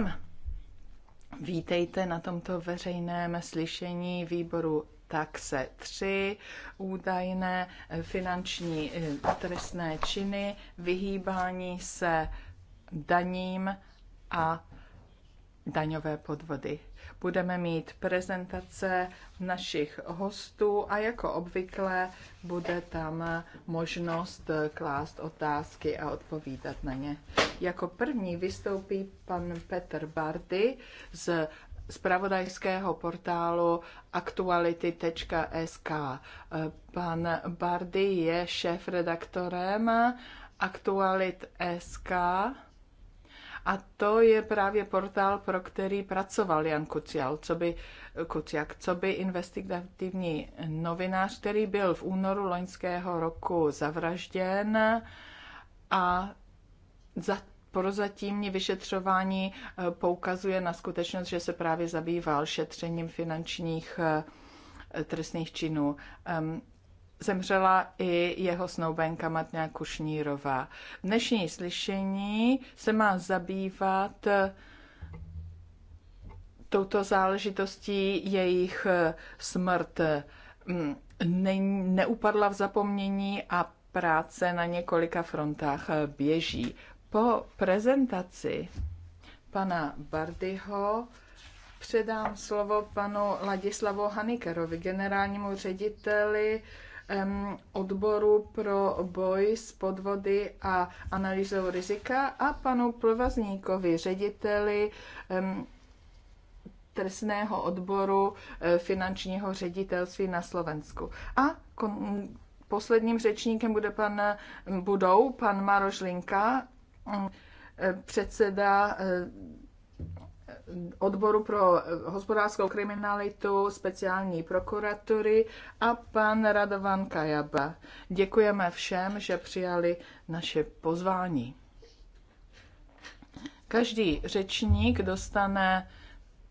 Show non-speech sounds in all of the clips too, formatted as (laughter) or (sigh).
den. Vítejte na tomto veřejném slyšení výboru taxe 3, údajné eh, finanční eh, trestné činy, vyhýbání se daním a daňové podvody. Budeme mít prezentace našich hostů a jako obvykle bude tam možnost klást otázky a odpovídat na ně. Jako první vystoupí pan Petr Bardy z spravodajského portálu aktuality.sk. Pan Bardy je šéf-redaktorem aktualit.sk a to je právě portál, pro který pracoval Jan Kucial, co by, Kuciak, co by investigativní novinář, který byl v únoru loňského roku zavražděn a za prozatímní vyšetřování eh, poukazuje na skutečnost, že se právě zabýval šetřením finančních eh, trestných činů zemřela i jeho snoubenka Matňa Kušnírová. Dnešní slyšení se má zabývat eh, touto záležitostí jejich eh, smrt eh, mm, ne, neupadla v zapomnění a práce na několika frontách běží. Po prezentaci pana Bardyho předám slovo panu Ladislavu Hanikerovi, generálnímu řediteli odboru pro boj s podvody a analýzou rizika a panu Plvazníkovi, řediteli trestného odboru e, finančního ředitelství na Slovensku. A posledním řečníkem bude pan, budou pan Maroš Linka, e, předseda e, odboru pro hospodářskou kriminalitu speciální prokuratury a pan Radovan Kajaba. Děkujeme všem, že přijali naše pozvání. Každý řečník dostane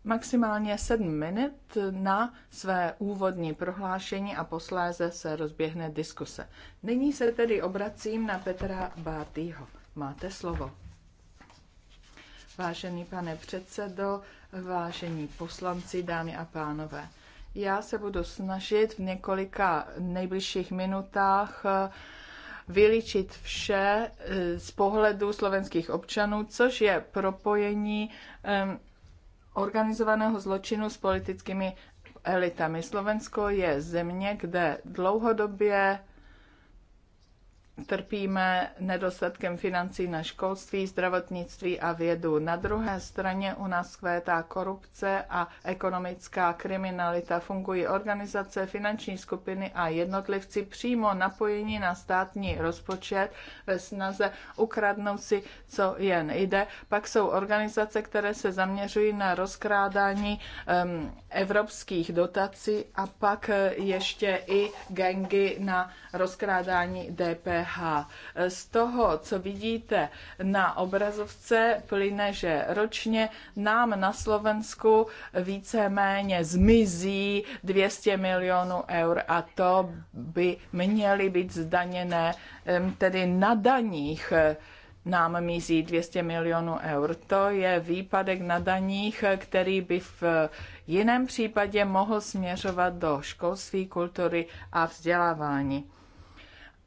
maximálně sedm minut na své úvodní prohlášení a posléze se rozběhne diskuse. Nyní se tedy obracím na Petra Bátýho. Máte slovo. Vážený pane předsedo, vážení poslanci, dámy a pánové. Já se budu snažit v několika nejbližších minutách eh, vyličit vše eh, z pohledu slovenských občanů, což je propojení organizovaného zločinu s politickými elitami. Slovensko je země, kde dlouhodobě trpíme nedostatkem financí na školství, zdravotnictví a vědu. Na druhé straně u nás kvétá korupce a ekonomická kriminalita. Fungují organizace, finanční skupiny a jednotlivci přímo napojení na státní rozpočet ve snaze ukradnout si, co jen jde. Pak jsou organizace, které se zaměřují na rozkrádání um, evropských dotací a pak eh, ještě i gengy na rozkrádání DPH. Eh, z toho, co vidíte na obrazovce, plyne, že ročně nám na Slovensku víceméně zmizí 200 milionů eur a to by měly být zdaněné tedy na daních eh, nám mizí 200 milionů eur. To je výpadek na daních, který by v jiném případě mohl směřovat do školství, kultury a vzdělávání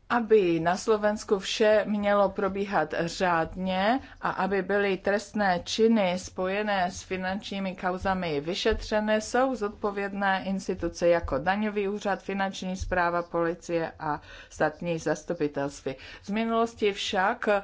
aby na Slovensku vše mělo probíhat řádně a aby byly trestné činy spojené s finančními kauzami vyšetřené, jsou zodpovědné instituce jako daňový úřad, finanční zpráva, policie a státní zastupitelství. Z minulosti však eh,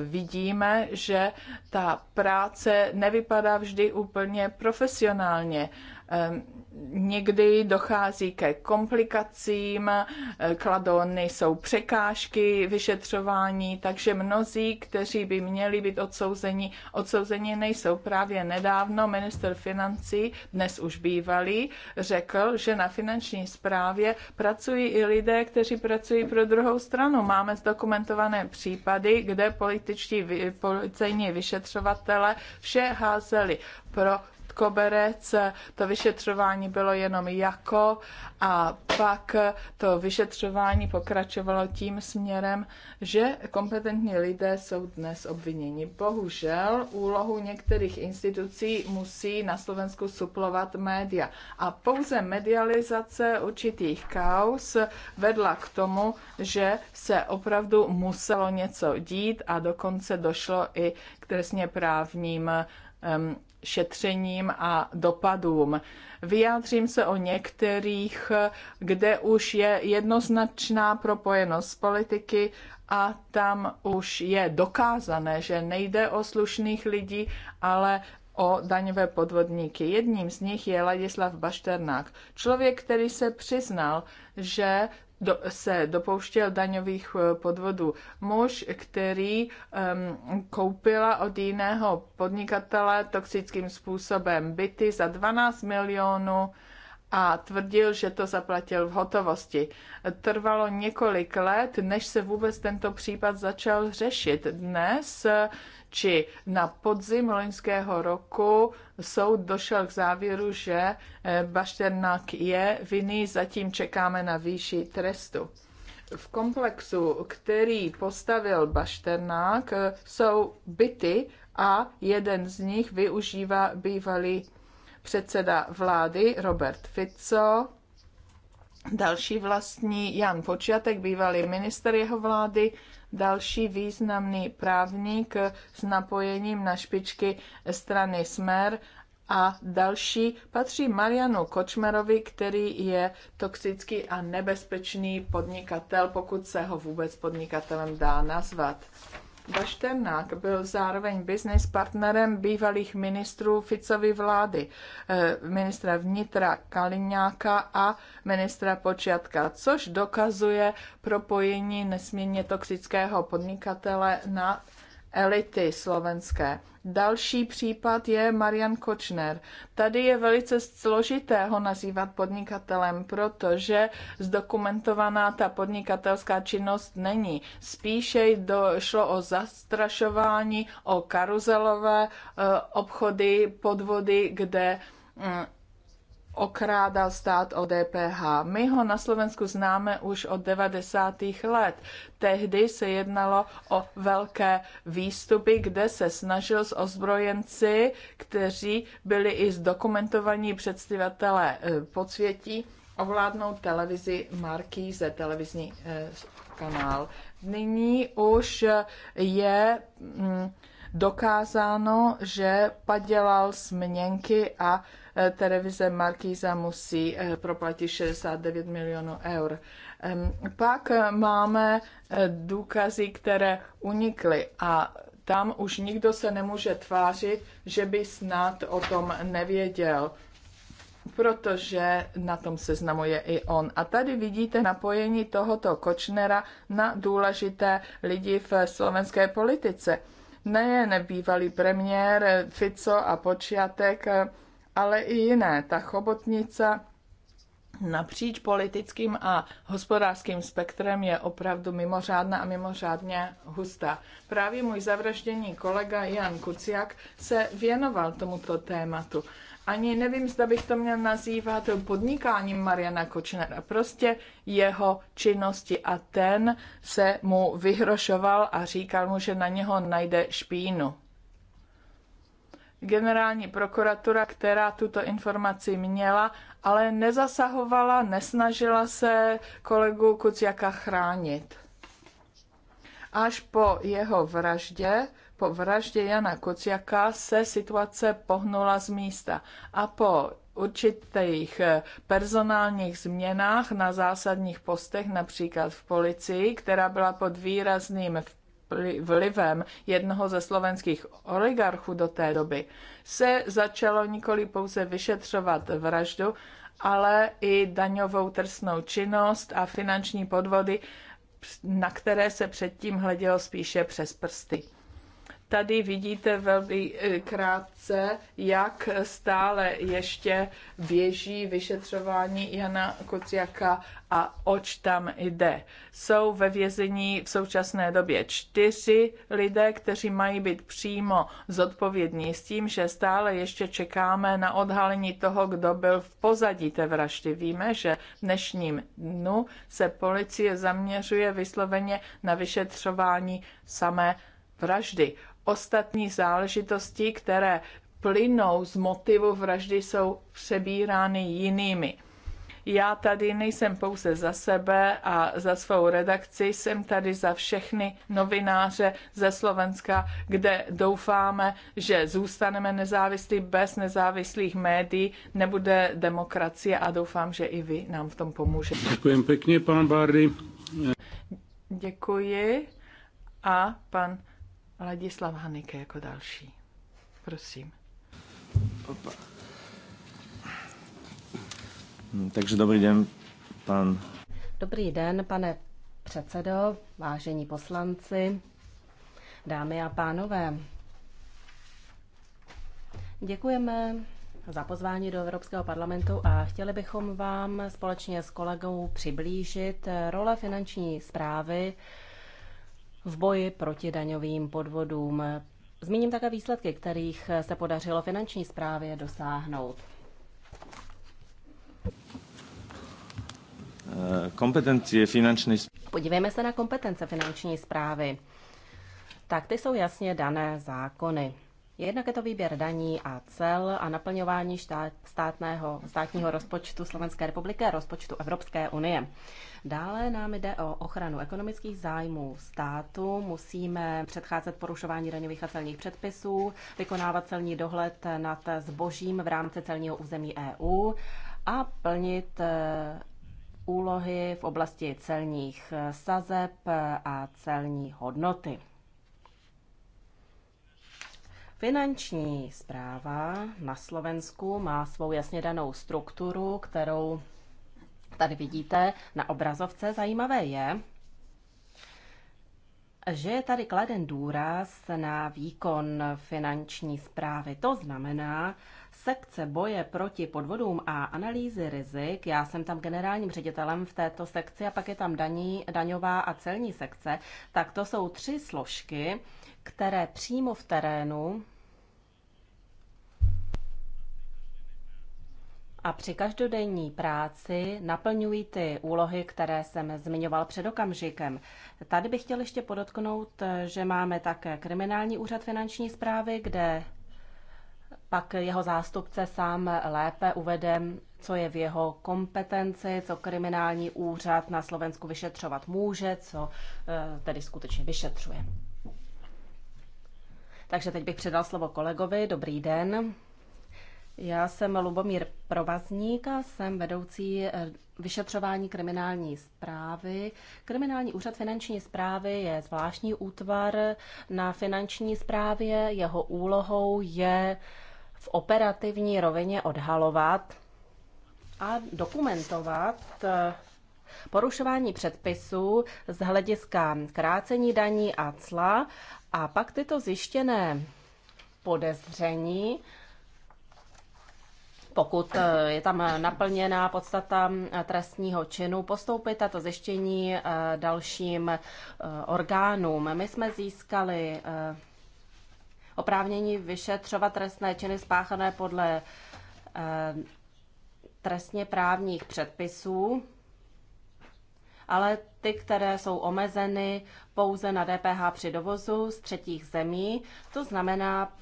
vidíme, že ta práce nevypadá vždy úplně profesionálně Ehm, někdy dochází ke komplikacím, eh, kladony jsou překážky vyšetřování, takže mnozí, kteří by měli být odsouzeni, odsouzeni nejsou. Právě nedávno minister financí, dnes už bývalý, řekl, že na finanční správě pracují i lidé, kteří pracují pro druhou stranu. Máme zdokumentované případy, kde političtí policejní vyšetřovatele vše házeli pro koberec, to vyšetřování bylo jenom jako a pak to vyšetřování pokračovalo tím směrem, že kompetentní lidé jsou dnes obviněni. Bohužel úlohu některých institucí musí na Slovensku suplovat média. A pouze medializace určitých kaus vedla k tomu, že se opravdu muselo něco dít a dokonce došlo i k trestně právním šetřením a dopadům. Vyjádřím se o některých, kde už je jednoznačná propojenost politiky a tam už je dokázané, že nejde o slušných lidí, ale o daňové podvodníky. Jedním z nich je Ladislav Bašternák, člověk, který se přiznal, že do, se dopouštěl daňových eh, podvodů. Muž, který um, koupila od jiného podnikatele toxickým způsobem byty za 12 milionů a tvrdil, že to zaplatil v hotovosti. Trvalo několik let, než se vůbec tento případ začal řešit. Dnes či na podzim loňského roku soud došel k závěru, že eh, Bašternák je vinný, zatím čekáme na výši trestu. V komplexu, který postavil Bašternák, eh, jsou byty a jeden z nich využívá bývalý předseda vlády Robert Fico, další vlastní Jan Počiatek, bývalý minister jeho vlády další významný právník s napojením na špičky strany Smer a další patří Marianu Kočmerovi, který je toxický a nebezpečný podnikatel, pokud se ho vůbec podnikatelem dá nazvat. Bašternák byl zároveň business partnerem bývalých ministrů Ficovy vlády, eh, ministra vnitra Kaliňáka a ministra Počiatka, což dokazuje propojení nesmírně toxického podnikatele na elity slovenské. Další případ je Marian Kočner. Tady je velice složité ho nazývat podnikatelem, protože zdokumentovaná ta podnikatelská činnost není. Spíše šlo o zastrašování, o karuzelové eh, obchody, podvody, kde mm, okrádal stát o DPH. My ho na Slovensku známe už od 90. let. Tehdy se jednalo o velké výstupy, kde se snažil s ozbrojenci, kteří byli i zdokumentovaní představitelé eh, podsvětí, ovládnout televizi Markýze, televizní eh, kanál. Nyní už eh, je mm, dokázáno, že padělal směnky a Eh, televize Markýza musí eh, proplatit 69 milionů eur. Pak eh, máme důkazy, které unikly a tam už nikdo se nemůže tvářit, že by snad o tom nevěděl protože na tom se znamuje i on. A tady vidíte napojení tohoto Kočnera na důležité lidi v slovenské politice. Nejen bývalý premiér Fico a počátek ale i jiné. Ta chobotnice napříč politickým a hospodářským spektrem je opravdu mimořádná a mimořádně hustá. Právě můj zavražděný kolega Jan Kuciak se věnoval tomuto tématu. Ani nevím, zda bych to měl nazývat podnikáním Mariana Kočnera, prostě jeho činnosti a ten se mu vyhrošoval a říkal mu, že na něho najde špínu generální prokuratura, která tuto informaci měla, ale nezasahovala, nesnažila se kolegu Kuciaka chránit. Až po jeho vraždě, po vraždě Jana Kuciaka, se situace pohnula z místa. A po určitých eh, personálních změnách na zásadních postech, například v policii, která byla pod výrazným vlivem jednoho ze slovenských oligarchů do té doby, se začalo nikoli pouze vyšetřovat vraždu, ale i daňovou trsnou činnost a finanční podvody, na které se předtím hledělo spíše přes prsty. Tady vidíte velmi e, krátce, jak stále ještě běží vyšetřování Jana Kuciaka a oč tam jde. Jsou ve vězení v současné době čtyři lidé, kteří mají být přímo zodpovědní s tím, že stále ještě čekáme na odhalení toho, kdo byl v pozadí té vraždy. Víme, že dnešním dnu se policie zaměřuje vysloveně na vyšetřování samé vraždy ostatní záležitosti, které plynou z motivu vraždy, jsou přebírány jinými. Já tady nejsem pouze za sebe a za svou redakci, jsem tady za všechny novináře ze Slovenska, kde doufáme, že zůstaneme nezávislí bez nezávislých médií, nebude demokracie a doufám, že i vy nám v tom pomůžete. Děkuji pěkně, pan Bárdy. Děkuji. A pan Ladislav Hanike jako další. Prosím. Opa. Hm, takže dobrý den, pan. Dobrý den, pane předsedo, vážení poslanci, dámy a pánové. Děkujeme za pozvání do Evropského parlamentu a chtěli bychom vám společně s kolegou přiblížit role finanční zprávy v boji proti daňovým podvodům. Zmíním také výsledky, kterých se podařilo finanční správě dosáhnout. Eh, kompetence finanční Podívejme se na kompetence finanční správy. Tak ty jsou jasně dané zákony. Jednak je to výběr daní a cel a naplňování štát, státného, státního rozpočtu Slovenské republiky a rozpočtu Evropské unie. Dále nám jde o ochranu ekonomických zájmů státu. Musíme předcházet porušování daňových a celních předpisů, vykonávat celní dohled nad zbožím v rámci celního území EU a plnit eh, úlohy v oblasti celních eh, sazeb a celní hodnoty. Finanční zpráva na Slovensku má svou jasně danou strukturu, kterou tady vidíte na obrazovce. Zajímavé je, že je tady kladen důraz na výkon finanční zprávy. To znamená, sekce boje proti podvodům a analýzy rizik, já jsem tam generálním ředitelem v této sekci a pak je tam daní, daňová a celní sekce, tak to jsou tři složky, které přímo v terénu a při každodenní práci naplňují ty úlohy, které jsem zmiňoval před okamžikem. Tady bych chtěl ještě podotknout, že máme také kriminální úřad finanční zprávy, kde pak jeho zástupce sám lépe uvede, co je v jeho kompetenci, co kriminální úřad na Slovensku vyšetřovat může, co eh, tedy skutečně vyšetřuje. Takže teď bych předal slovo kolegovi. Dobrý den. Já jsem Lubomír Provazník a jsem vedoucí eh, vyšetřování kriminální zprávy. Kriminální úřad finanční zprávy je zvláštní útvar na finanční zprávě. Jeho úlohou je v operativní rovině odhalovat a dokumentovat eh, porušování předpisů z hlediska krácení daní a cla a pak tyto zjištěné podezření pokud eh, je tam naplněná podstata eh, trestního činu, postoupit tato zjištění eh, dalším orgánům. My jsme získali oprávnění vyšetřovat trestné činy spáchané podle trestně právních předpisů, ale ty, které jsou omezeny pouze na DPH při dovozu z třetích zemí, to znamená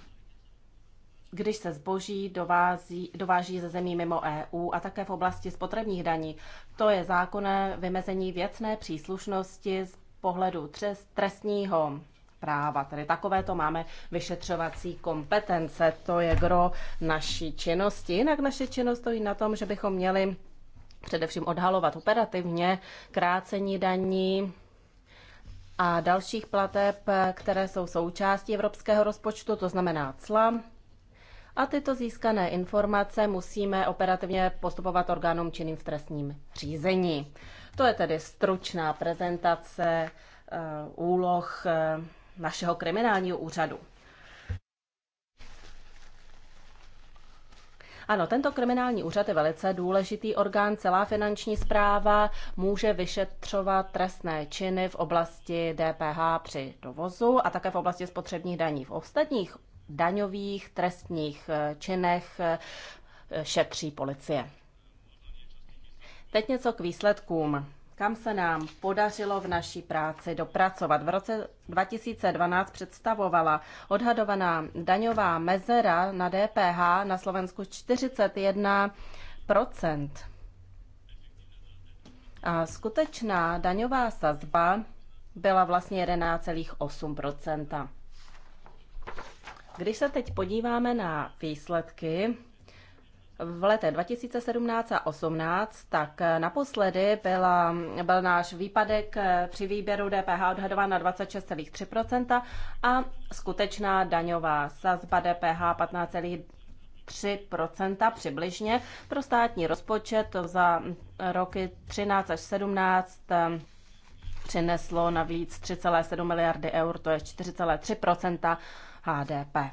když se zboží dovází, dováží ze zemí mimo EU a také v oblasti spotřebních daní. To je zákonné vymezení věcné příslušnosti z pohledu trestního práva. Tedy takové to máme vyšetřovací kompetence. To je gro naší činnosti. Jinak naše činnost stojí na tom, že bychom měli především odhalovat operativně krácení daní, a dalších plateb, které jsou součástí evropského rozpočtu, to znamená cla, a tyto získané informace musíme operativně postupovat orgánům činným v trestním řízení. To je tedy stručná prezentace eh, úloh eh, našeho kriminálního úřadu. Ano, tento kriminální úřad je velice důležitý orgán. Celá finanční zpráva může vyšetřovat trestné činy v oblasti DPH při dovozu a také v oblasti spotřebních daní. V ostatních daňových trestních eh, činech eh, šetří policie. Teď něco k výsledkům kam se nám podařilo v naší práci dopracovat. V roce 2012 představovala odhadovaná daňová mezera na DPH na Slovensku 41 A skutečná daňová sazba byla vlastně 11,8 když se teď podíváme na výsledky v letech 2017 a 2018, tak naposledy byla, byl náš výpadek eh, při výběru DPH odhadován na 26,3% a skutečná daňová sazba DPH 15,3 3% přibližně. Pro státní rozpočet za eh, roky 13 až 17 eh, přineslo navíc 3,7 miliardy eur, to je 4,3 HDP.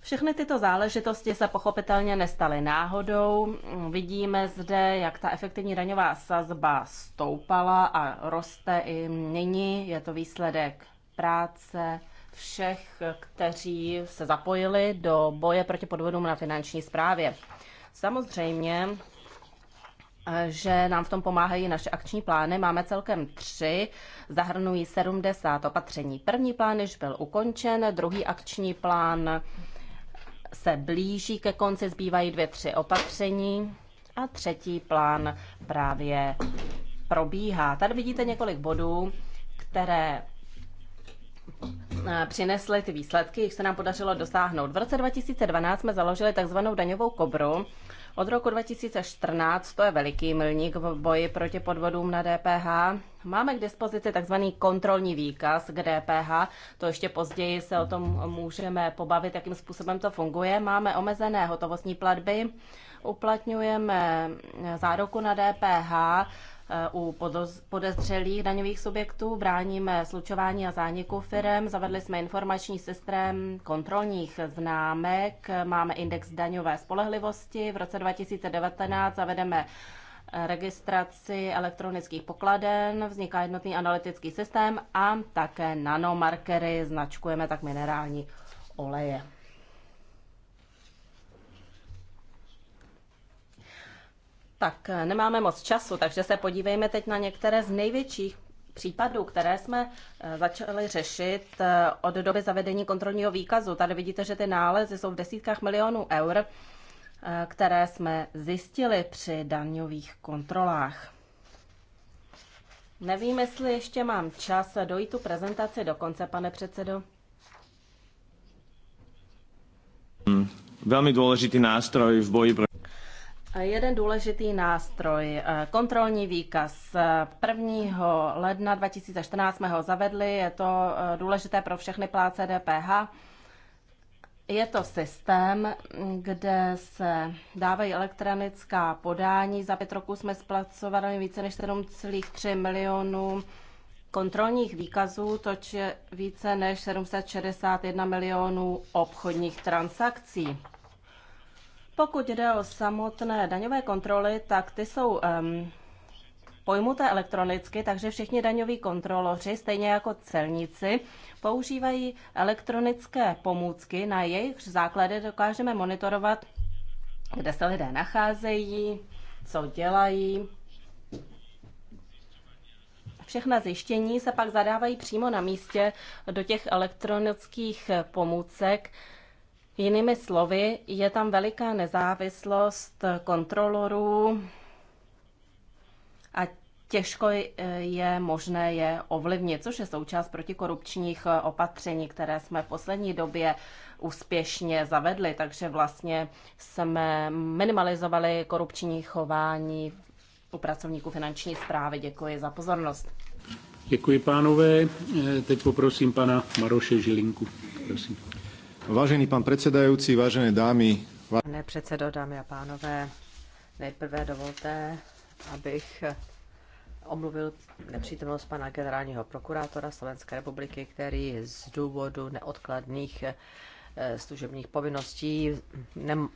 Všechny tyto záležitosti se pochopitelně nestaly náhodou. Vidíme zde, jak ta efektivní daňová sazba stoupala a roste i nyní. Je to výsledek práce všech, kteří se zapojili do boje proti podvodům na finanční správě. Samozřejmě že nám v tom pomáhají naše akční plány. Máme celkem tři, zahrnují 70 opatření. První plán již byl ukončen, druhý akční plán se blíží ke konci, zbývají dvě, tři opatření a třetí plán právě probíhá. Tady vidíte několik bodů, které eh, přinesly ty výsledky, jich se nám podařilo dosáhnout. V roce 2012 jsme založili takzvanou daňovou kobru, od roku 2014 to je veliký milník v boji proti podvodům na DPH. Máme k dispozici tzv. kontrolní výkaz k DPH, to ještě později se o tom můžeme pobavit, jakým způsobem to funguje. Máme omezené hotovostní platby, uplatňujeme záruku na DPH, u podezřelých daňových subjektů, bráníme slučování a zániku firm, zavedli jsme informační systém kontrolních známek, máme index daňové spolehlivosti, v roce 2019 zavedeme registraci elektronických pokladen, vzniká jednotný analytický systém a také nanomarkery, značkujeme tak minerální oleje. Tak eh, nemáme moc času, takže se podívejme teď na některé z největších případů, které jsme eh, začali řešit eh, od doby zavedení kontrolního výkazu. Tady vidíte, že ty nálezy jsou v desítkách milionů eur, které jsme zjistili při daňových kontrolách. Nevím, jestli ještě mám čas dojít tu prezentaci do konce, pane předsedo. Hmm, velmi důležitý nástroj v boji proti jeden důležitý nástroj, eh, kontrolní výkaz. 1. ledna 2014 jsme ho zavedli, je to eh, důležité pro všechny pláce DPH. Je to systém, kde se dávají elektronická podání. Za pět roků jsme zpracovali více než 7,3 milionů kontrolních výkazů, toč je více než 761 milionů obchodních transakcí. Pokud jde o samotné daňové kontroly, tak ty jsou um, pojmuté elektronicky, takže všichni daňoví kontroloři, stejně jako celníci, používají elektronické pomůcky. Na jejich základě dokážeme monitorovat, kde se lidé nacházejí, co dělají. Všechna zjištění se pak zadávají přímo na místě do těch elektronických pomůcek, Jinými slovy, je tam veliká nezávislost kontrolorů a těžko je možné je ovlivnit, což je součást protikorupčních opatření, které jsme v poslední době úspěšně zavedli. Takže vlastně jsme minimalizovali korupční chování u pracovníků finanční zprávy. Děkuji za pozornost. Děkuji pánové. E, teď poprosím pana Maroše Žilinku. Prosím. Vážený pan předsedající, vážené dámy. Vá... Pane předsedo, dámy a pánové, nejprve dovolte, abych omluvil nepřítomnost pana generálního prokurátora Slovenské republiky, který z důvodu neodkladných eh, služebních povinností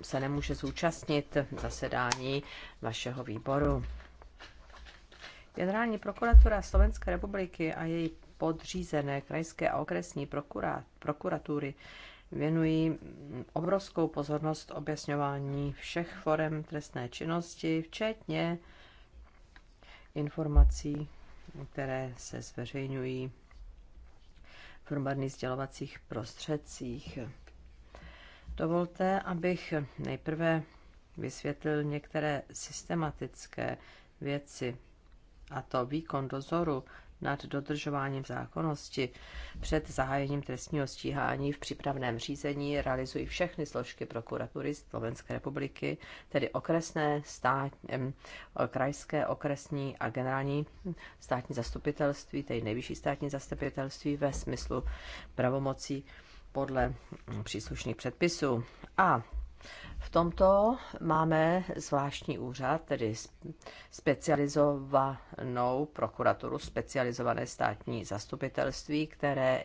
se nemůže zúčastnit zasedání vašeho výboru. Generální prokuratura Slovenské republiky a její podřízené krajské a okresní prokuratury věnují obrovskou pozornost objasňování všech forem trestné činnosti, včetně informací, které se zveřejňují v hromadných sdělovacích prostředcích. Dovolte, abych nejprve vysvětlil některé systematické věci, a to výkon dozoru nad dodržováním zákonnosti před zahájením trestního stíhání v přípravném řízení realizují všechny složky prokuratury Slovenské republiky, tedy okresné, stát, krajské, okresní a generální státní zastupitelství, tedy nejvyšší státní zastupitelství ve smyslu pravomocí podle mm, příslušných předpisů. A v tomto máme zvláštní úřad, tedy specializovanou prokuraturu, specializované státní zastupitelství, které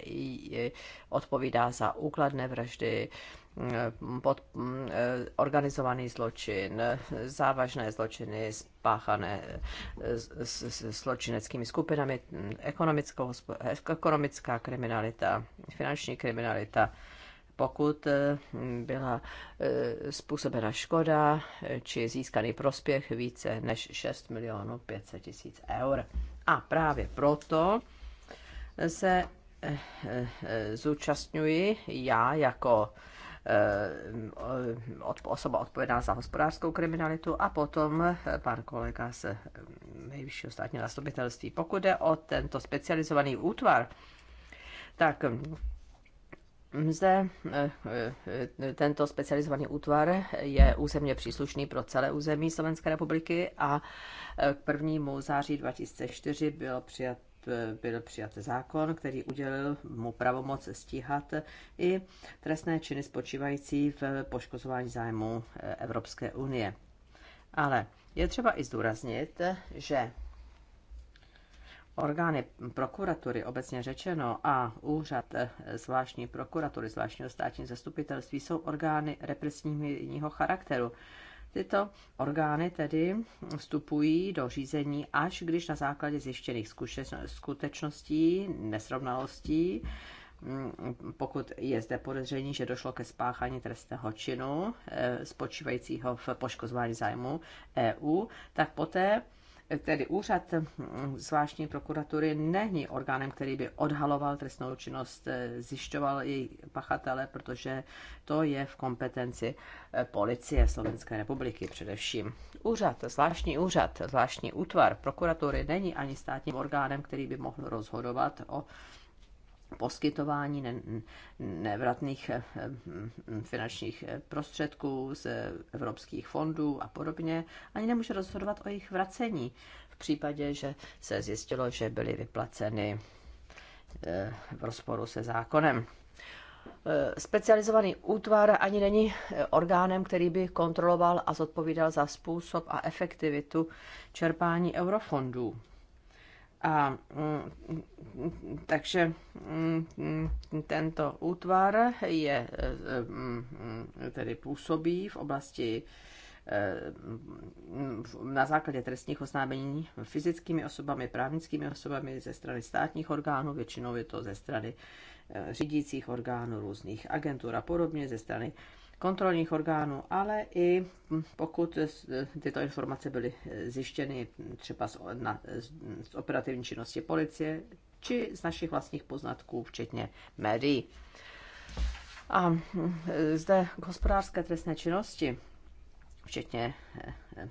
odpovídá za úkladné vraždy, mm, pod, mm, organizovaný zločin, závažné zločiny spáchané s, s, zločineckými skupinami, ekonomická kriminalita, finanční kriminalita, pokud eh, byla eh, způsobena škoda eh, či získaný prospěch více než 6 milionů 500 tisíc eur. A právě proto se zúčastňuji já jako osoba odpovědná za hospodářskou kriminalitu a potom pan kolega z nejvyššího státního zastupitelství. Pokud jde o tento specializovaný útvar, tak zde eh, eh, tento specializovaný útvar je územně příslušný pro celé území Slovenské republiky a eh, k 1. září 2004 byl přijat byl přijat zákon, který udělil mu pravomoc stíhat i trestné činy spočívající v poškozování zájmu Evropské unie. Ale je třeba i zdůraznit, že orgány prokuratury, obecně řečeno, a úřad eh, zvláštní prokuratury, zvláštního státního zastupitelství, jsou orgány represního charakteru. Tyto orgány tedy vstupují do řízení, až když na základě zjištěných skutečností, nesrovnalostí, mm, pokud je zde podezření, že došlo ke spáchání trestného činu eh, spočívajícího v poškozování zájmu EU, tak poté tedy úřad zvláštní prokuratury není orgánem, který by odhaloval trestnou činnost, e, zjišťoval její pachatele, protože to je v kompetenci e, policie Slovenské republiky především. Úřad, zvláštní úřad, zvláštní útvar prokuratury není ani státním orgánem, který by mohl rozhodovat o poskytování nevratných eh, hm, finančních eh, prostředků z evropských fondů a podobně, ani nemůže rozhodovat o jejich vracení v případě, že se zjistilo, že byly vyplaceny eh, v rozporu se zákonem. Specializovaný útvar ani není orgánem, který by kontroloval a zodpovídal za způsob a efektivitu čerpání eurofondů. A mm, mm, takže mm, tento útvar je, eh, tedy působí v oblasti eh, na základě trestních oznámení fyzickými osobami, právnickými osobami ze strany státních orgánů, většinou je to ze strany eh, řídících orgánů, různých agentur a podobně, ze strany kontrolních orgánů, ale i pokud tyto informace byly zjištěny třeba z, na, z operativní činnosti policie či z našich vlastních poznatků, včetně médií. A hm, zde k hospodářské trestné činnosti, včetně eh,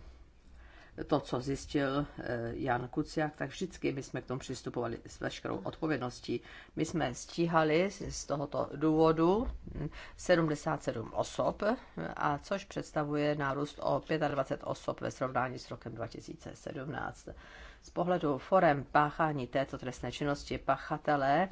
to, co zjistil eh, Jan Kuciak, tak vždycky my jsme k tomu přistupovali s veškerou odpovědností. My jsme stíhali z tohoto důvodu 77 osob, a což představuje nárůst o 25 osob ve srovnání s rokem 2017. Z pohledu forem páchání této trestné činnosti pachatelé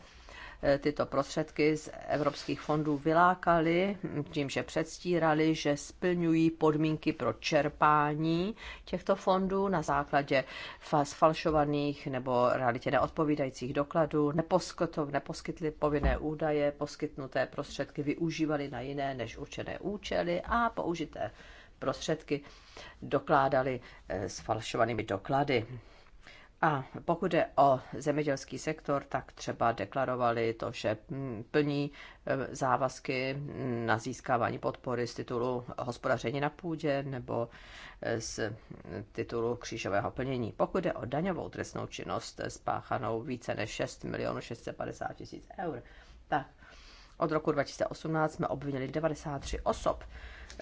Eh, tyto prostředky z evropských fondů vylákali tím, že předstírali, že splňují podmínky pro čerpání těchto fondů na základě sfalšovaných nebo realitě neodpovídajících dokladů, neposkytli povinné údaje, poskytnuté prostředky využívali na jiné než určené účely a použité prostředky dokládali eh, s falšovanými doklady. A pokud je o zemědělský sektor, tak třeba deklarovali to, že mm, plní eh, závazky mm, na získávání podpory z titulu hospodaření na půdě nebo eh, z mm, titulu křížového plnění. Pokud je o daňovou trestnou činnost eh, spáchanou více než 6 milionů 650 tisíc eur, tak od roku 2018 jsme obvinili 93 osob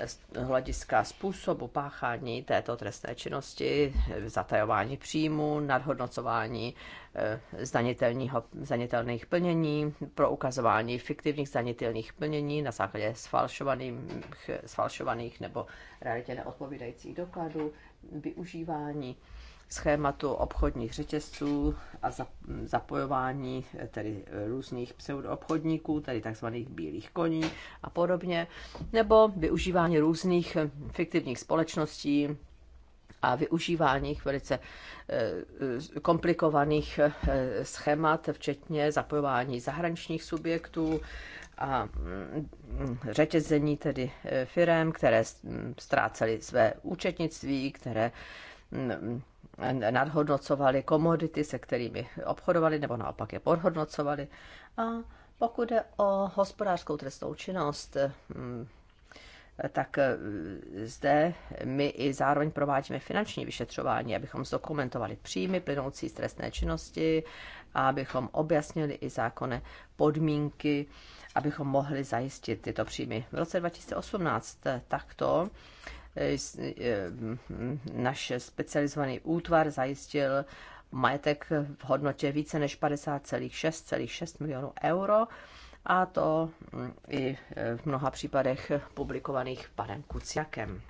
z hlediska způsobu páchání této trestné činnosti, zatajování příjmu, nadhodnocování eh, zanitelných plnění, pro ukazování fiktivních zanitelných plnění na základě sfalšovaných, sfalšovaných nebo realitě neodpovídajících dokladů, využívání schématu obchodních řetězců a zapojování tedy různých pseudoobchodníků, tedy tzv. bílých koní a podobně, nebo využívání různých eh, fiktivních společností a využívání velice eh, komplikovaných eh, schémat, včetně zapojování zahraničních subjektů, a mm, mm, řetězení tedy firem, které ztrácely své účetnictví, které mm, nadhodnocovali komodity, se kterými obchodovali, nebo naopak je podhodnocovali. A pokud je o hospodářskou trestnou činnost, hmm, tak eh, zde my i zároveň provádíme finanční vyšetřování, abychom zdokumentovali příjmy plynoucí z trestné činnosti a abychom objasnili i zákonné podmínky, abychom mohli zajistit tyto příjmy. V roce 2018 takto Eh, eh, náš specializovaný útvar zajistil majetek v hodnotě více než 50,6,6 milionů euro a to mm, i eh, v mnoha případech publikovaných panem Kuciakem.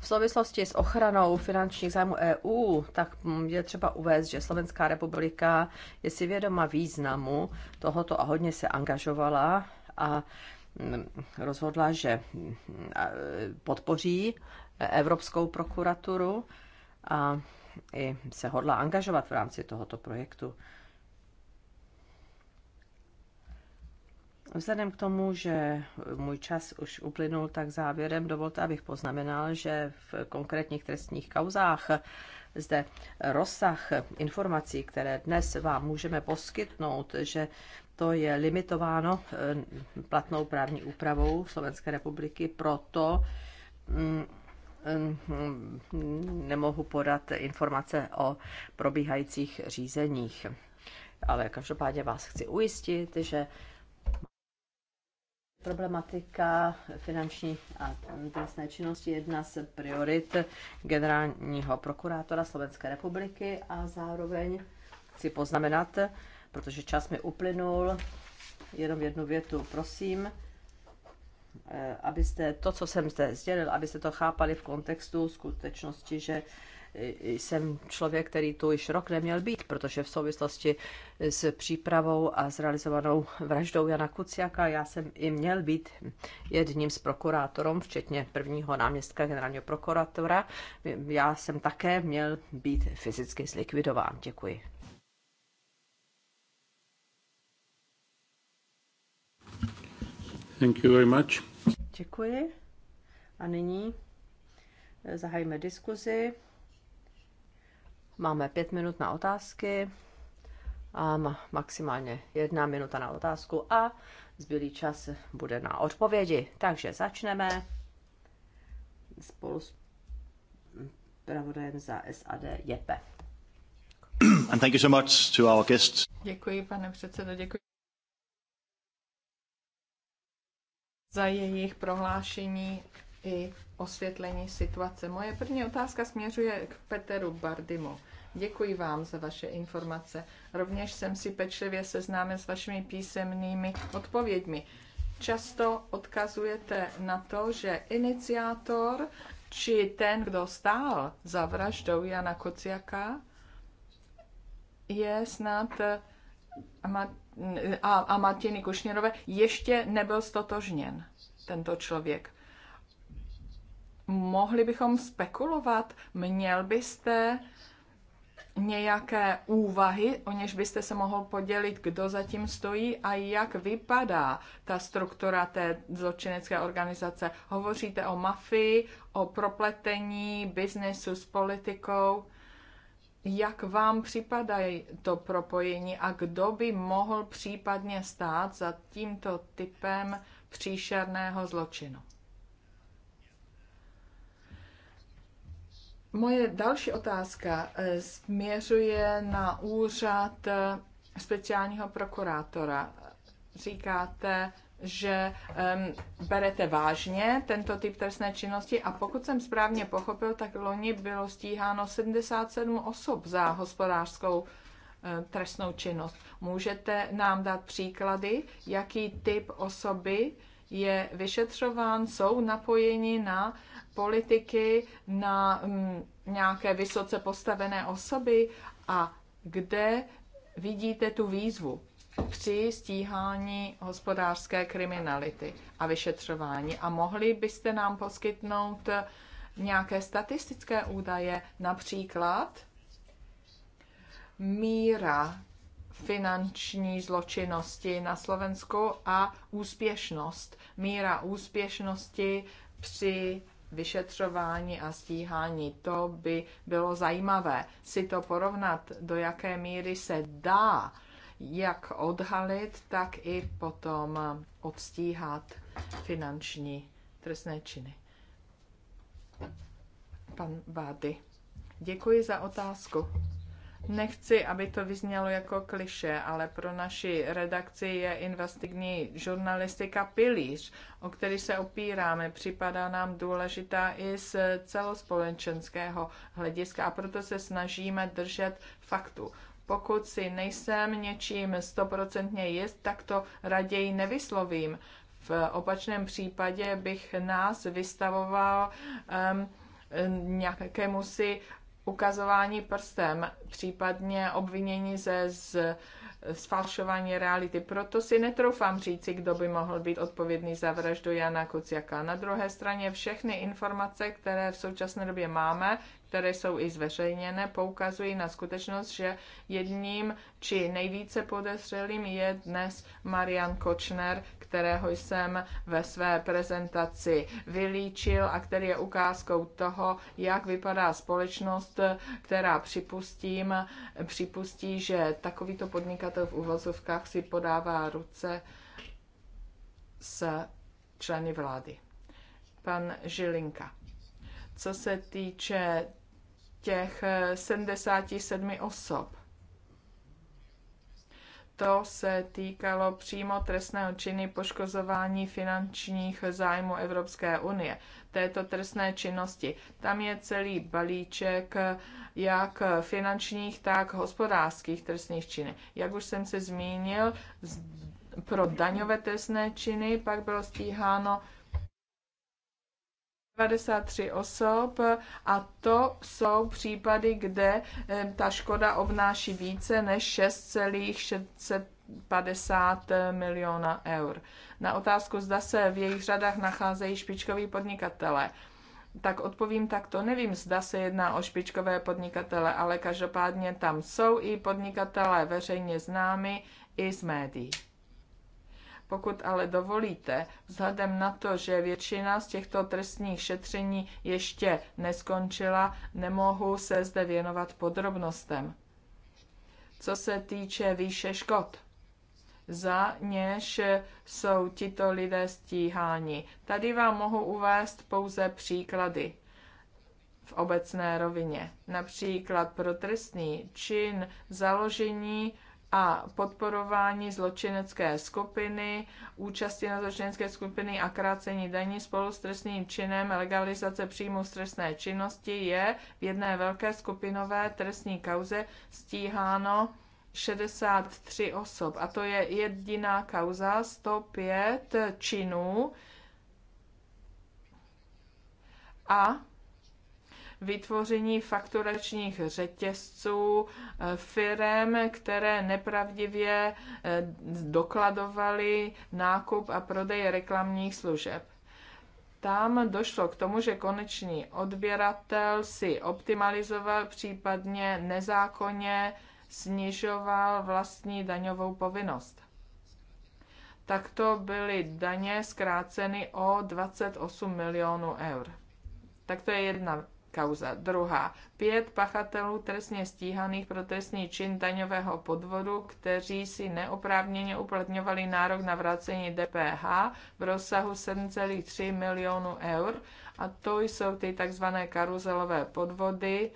V souvislosti s ochranou finančních zájmů EU, tak je třeba uvést, že Slovenská republika je si vědoma významu tohoto a hodně se angažovala a rozhodla, že podpoří Evropskou prokuraturu a i se hodla angažovat v rámci tohoto projektu. Vzhledem k tomu, že můj čas už uplynul, tak závěrem dovolte, abych poznamenal, že v konkrétních trestních kauzách zde rozsah informací, které dnes vám můžeme poskytnout, že to je limitováno eh, platnou právní úpravou Slovenské republiky, proto mm, mm, nemohu podat informace o probíhajících řízeních. Ale každopádně vás chci ujistit, že problematika finanční a trestné činnosti je jedna z priorit generálního prokurátora Slovenské republiky a zároveň chci poznamenat, protože čas mi uplynul. Jenom jednu větu, prosím, eh, abyste to, co jsem zde sdělil, abyste to chápali v kontextu skutečnosti, že eh, jsem člověk, který tu již rok neměl být, protože v souvislosti s přípravou a zrealizovanou realizovanou vraždou Jana Kuciaka já jsem i měl být jedním z prokurátorů, včetně prvního náměstka generálního prokurátora. Já jsem také měl být fyzicky zlikvidován. Děkuji. Thank you very much. Děkuji. A nyní eh, zahajíme diskuzi. Máme pět minut na otázky a maximálně jedna minuta na otázku a zbylý čas bude na odpovědi. Takže začneme spolu s pravodajem za SAD JEPE. And thank you so much to our guests. Děkuji, pane předsedo, děkuji za jejich prohlášení i osvětlení situace. Moje první otázka směřuje k Peteru Bardimu. Děkuji vám za vaše informace. Rovněž jsem si pečlivě seznámil s vašimi písemnými odpověďmi. Často odkazujete na to, že iniciátor či ten, kdo stál za vraždou Jana Kociaka, je snad a, a Martiny Kušněrové ještě nebyl stotožněn tento člověk. Mohli bychom spekulovat, měl byste nějaké úvahy, o něž byste se mohl podělit, kdo zatím stojí a jak vypadá ta struktura té zločinecké organizace. Hovoříte o mafii, o propletení biznesu s politikou jak vám připadá to propojení a kdo by mohl případně stát za tímto typem příšerného zločinu? Moje další otázka eh, směřuje na úřad eh, speciálního prokurátora. Říkáte, že um, berete vážně tento typ trestné činnosti a pokud jsem správně pochopil, tak loni bylo stíháno 77 osob za hospodářskou uh, trestnou činnost. Můžete nám dát příklady, jaký typ osoby je vyšetřován, jsou napojeni na politiky, na um, nějaké vysoce postavené osoby a kde vidíte tu výzvu? při stíhání hospodářské kriminality a vyšetřování. A mohli byste nám poskytnout eh, nějaké statistické údaje, například míra finanční zločinnosti na Slovensku a úspěšnost, míra úspěšnosti při vyšetřování a stíhání. To by bylo zajímavé si to porovnat, do jaké míry se dá jak odhalit, tak i potom odstíhat finanční trestné činy. Pan Vády. Děkuji za otázku. Nechci, aby to vyznělo jako kliše, ale pro naši redakci je investigní žurnalistika pilíř, o který se opíráme. Připadá nám důležitá i z celospolečenského hlediska a proto se snažíme držet faktu. Pokud si nejsem něčím stoprocentně jist, tak to raději nevyslovím. V opačném případě bych nás vystavoval um, nějakému si ukazování prstem, případně obvinění ze z, sfalšování reality. Proto si netroufám říci, kdo by mohl být odpovědný za vraždu Jana Kuciaka. Na druhé straně všechny informace, které v současné době máme, které jsou i zveřejněné, poukazují na skutečnost, že jedním či nejvíce podezřelým je dnes Marian Kočner, kterého jsem ve své prezentaci vylíčil a který je ukázkou toho, jak vypadá společnost, která připustím, připustí, že takovýto podnikatel v uvozovkách si podává ruce s členy vlády. Pan Žilinka. Co se týče těch 77 eh, osob. To se týkalo přímo trestného činy poškozování finančních zájmů Evropské unie, této trestné činnosti. Tam je celý balíček jak finančních, tak hospodářských trestných činů. Jak už jsem se zmínil, pro daňové trestné činy pak bylo stíháno 93 osob a to jsou případy, kde eh, ta škoda obnáší více než 6,650 eh, miliona eur. Na otázku, zda se v jejich řadách nacházejí špičkoví podnikatele, tak odpovím takto. Nevím, zda se jedná o špičkové podnikatele, ale každopádně tam jsou i podnikatele veřejně známy i z médií. Pokud ale dovolíte, vzhledem na to, že většina z těchto trestních šetření ještě neskončila, nemohu se zde věnovat podrobnostem. Co se týče výše škod, za něž jsou tito lidé stíháni. Tady vám mohu uvést pouze příklady v obecné rovině. Například pro trestný čin založení a podporování zločinecké skupiny, účasti na zločinecké skupiny a krácení daní spolu s trestným činem legalizace příjmu stresné trestné činnosti je v jedné velké skupinové trestní kauze stíháno 63 osob. A to je jediná kauza 105 činů. A vytvoření fakturačních řetězců eh, firem, které nepravdivě eh, dokladovaly nákup a prodej reklamních služeb tam došlo k tomu, že konečný odběratel si optimalizoval, případně nezákonně snižoval vlastní daňovou povinnost. Takto byly daně zkráceny o 28 milionů eur. Tak to je jedna kauza. Druhá. Pět pachatelů trestně stíhaných pro trestný čin daňového podvodu, kteří si neoprávněně uplatňovali nárok na vrácení DPH v rozsahu 7,3 milionů eur. A to jsou ty takzvané karuzelové podvody,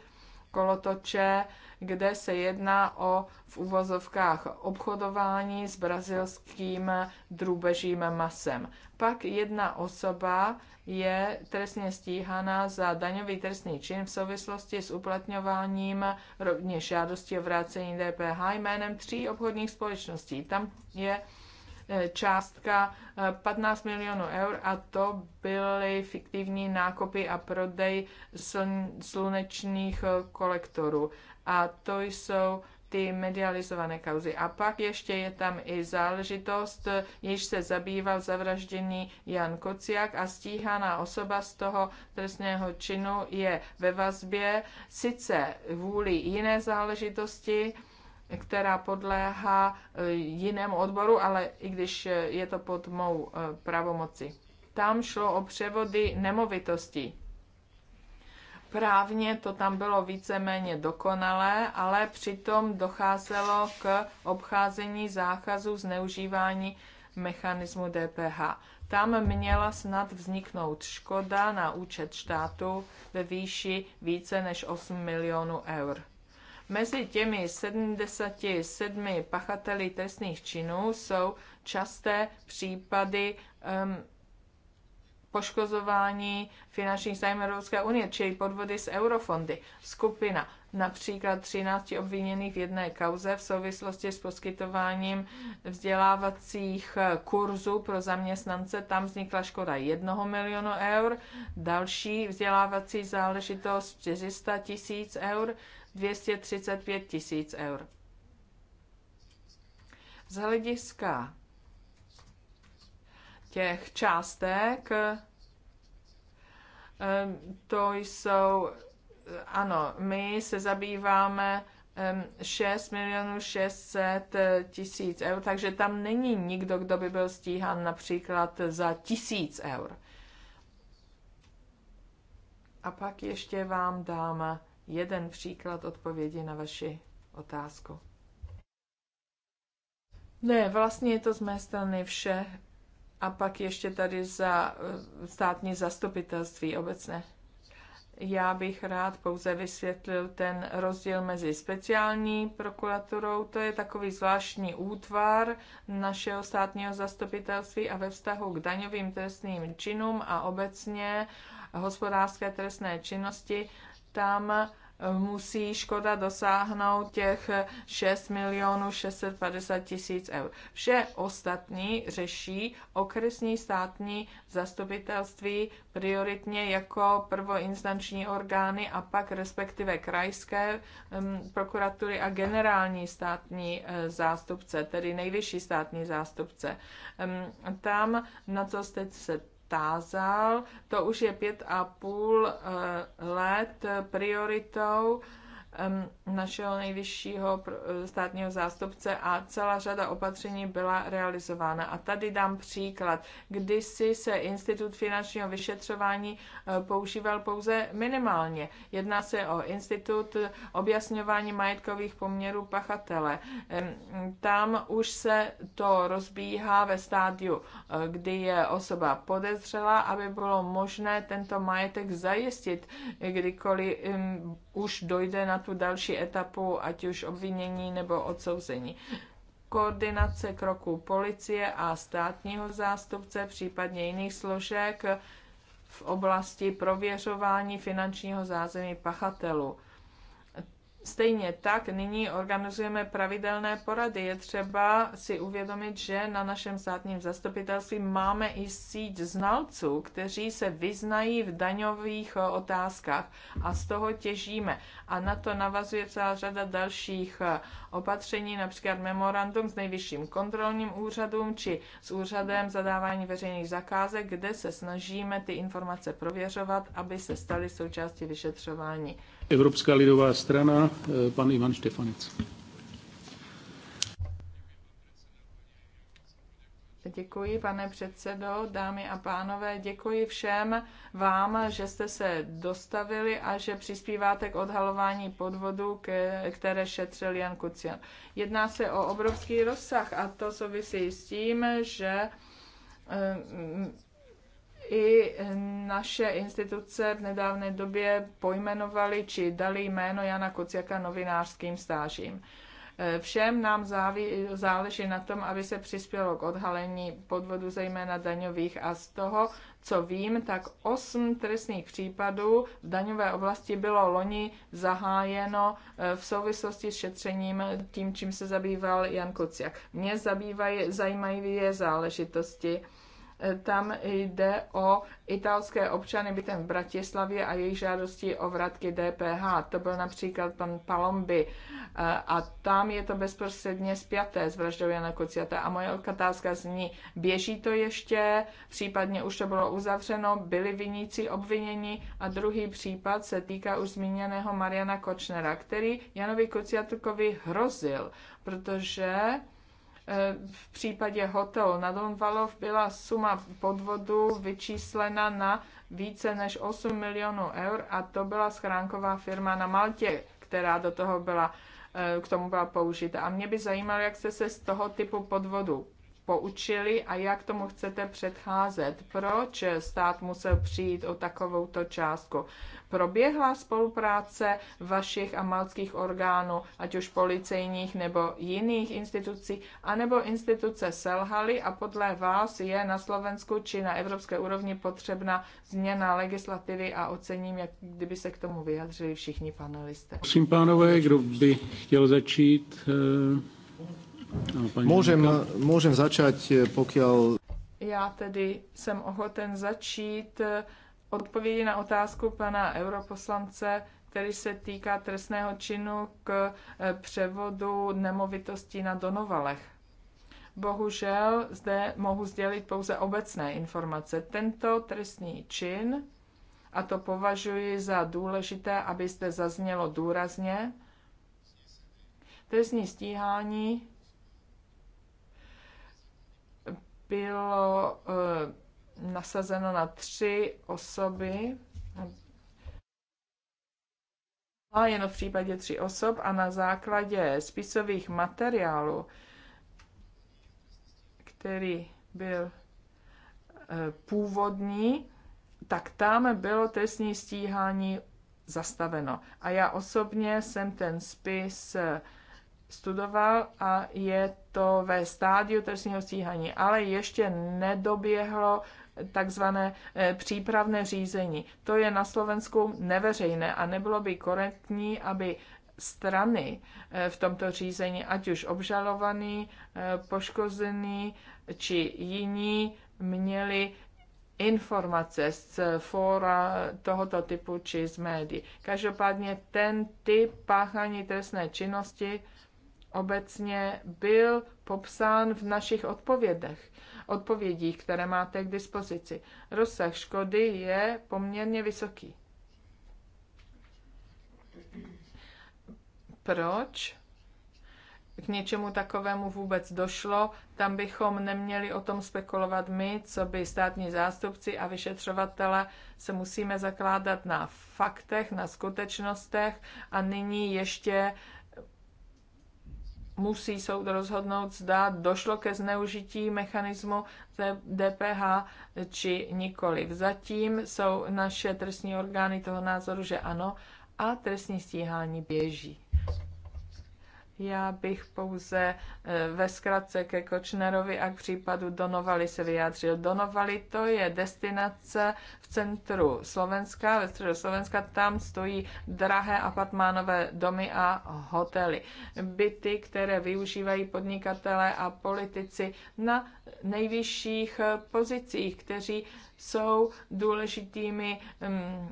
kolotoče, kde se jedná o v uvozovkách obchodování s brazilským drůbežím masem. Pak jedna osoba je trestně stíhána za daňový trestný čin v souvislosti s uplatňováním rovněž žádosti o vrácení DPH jménem tří obchodních společností. Tam je e, částka 15 e, milionů eur a to byly fiktivní nákupy a prodej slunečních e, kolektorů a to jsou ty medializované kauzy. A pak ještě je tam i záležitost, již se zabýval zavražděný Jan Kociak a stíhaná osoba z toho trestného činu je ve vazbě, sice vůli jiné záležitosti, která podléhá e, jinému odboru, ale i když je to pod mou e, pravomoci. Tam šlo o převody nemovitostí Právně to tam bylo víceméně dokonalé, ale přitom docházelo k obcházení zákazu zneužívání mechanismu DPH. Tam měla snad vzniknout škoda na účet štátu ve výši více než 8 milionů eur. Mezi těmi 77 pachateli trestných činů jsou časté případy um, poškozování finančních zájmů Evropské unie, čili podvody s eurofondy. Skupina například 13 obviněných v jedné kauze v souvislosti s poskytováním vzdělávacích kurzů pro zaměstnance. Tam vznikla škoda 1 milionu eur, další vzdělávací záležitost 400 tisíc eur, 235 tisíc eur. Z hlediska těch částek, to jsou, ano, my se zabýváme 6 milionů 600 tisíc eur, takže tam není nikdo, kdo by byl stíhan například za tisíc eur. A pak ještě vám dám jeden příklad odpovědi na vaši otázku. Ne, vlastně je to z mé strany vše a pak ještě tady za eh, státní zastupitelství obecné. Já bych rád pouze vysvětlil ten rozdíl mezi speciální prokuraturou, to je takový zvláštní útvar našeho státního zastupitelství a ve vztahu k daňovým trestným činům a obecně hospodářské trestné činnosti, tam musí škoda dosáhnout těch 6 milionů 650 tisíc eur. Vše ostatní řeší okresní státní zastupitelství prioritně jako prvoinstanční orgány a pak respektive krajské mm, prokuratury a generální státní e, zástupce, tedy nejvyšší státní zástupce. tam, na co jste se tázal. To už je pět a půl eh, let prioritou našeho nejvyššího eh, státního zástupce a celá řada opatření byla realizována. A tady dám příklad. Kdysi se Institut finančního vyšetřování eh, používal pouze minimálně. Jedná se o Institut objasňování majetkových poměrů pachatele. Tam už se to rozbíhá ve stádiu, eh, kdy je osoba podezřela, aby bylo možné tento majetek zajistit, kdykoliv už dojde na tu další etapu, ať už obvinění nebo odsouzení. Koordinace kroků policie a státního zástupce, případně jiných složek v oblasti prověřování finančního zázemí pachatelů Stejně tak nyní organizujeme pravidelné porady. Je třeba si uvědomit, že na našem státním zastupitelství máme i síť znalců, kteří se vyznají v daňových eh, otázkách a z toho těžíme. A na to navazuje celá řada dalších eh, opatření, například memorandum s nejvyšším kontrolním úřadům či s úřadem zadávání veřejných zakázek, kde se snažíme ty informace prověřovat, aby se staly součástí vyšetřování. Evropská lidová strana, eh, pan Ivan Štefanec. Děkuji, pane předsedo, dámy a pánové. Děkuji všem vám, že jste se dostavili a že přispíváte k odhalování podvodů, které šetřil Jan Kucian. Jedná se o obrovský rozsah a to souvisí s tím, že eh, i naše instituce v nedávné době pojmenovali či dali jméno Jana Kociaka novinářským stážím. E, všem nám záví, záleží na tom, aby se přispělo k odhalení podvodu zejména daňových a z toho, co vím, tak osm trestných případů v daňové oblasti bylo loni zahájeno e, v souvislosti s šetřením tím, čím se zabýval Jan Kuciak. Mě zabývají zajímavé záležitosti tam jde o italské občany bytem v Bratislavě a jejich žádosti o vratky DPH. To byl například pan Palomby eh, a tam je to bezprostředně spjaté s vraždou Jana Kuciata. A moje otázka zní, běží to ještě, případně už to bylo uzavřeno, byli viníci obviněni a druhý případ se týká už zmíněného Mariana Kočnera, který Janovi Kuciatukovi hrozil, protože Eh, v případě hotelu na Donvalov byla suma podvodu vyčíslena na více než 8 milionů eur a to byla schránková firma na Maltě, která do toho byla, eh, k tomu byla použita. A mě by zajímalo, jak jste se z toho typu podvodu poučili a jak tomu chcete předcházet. Proč stát musel přijít o takovouto částku? proběhla spolupráce vašich a malckých orgánů, ať už policejních nebo jiných institucí, anebo instituce selhaly a podle vás je na Slovensku či na evropské úrovni potřebna změna legislativy a ocením, jak kdyby se k tomu vyjadřili všichni panelisté. Prosím, pánové, kdo by chtěl začít? Eh, můžem, můžem začít eh, pokud. Já tedy jsem ochoten začít odpovědi na otázku pana europoslance, který se týká trestného činu k e, převodu nemovitostí na Donovalech. Bohužel zde mohu sdělit pouze obecné informace. Tento trestný čin, a to považuji za důležité, abyste zaznělo důrazně, trestní stíhání bylo e, nasazeno na tři osoby. A jen v případě tří osob a na základě spisových materiálů, který byl eh, původní, tak tam bylo trestní stíhání zastaveno. A já osobně jsem ten spis eh, studoval a je to ve stádiu trestního stíhání, ale ještě nedoběhlo takzvané eh, přípravné řízení. To je na Slovensku neveřejné a nebylo by korektní, aby strany eh, v tomto řízení, ať už obžalovaný, eh, poškozený či jiní, měli informace z fóra tohoto typu či z médií. Každopádně ten typ páchání trestné činnosti obecně byl popsán v našich odpovědech, odpovědích, které máte k dispozici. Rozsah škody je poměrně vysoký. Proč k něčemu takovému vůbec došlo? Tam bychom neměli o tom spekulovat my, co by státní zástupci a vyšetřovatele se musíme zakládat na faktech, na skutečnostech a nyní ještě musí soud rozhodnout, zda došlo ke zneužití mechanismu DPH či nikoli. Zatím jsou naše trestní orgány toho názoru, že ano, a trestní stíhání běží. Já bych pouze eh, ve zkratce ke Kočnerovi a k případu Donovali se vyjádřil. Donovali to je destinace v centru Slovenska, ve středu Slovenska, tam stojí drahé apartmánové domy a hotely. Byty, které využívají podnikatele a politici na nejvyšších eh, pozicích, kteří jsou důležitými mm,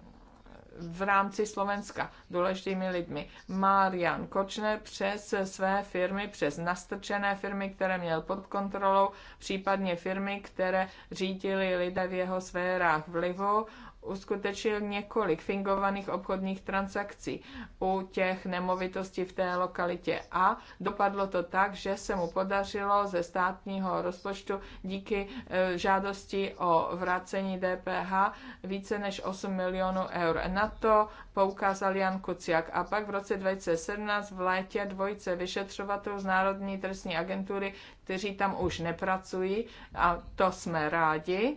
v rámci Slovenska důležitými lidmi. Marian Kočner přes své firmy, přes nastrčené firmy, které měl pod kontrolou, případně firmy, které řídili lidé v jeho sférách vlivu, uskutečnil několik fingovaných obchodních transakcí u těch nemovitostí v té lokalitě a dopadlo to tak, že se mu podařilo ze státního rozpočtu díky e, žádosti o vrácení DPH více než 8 milionů eur. Na to poukázal Jan Kuciak. A pak v roce 2017 v létě dvojice vyšetřovatelů z Národní trestní agentury, kteří tam už nepracují a to jsme rádi,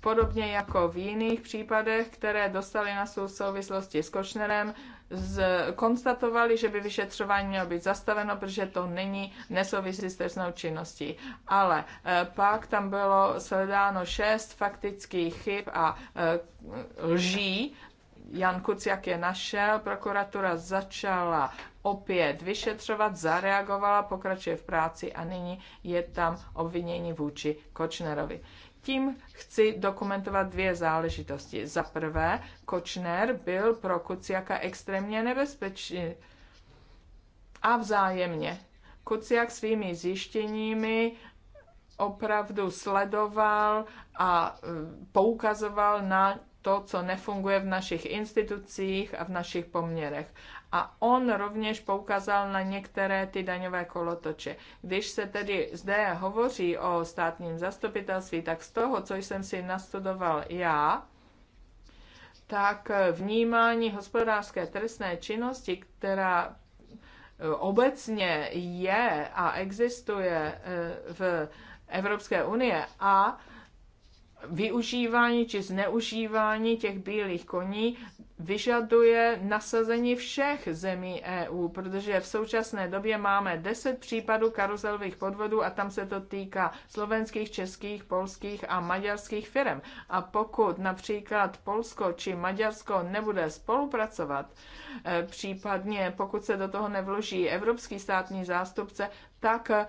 Podobně jako v jiných případech, které dostali na svou souvislosti s Kočnerem, z, konstatovali, že by vyšetřování mělo být zastaveno, protože to není nesouvisí s trestnou činností. Ale e, pak tam bylo sledáno šest faktických chyb a e, lží. Jan Kuciak je našel, prokuratura začala opět vyšetřovat, zareagovala, pokračuje v práci a nyní je tam obvinění vůči Kočnerovi. Tím chci dokumentovat dvě záležitosti. Za prvé, Kočner byl pro Kuciaka extrémně nebezpečný a vzájemně. Kuciak svými zjištěními opravdu sledoval a e, poukazoval na to, co nefunguje v našich institucích a v našich poměrech. A on rovněž poukázal na některé ty daňové kolotoče. Když se tedy zde hovoří o státním zastupitelství, tak z toho, co jsem si nastudoval já, tak vnímání hospodářské trestné činnosti, která eh, obecně je a existuje eh, v Evropské unie a využívání či zneužívání těch bílých koní vyžaduje nasazení všech zemí EU, protože v současné době máme 10 případů karuzelových podvodů a tam se to týká slovenských, českých, polských a maďarských firm. A pokud například Polsko či Maďarsko nebude spolupracovat, eh, případně pokud se do toho nevloží evropský státní zástupce, tak eh,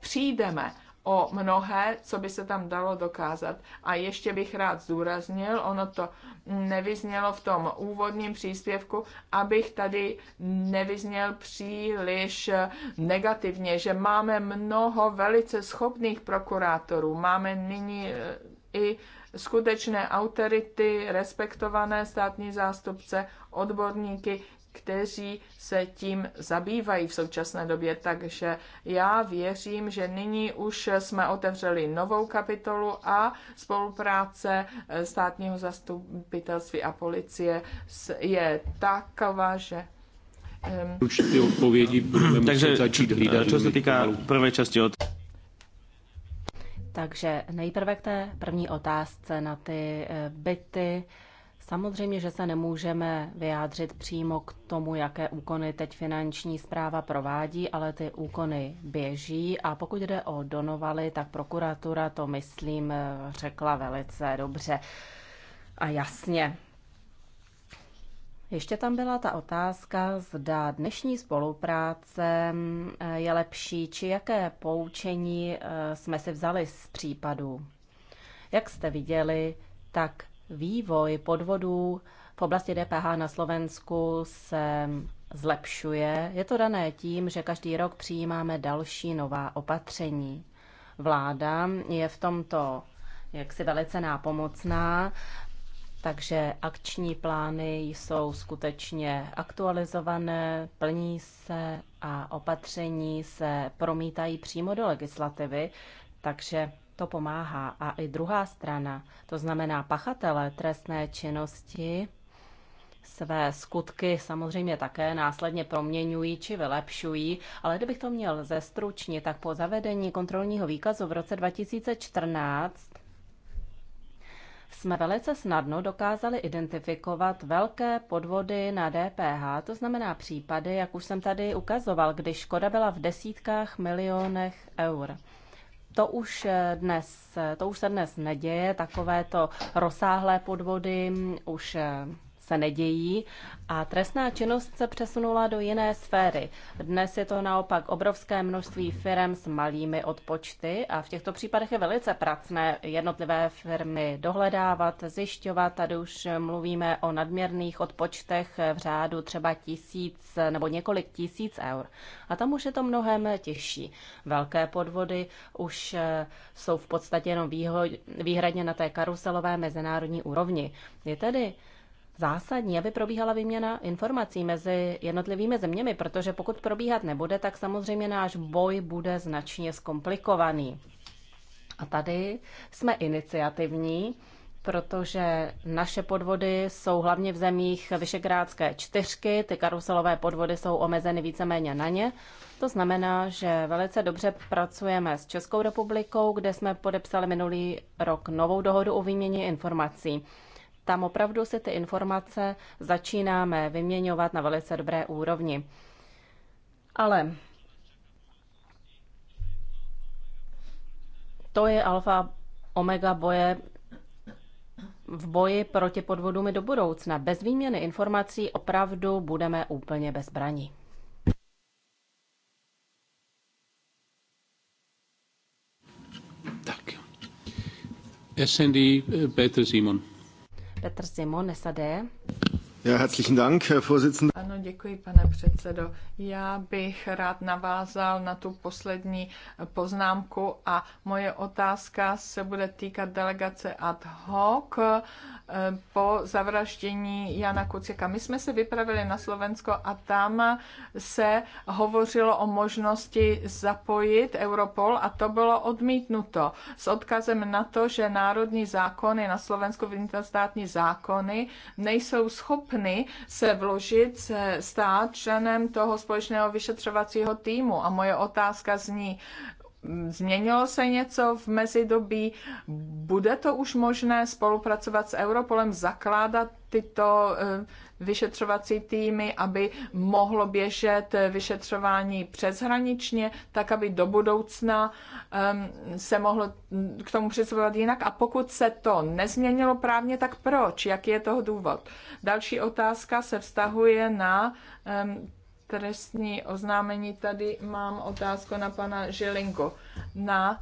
přijdeme o mnohé, co by se tam dalo dokázat. A ještě bych rád zdůraznil, ono to nevyznělo v tom úvodním příspěvku, abych tady nevyzněl příliš negativně, že máme mnoho velice schopných prokurátorů. Máme nyní e, i skutečné autority, respektované státní zástupce, odborníky, kteří se tím zabývají v současné době. Takže já věřím, že nyní už jsme otevřeli novou kapitolu a spolupráce eh, státního zastupitelství a policie je taková, že už ty odpovědi budeme (clears throat) Takže, začít eh, hlídat. Co se týká prvé části od... Takže nejprve k té první otázce na ty eh, byty Samozřejmě, že se nemůžeme vyjádřit přímo k tomu, jaké úkony teď finanční zpráva provádí, ale ty úkony běží a pokud jde o Donovaly, tak prokuratura to, myslím, řekla velice dobře a jasně. Ještě tam byla ta otázka, zda dnešní spolupráce mm, je lepší, či jaké poučení eh, jsme si vzali z případu. Jak jste viděli, tak vývoj podvodů v oblasti DPH na Slovensku se zlepšuje. Je to dané tím, že každý rok přijímáme další nová opatření. Vláda je v tomto jaksi velice nápomocná, takže akční plány jsou skutečně aktualizované, plní se a opatření se promítají přímo do legislativy, takže to pomáhá. A i druhá strana, to znamená pachatele trestné činnosti, své skutky samozřejmě také následně proměňují či vylepšují, ale kdybych to měl zestručnit, tak po zavedení kontrolního výkazu v roce 2014 jsme velice snadno dokázali identifikovat velké podvody na DPH, to znamená případy, jak už jsem tady ukazoval, kdy škoda byla v desítkách milionech eur. To už, eh, dnes, eh, to už se dnes neděje, takovéto rozsáhlé podvody mm, už eh, se nedějí a trestná činnost se přesunula do jiné sféry. Dnes je to naopak obrovské množství firm s malými odpočty a v těchto případech je velice pracné jednotlivé firmy dohledávat, zjišťovat. Tady už mluvíme o nadměrných odpočtech v řádu třeba tisíc nebo několik tisíc eur. A tam už je to mnohem těžší. Velké podvody už eh, jsou v podstatě jenom výhradně na té karuselové mezinárodní úrovni. Je tedy zásadní, aby probíhala výměna informací mezi jednotlivými zeměmi, protože pokud probíhat nebude, tak samozřejmě náš boj bude značně zkomplikovaný. A tady jsme iniciativní, protože naše podvody jsou hlavně v zemích Vyšegrádské čtyřky, ty karuselové podvody jsou omezeny víceméně na ně. To znamená, že velice dobře pracujeme s Českou republikou, kde jsme podepsali minulý rok novou dohodu o výměně informací tam opravdu si ty informace začínáme vyměňovat na velice dobré úrovni. Ale to je alfa omega boje v boji proti podvodům do budoucna. Bez výměny informací opravdu budeme úplně bez braní. Tak. SND eh, Petr Simon. Petr Simon, SAD. Ja, herzlichen Dank, Herr Vorsitzender. Ano, děkuji, pane předsedo. Já bych rád navázal na tu poslední poznámku a moje otázka se bude týkat delegace ad hoc eh, po zavraždění Jana Kuciaka. My jsme se vypravili na Slovensko a tam se hovořilo o možnosti zapojit Europol a to bylo odmítnuto s odkazem na to, že národní zákony na Slovensku, vnitrostátní zákony, nejsou schopny schopny se vložit, se stát členem toho společného vyšetřovacího týmu. A moje otázka zní, Změnilo se něco v mezidobí? Bude to už možné spolupracovat s Europolem, zakládat tyto eh, vyšetřovací týmy, aby mohlo běžet vyšetřování přeshraničně, tak aby do budoucna um, se mohlo k tomu přistupovat jinak. A pokud se to nezměnilo právně, tak proč? Jaký je toho důvod? Další otázka se vztahuje na um, trestní oznámení. Tady mám otázku na pana Žilinku. Na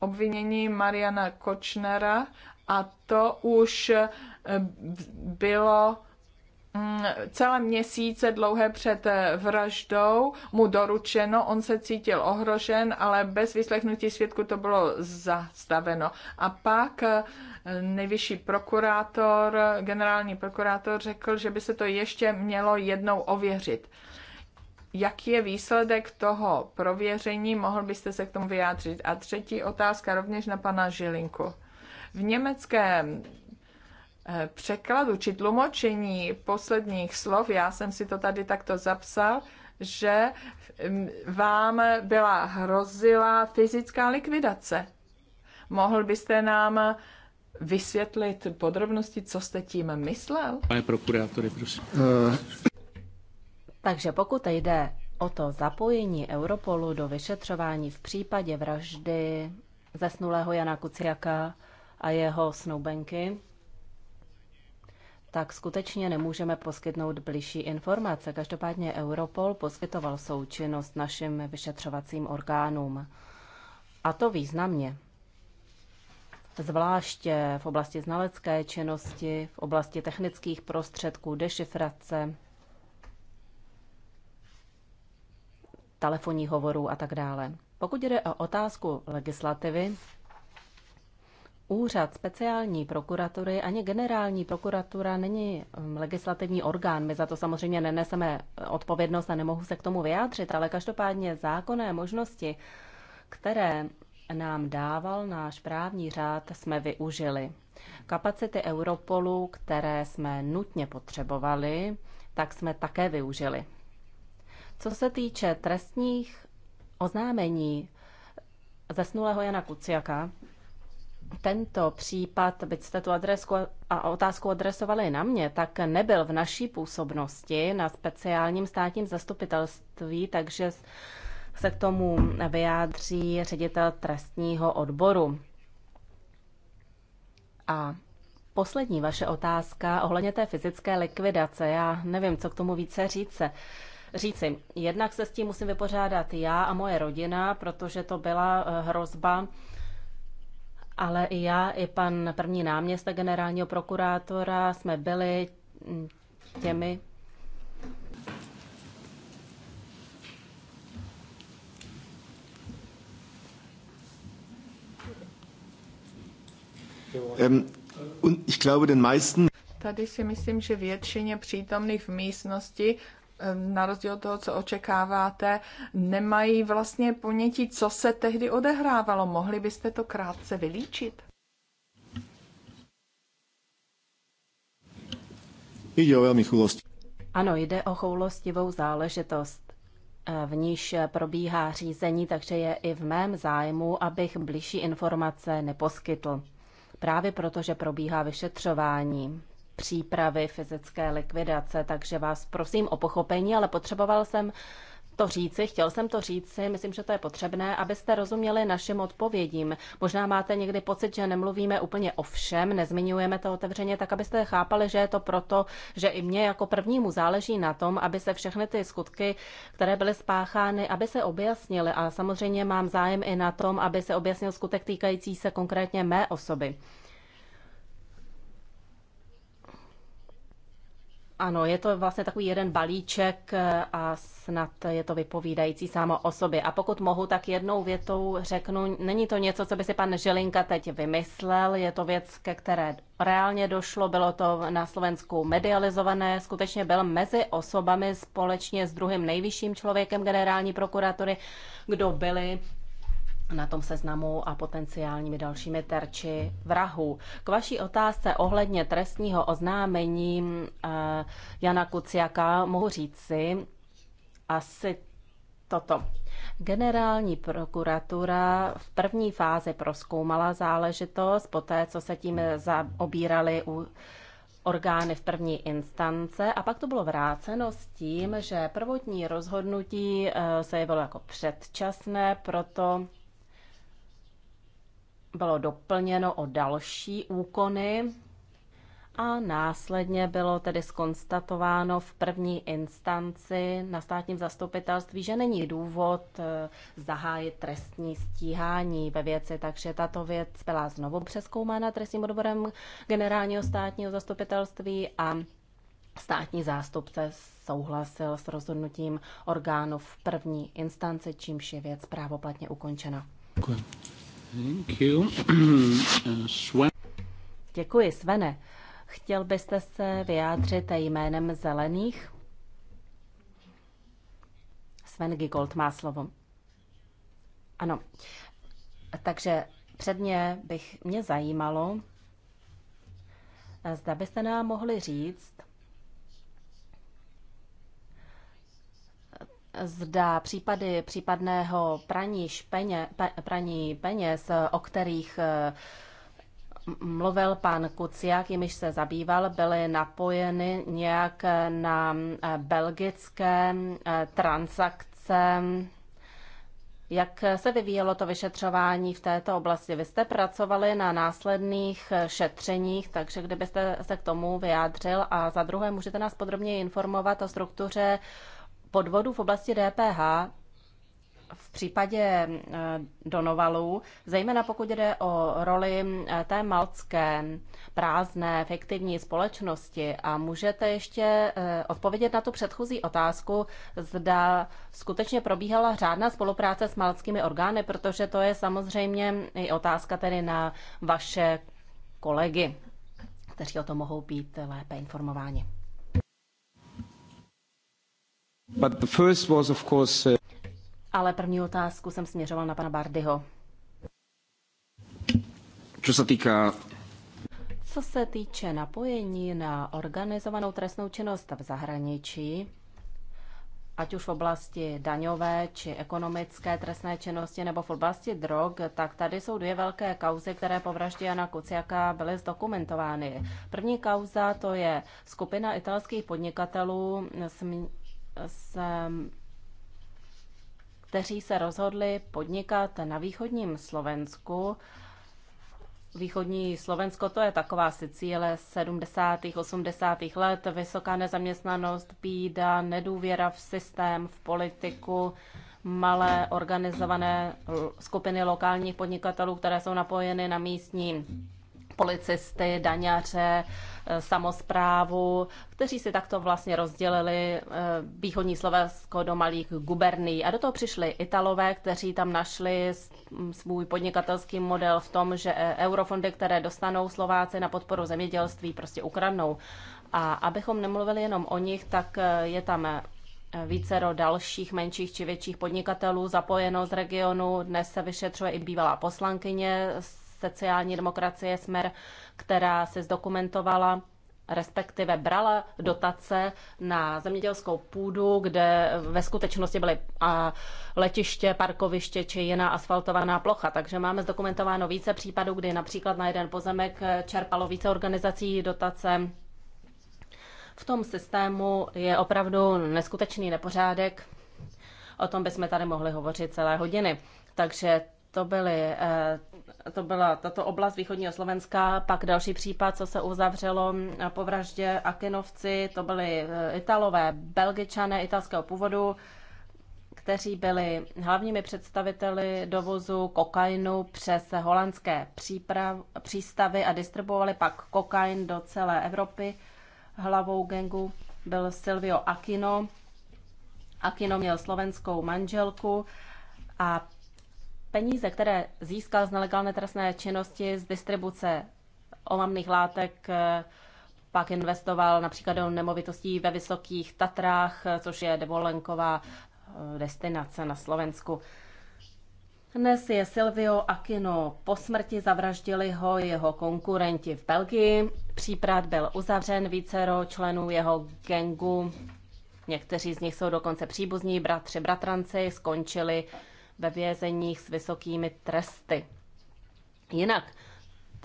obvinění Mariana Kočnera a to už eh, bylo mm, celé měsíce dlouhé před eh, vraždou mu doručeno, on se cítil ohrožen, ale bez vyslechnutí svědku to bylo zastaveno. A pak eh, nejvyšší prokurátor, generální prokurátor řekl, že by se to ještě mělo jednou ověřit. Jaký je výsledek toho prověření? Mohl byste se k tomu vyjádřit. A třetí otázka rovněž na pana Žilinku v německém eh, překladu či tlumočení posledních slov, já jsem si to tady takto zapsal, že mm, vám byla hrozila fyzická likvidace. Mohl byste nám vysvětlit podrobnosti, co jste tím myslel? Pane prokurátory, prosím. Takže pokud jde o to zapojení Europolu do vyšetřování v případě vraždy zesnulého Jana Kuciaka, a jeho snoubenky, tak skutečně nemůžeme poskytnout bližší informace. Každopádně Europol poskytoval součinnost našim vyšetřovacím orgánům. A to významně. Zvláště v oblasti znalecké činnosti, v oblasti technických prostředků, dešifrace, telefonních hovorů a tak dále. Pokud jde o otázku legislativy, úřad speciální prokuratury ani generální prokuratura není mm, legislativní orgán. My za to samozřejmě neneseme odpovědnost a nemohu se k tomu vyjádřit, ale každopádně zákonné možnosti, které nám dával náš právní řád, jsme využili. Kapacity Europolu, které jsme nutně potřebovali, tak jsme také využili. Co se týče trestních oznámení zesnulého Jana Kuciaka, tento případ, byť jste tu adresku a otázku adresovali na mě, tak nebyl v naší působnosti na speciálním státním zastupitelství, takže se k tomu vyjádří ředitel trestního odboru. A poslední vaše otázka ohledně té fyzické likvidace. Já nevím, co k tomu více říce. Říci, jednak se s tím musím vypořádat já a moje rodina, protože to byla eh, hrozba, ale i já, i pan první náměstek generálního prokurátora jsme byli těmi, Tady si myslím, že většině přítomných v místnosti na rozdíl od toho, co očekáváte, nemají vlastně ponětí, co se tehdy odehrávalo. Mohli byste to krátce vylíčit? Jde o velmi choulost. Ano, jde o choulostivou záležitost. Eh, v níž probíhá řízení, takže je i v mém zájmu, abych bližší informace neposkytl. Právě proto, že probíhá vyšetřování přípravy fyzické likvidace, takže vás prosím o pochopení, ale potřeboval jsem to říci, chtěl jsem to říci, myslím, že to je potřebné, abyste rozuměli našim odpovědím. Možná máte někdy pocit, že nemluvíme úplně o všem, nezmiňujeme to otevřeně, tak abyste chápali, že je to proto, že i mě jako prvnímu záleží na tom, aby se všechny ty skutky, které byly spáchány, aby se objasnily. A samozřejmě mám zájem i na tom, aby se objasnil skutek týkající se konkrétně mé osoby. Ano, je to vlastně takový jeden balíček eh, a snad je to vypovídající samo o sobě. A pokud mohu, tak jednou větou řeknu, není to něco, co by si pan Želinka teď vymyslel, je to věc, ke které reálně došlo, bylo to na Slovensku medializované, skutečně byl mezi osobami společně s druhým nejvyšším člověkem generální prokuratury, kdo byli na tom seznamu a potenciálními dalšími terči vrahů. K vaší otázce ohledně trestního oznámení eh, Jana Kuciaka mohu říci asi toto. Generální prokuratura v první fázi proskoumala záležitost, té, co se tím zaobírali u orgány v první instance a pak to bylo vráceno s tím, že prvotní rozhodnutí eh, se jevilo jako předčasné, proto bylo doplněno o další úkony a následně bylo tedy skonstatováno v první instanci na státním zastupitelství, že není důvod eh, zahájit trestní stíhání ve věci, takže tato věc byla znovu přeskoumána trestním odborem generálního státního zastupitelství a Státní zástupce souhlasil s rozhodnutím orgánu v první instanci, čímž je věc právoplatně ukončena. Děkuji. (clears throat) Uh, Děkuji, Svene. Chtěl byste se vyjádřit jménem zelených? Sven Gigold má slovo. Ano. Takže předně bych mě zajímalo, zda byste nám mohli říct, zda případy případného praní, špeně, pe, praní peněz, o kterých eh, mluvil pan Kuciak, jimiž se zabýval, byly napojeny nějak na eh, belgické eh, transakce. Jak se vyvíjelo to vyšetřování v této oblasti? Vy jste pracovali na následných šetřeních, takže kdybyste se k tomu vyjádřil a za druhé můžete nás podrobně informovat o struktuře podvodů v oblasti DPH v případě eh, Donovalu, zejména pokud jde o roli eh, té malcké prázdné fiktivní společnosti a můžete ještě eh, odpovědět na tu předchozí otázku, zda skutečně probíhala řádná spolupráce s malckými orgány, protože to je samozřejmě i otázka tedy na vaše kolegy, kteří o to mohou být lépe informováni. But the first was of course, uh... Ale první otázku jsem směřoval na pana Bardyho. Co se týká co se týče napojení na organizovanou trestnou činnost v zahraničí, ať už v oblasti daňové či ekonomické trestné činnosti nebo v oblasti drog, tak tady jsou dvě velké kauzy, které po vraždě Jana Kuciaka byly zdokumentovány. První kauza to je skupina italských podnikatelů se, kteří se rozhodli podnikat na východním Slovensku. Východní Slovensko to je taková Sicíle 70. 80. let, vysoká nezaměstnanost, bída, nedůvěra v systém, v politiku, malé organizované skupiny lokálních podnikatelů, které jsou napojeny na místní policisty, daňaře, eh, samozprávu, kteří si takto vlastně rozdělili eh, východní Slovensko do malých guberní. A do toho přišli Italové, kteří tam našli svůj podnikatelský model v tom, že eh, eurofondy, které dostanou Slováci na podporu zemědělství, prostě ukradnou. A abychom nemluvili jenom o nich, tak je tam do dalších menších či větších podnikatelů zapojeno z regionu. Dnes se vyšetřuje i bývalá poslankyně z sociální demokracie Smer, která se zdokumentovala respektive brala dotace na zemědělskou půdu, kde ve skutečnosti byly letiště, parkoviště či jiná asfaltovaná plocha. Takže máme zdokumentováno více případů, kdy například na jeden pozemek čerpalo více organizací dotace. V tom systému je opravdu neskutečný nepořádek. O tom bychom tady mohli hovořit celé hodiny. Takže to, byly, eh, to byla tato oblast východního Slovenska, pak další případ, co se uzavřelo po vraždě Akinovci, to byly eh, Italové, Belgičané italského původu, kteří byli hlavními představiteli dovozu kokainu přes holandské příprav, přístavy a distribuovali pak kokain do celé Evropy. Hlavou gengu byl Silvio Akino Akino měl slovenskou manželku a peníze, které získal z nelegálné trestné činnosti z distribuce omamných látek, eh, pak investoval například do nemovitostí ve Vysokých Tatrách, eh, což je devolenková eh, destinace na Slovensku. Dnes je Silvio Aquino. Po smrti zavraždili ho jeho konkurenti v Belgii. Příprat byl uzavřen vícero členů jeho gengu. Někteří z nich jsou dokonce příbuzní, bratři, bratranci, skončili ve vězeních s vysokými tresty. Jinak,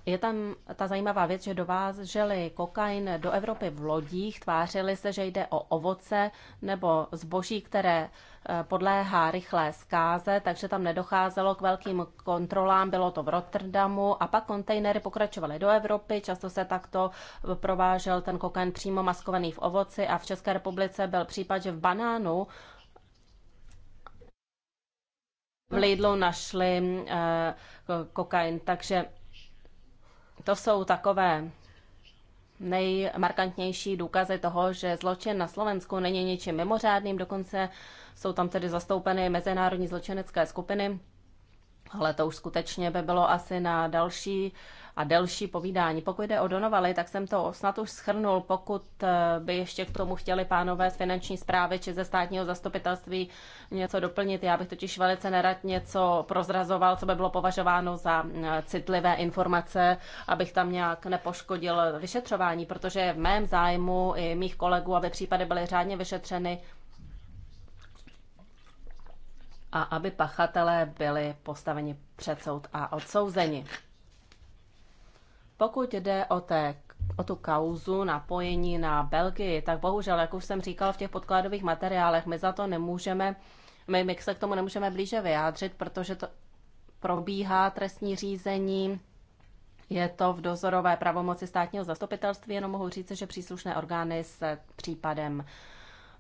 je tam ta zajímavá věc, že dováželi kokain do Evropy v lodích, tvářili se, že jde o ovoce nebo zboží, které eh, podléhá rychlé zkáze, takže tam nedocházelo k velkým kontrolám, bylo to v Rotterdamu a pak kontejnery pokračovaly do Evropy, často se takto provážel ten kokain přímo maskovaný v ovoci a v České republice byl případ, že v banánu v Lidlu našli eh, kokain, takže to jsou takové nejmarkantnější důkazy toho, že zločin na Slovensku není ničím mimořádným, dokonce jsou tam tedy zastoupeny mezinárodní zločinecké skupiny, ale to už skutečně by bylo asi na další a delší povídání. Pokud jde o Donovaly, tak jsem to snad už schrnul. Pokud eh, by ještě k tomu chtěli pánové z finanční zprávy či ze státního zastupitelství něco doplnit, já bych totiž velice nerad něco prozrazoval, co by bylo považováno za eh, citlivé informace, abych tam nějak nepoškodil vyšetřování, protože v mém zájmu i mých kolegů, aby případy byly řádně vyšetřeny, a aby pachatelé byli postaveni před soud a odsouzeni. Pokud jde o, té, o tu kauzu napojení na Belgii, tak bohužel, jak už jsem říkal v těch podkladových materiálech, my za to nemůžeme, my, my se k tomu nemůžeme blíže vyjádřit, protože to probíhá trestní řízení, je to v dozorové pravomoci státního zastupitelství, jenom mohu říct, že příslušné orgány se případem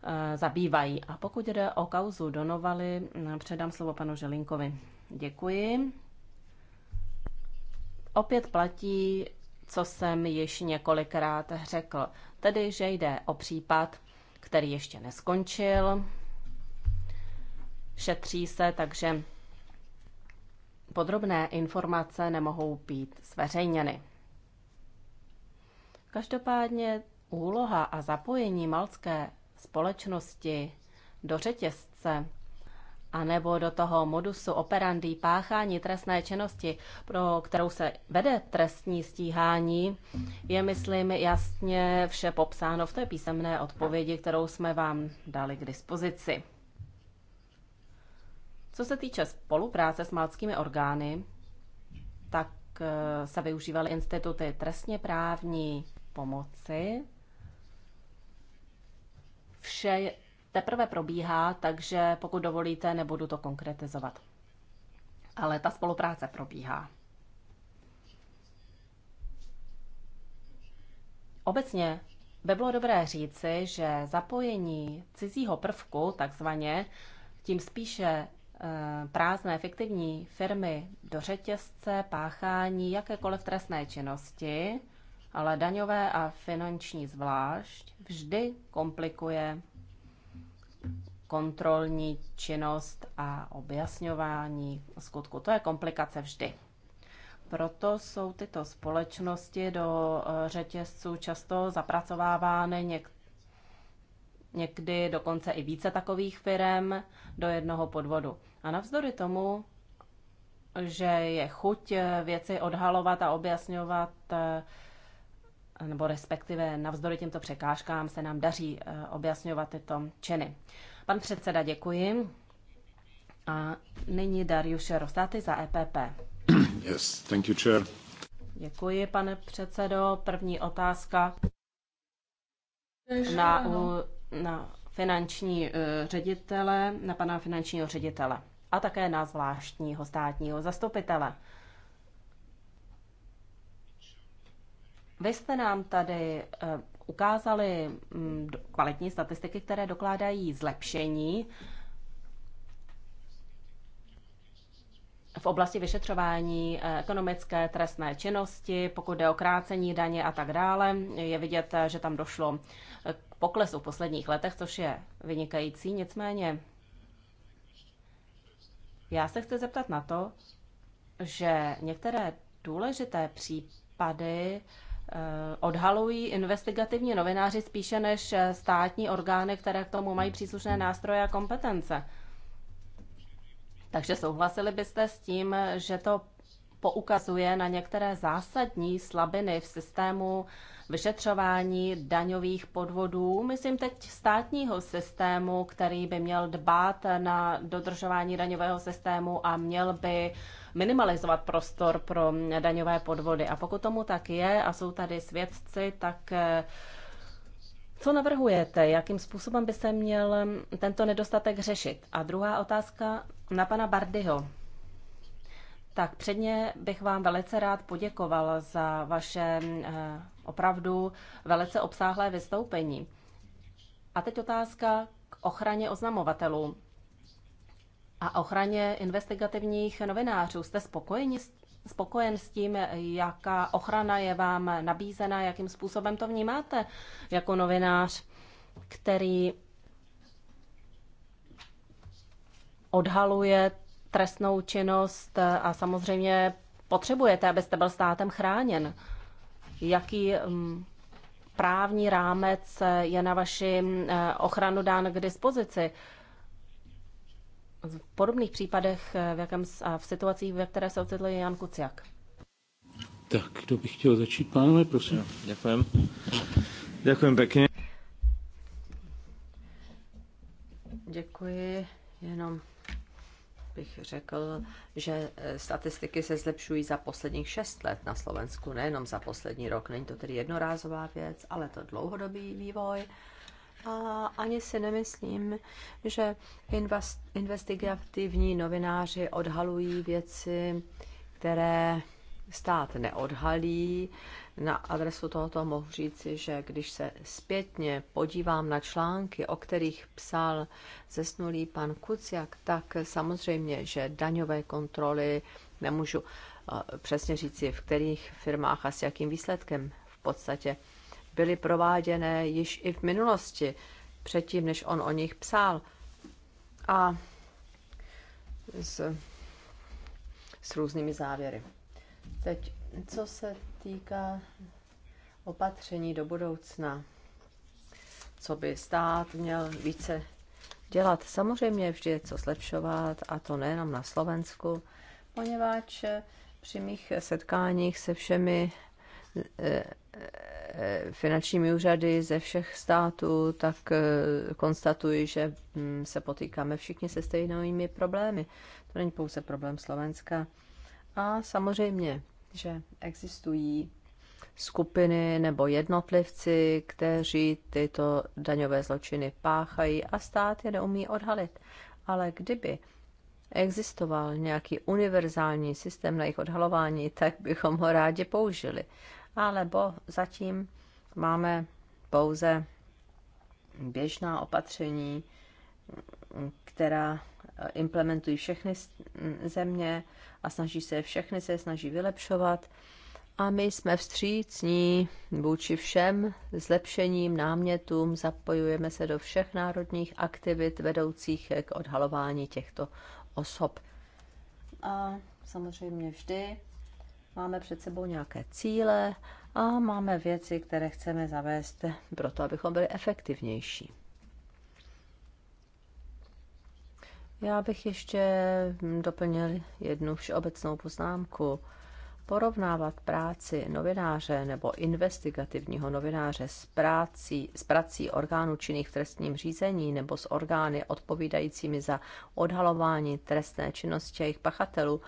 Eh, zabývají. A pokud jde o kauzu Donovali, eh, předám slovo panu Želinkovi. Děkuji. Opět platí, co jsem již několikrát řekl, tedy, že jde o případ, který ještě neskončil, šetří se, takže podrobné informace nemohou být zveřejněny. Každopádně úloha a zapojení malské společnosti, do řetězce, anebo do toho modusu operandi páchání trestné činnosti, pro kterou se vede trestní stíhání, je, myslím, jasně vše popsáno v té písemné odpovědi, kterou jsme vám dali k dispozici. Co se týče spolupráce s malckými orgány, tak eh, se využívaly instituty trestně právní pomoci vše teprve probíhá, takže pokud dovolíte, nebudu to konkretizovat. Ale ta spolupráce probíhá. Obecně by bylo dobré říci, že zapojení cizího prvku, takzvaně, tím spíše eh, prázdné efektivní firmy do řetězce, páchání jakékoliv trestné činnosti, ale daňové a finanční zvlášť vždy komplikuje kontrolní činnost a objasňování skutku. To je komplikace vždy. Proto jsou tyto společnosti do eh, řetězců často zapracovávány něk- někdy dokonce i více takových firm do jednoho podvodu. A navzdory tomu, že je chuť eh, věci odhalovat a objasňovat, eh, nebo respektive navzdory těmto překážkám se nám daří eh, objasňovat tyto činy. Pan předseda, děkuji. A nyní Darius Rosati za EPP. (clears throat) Yes, thank you, chair. Děkuji, pane předsedo. První otázka na, no. na finanční eh, ředitele, na pana finančního ředitele a také na zvláštního státního zastupitele. Vy jste nám tady eh, ukázali mm, kvalitní statistiky, které dokládají zlepšení v oblasti vyšetřování eh, ekonomické trestné činnosti, pokud jde o krácení daně a tak dále. Je vidět, eh, že tam došlo k poklesu v posledních letech, což je vynikající. Nicméně já se chci zeptat na to, že některé důležité případy Eh, odhalují investigativní novináři spíše než eh, státní orgány, které k tomu mají příslušné nástroje a kompetence. Takže souhlasili byste s tím, že to poukazuje na některé zásadní slabiny v systému vyšetřování daňových podvodů, myslím teď státního systému, který by měl dbát na dodržování daňového systému a měl by minimalizovat prostor pro daňové podvody. A pokud tomu tak je a jsou tady svědci, tak eh, co navrhujete? Jakým způsobem by se měl mm, tento nedostatek řešit? A druhá otázka na pana Bardyho. Tak předně bych vám velice rád poděkoval za vaše mm, eh, opravdu velice obsáhlé vystoupení. A teď otázka k ochraně oznamovatelů a ochraně investigativních novinářů. Jste spokojeni spokojen s tím, jaká ochrana je vám nabízena, jakým způsobem to vnímáte jako novinář, který odhaluje trestnou činnost a samozřejmě potřebujete, abyste byl státem chráněn. Jaký mm, právní rámec je na vaši eh, ochranu dán k dispozici? v podobných případech eh, v jakém, a v situacích, ve které se ocitl Jan Kuciak. Tak, kdo by chtěl začít? Pánové, prosím. Děkujem. Děkujem pěkně. Děkuji. Jenom bych řekl, že eh, statistiky se zlepšují za posledních šest let na Slovensku, nejenom za poslední rok. Není to tedy jednorázová věc, ale to dlouhodobý vývoj a ani si nemyslím, že investigativní novináři odhalují věci, které stát neodhalí. Na adresu tohoto mohu říci, že když se zpětně podívám na články, o kterých psal zesnulý pan Kuciak, tak samozřejmě, že daňové kontroly nemůžu eh, přesně říci, v kterých firmách a s jakým výsledkem v podstatě byly prováděné již i v minulosti, předtím, než on o nich psal. A s, s různými závěry. Teď, co se týká opatření do budoucna, co by stát měl více dělat. Samozřejmě vždy je co zlepšovat, a to nejenom na Slovensku, poněvadž při mých setkáních se všemi finančními úřady ze všech států, tak eh, konstatuji, že hm, se potýkáme všichni se stejnými problémy. To není pouze problém Slovenska. A samozřejmě, že existují skupiny nebo jednotlivci, kteří tyto daňové zločiny páchají a stát je neumí odhalit. Ale kdyby existoval nějaký univerzální systém na jejich odhalování, tak bychom ho rádi použili alebo zatím máme pouze běžná opatření, která eh, implementují všechny země a snaží se všechny se snaží vylepšovat. A my jsme vstřícní vůči všem zlepšením, námětům, zapojujeme se do všech národních aktivit vedoucích k odhalování těchto osob. A samozřejmě vždy máme před sebou nějaké cíle a máme věci, které chceme zavést pro to, abychom byli efektivnější. Já bych ještě doplnil jednu všeobecnou poznámku. Porovnávat práci novináře nebo investigativního novináře s práci s prací orgánů činných v trestním řízení nebo s orgány odpovídajícími za odhalování trestné činnosti a jejich pachatelů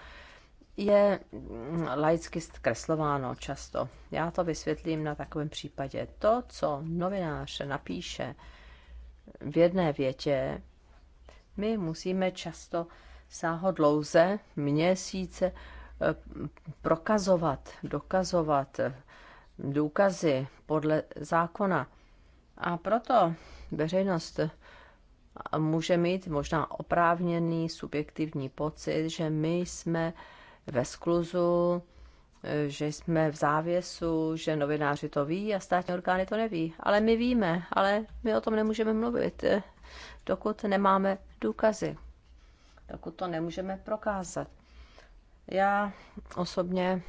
je mm, laicky zkreslováno často. Já to vysvětlím na takovém případě. To, co novinář napíše v jedné větě, my musíme často sáhodlouze, měsíce eh, prokazovat, dokazovat eh, důkazy podle zákona. A proto veřejnost může mít možná oprávněný subjektivní pocit, že my jsme uh, ve skluzu, e, že jsme v závěsu, že novináři to ví a státní orgány to neví. Ale my víme, ale my o tom nemůžeme mluvit, e, dokud nemáme důkazy, dokud to nemůžeme prokázat. Já osobně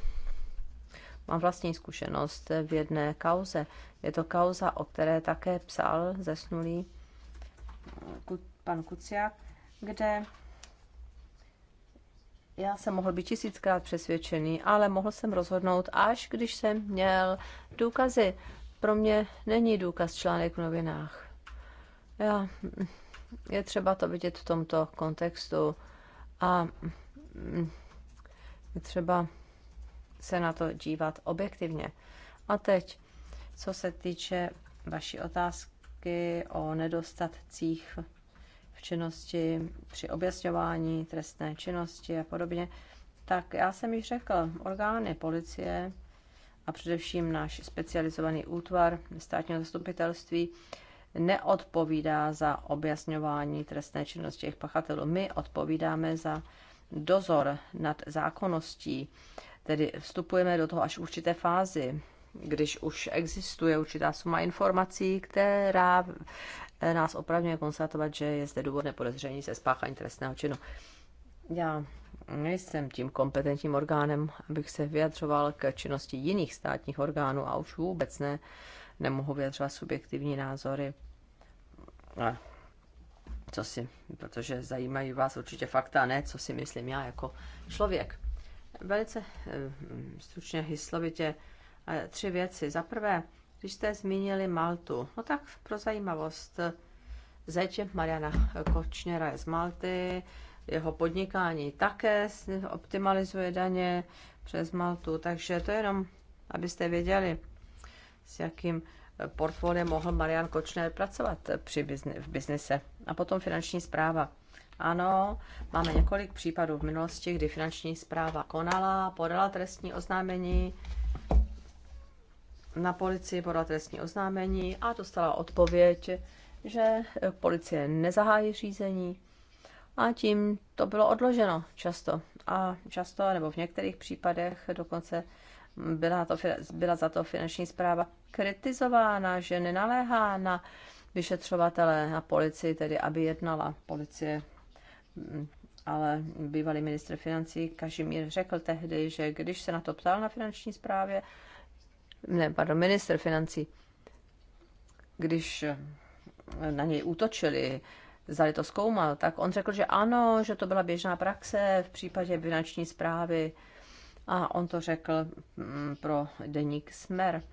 mám vlastní zkušenost v jedné kauze. Je to kauza, o které také psal zesnulý pan Kuciak, kde já jsem mohl být tisíckrát přesvědčený, ale mohl jsem rozhodnout, až když jsem měl důkazy. Pro mě není důkaz článek v novinách. Já, je třeba to vidět v tomto kontextu a mm, je třeba se na to dívat objektivně. A teď, co se týče vaší otázky o nedostatcích činnosti, při objasňování trestné činnosti a podobně, tak já jsem již řekl, orgány policie a především náš specializovaný útvar státního zastupitelství neodpovídá za objasňování trestné činnosti těch pachatelů. My odpovídáme za dozor nad zákonností, tedy vstupujeme do toho až v určité fázi, když už existuje určitá suma informací, která nás opravňuje konstatovat, že je zde důvodné podezření ze spáchání trestného činu. Já nejsem tím kompetentním orgánem, abych se vyjadřoval k činnosti jiných státních orgánů a už vůbec ne, nemohu vyjadřovat subjektivní názory. A co si, protože zajímají vás určitě fakta, ne co si myslím já jako člověk. Velice eh, stručně, hyslovitě eh, tři věci. Za prvé, když jste zmínili Maltu, no tak pro zajímavost, zajčem Mariana Kočnera je z Malty, jeho podnikání také optimalizuje daně přes Maltu, takže to jenom, abyste věděli, s jakým eh, portfoliem mohl Marian Kočner pracovat eh, při bizne, v biznise. A potom finanční zpráva. Ano, máme několik případů v minulosti, kdy finanční zpráva konala, podala trestní oznámení, na policii podala trestní oznámení a dostala odpověď, že e, policie nezahájí řízení a tím to bylo odloženo často. A často, nebo v některých případech dokonce byla, to, byla za to finanční zpráva kritizována, že nenaléhá na vyšetřovatele, na policii, tedy aby jednala policie. Mm, ale bývalý ministr financí Kažimír řekl tehdy, že když se na to ptal na finanční zprávě, ne, pardon, minister financí, když eh, na něj útočili, zali to zkoumal, tak on řekl, že ano, že to byla běžná praxe v případě finanční zprávy. A on to řekl mm, pro deník Smer.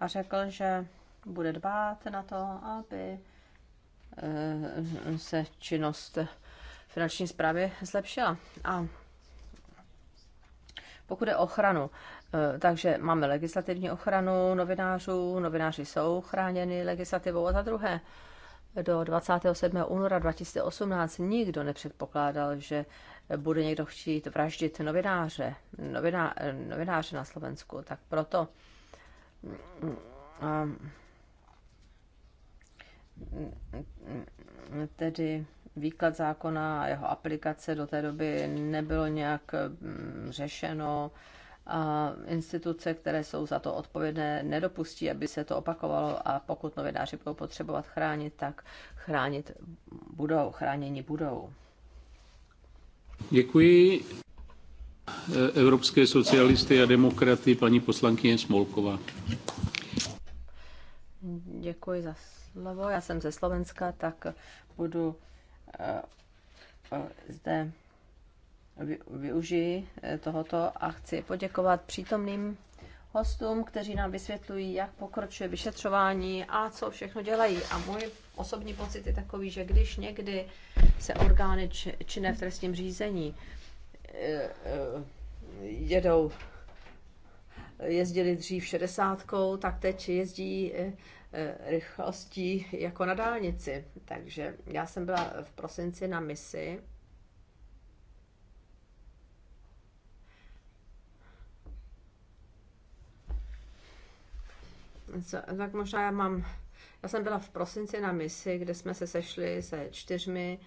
A řekl, že bude dbát na to, aby eh, se činnost finanční zprávy zlepšila. A pokud je ochranu Eh, takže máme legislativní ochranu novinářů, novináři jsou chráněni legislativou a za druhé do 27. února 2018 nikdo nepředpokládal, že bude někdo chtít vraždit novináře, noviná, novináře na Slovensku. Tak proto eh, tedy výklad zákona a jeho aplikace do té doby nebylo nějak mm, řešeno a instituce, které jsou za to odpovědné, nedopustí, aby se to opakovalo a pokud novináři budou potřebovat chránit, tak chránit budou, chránění budou. Děkuji. Evropské socialisty a demokraty, paní poslankyně Smolková. Děkuji za slovo. Já jsem ze Slovenska, tak budu eh, eh, zde využiji eh, tohoto a chci poděkovat přítomným hostům, kteří nám vysvětlují, jak pokročuje vyšetřování a co všechno dělají. A můj osobní pocit je takový, že když někdy se orgány činné v trestním řízení eh, eh, jedou, jezdili dřív šedesátkou, tak teď jezdí rychlostí jako na dálnici. Takže já jsem byla v prosinci na misi tak možná já mám, já jsem byla v prosinci na misi, kde jsme se sešli se čtyřmi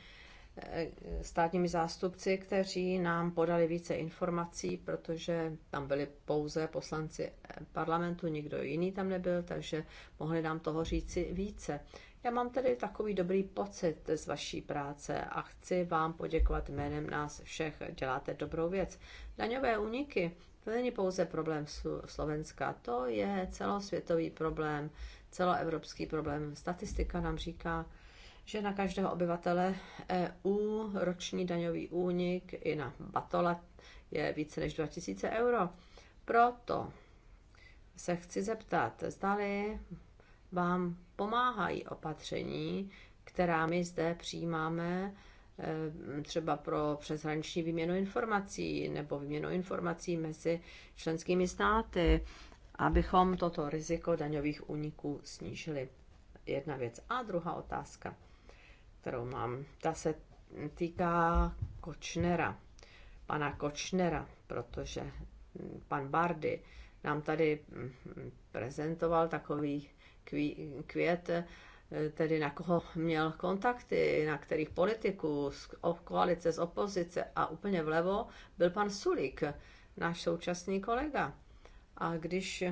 eh, státními zástupci, kteří nám podali více informací, protože tam byli pouze poslanci eh, parlamentu, nikdo jiný tam nebyl, takže mohli nám toho říci více. Já mám tedy takový dobrý pocit z vaší práce a chci vám poděkovat jménem nás všech. Děláte dobrou věc. Daňové úniky, to není pouze problém Slovenska, to je celosvětový problém, celoevropský problém. Statistika nám říká, že na každého obyvatele EU roční daňový únik i na batola je více než 2000 euro. Proto se chci zeptat, zdali vám pomáhají opatření, která my zde přijímáme Eh, třeba pro přeshraniční výměnu informací nebo výměnu informací mezi členskými státy, abychom toto riziko daňových úniků snížili. Jedna věc. A druhá otázka, kterou mám, ta se týká Kočnera, pana Kočnera, protože pan Bardy nám tady hm, hm, prezentoval takový květ E, tedy na koho měl kontakty, na kterých politiků, z koalice, z opozice a úplně vlevo byl pan Sulik, náš současný kolega. A když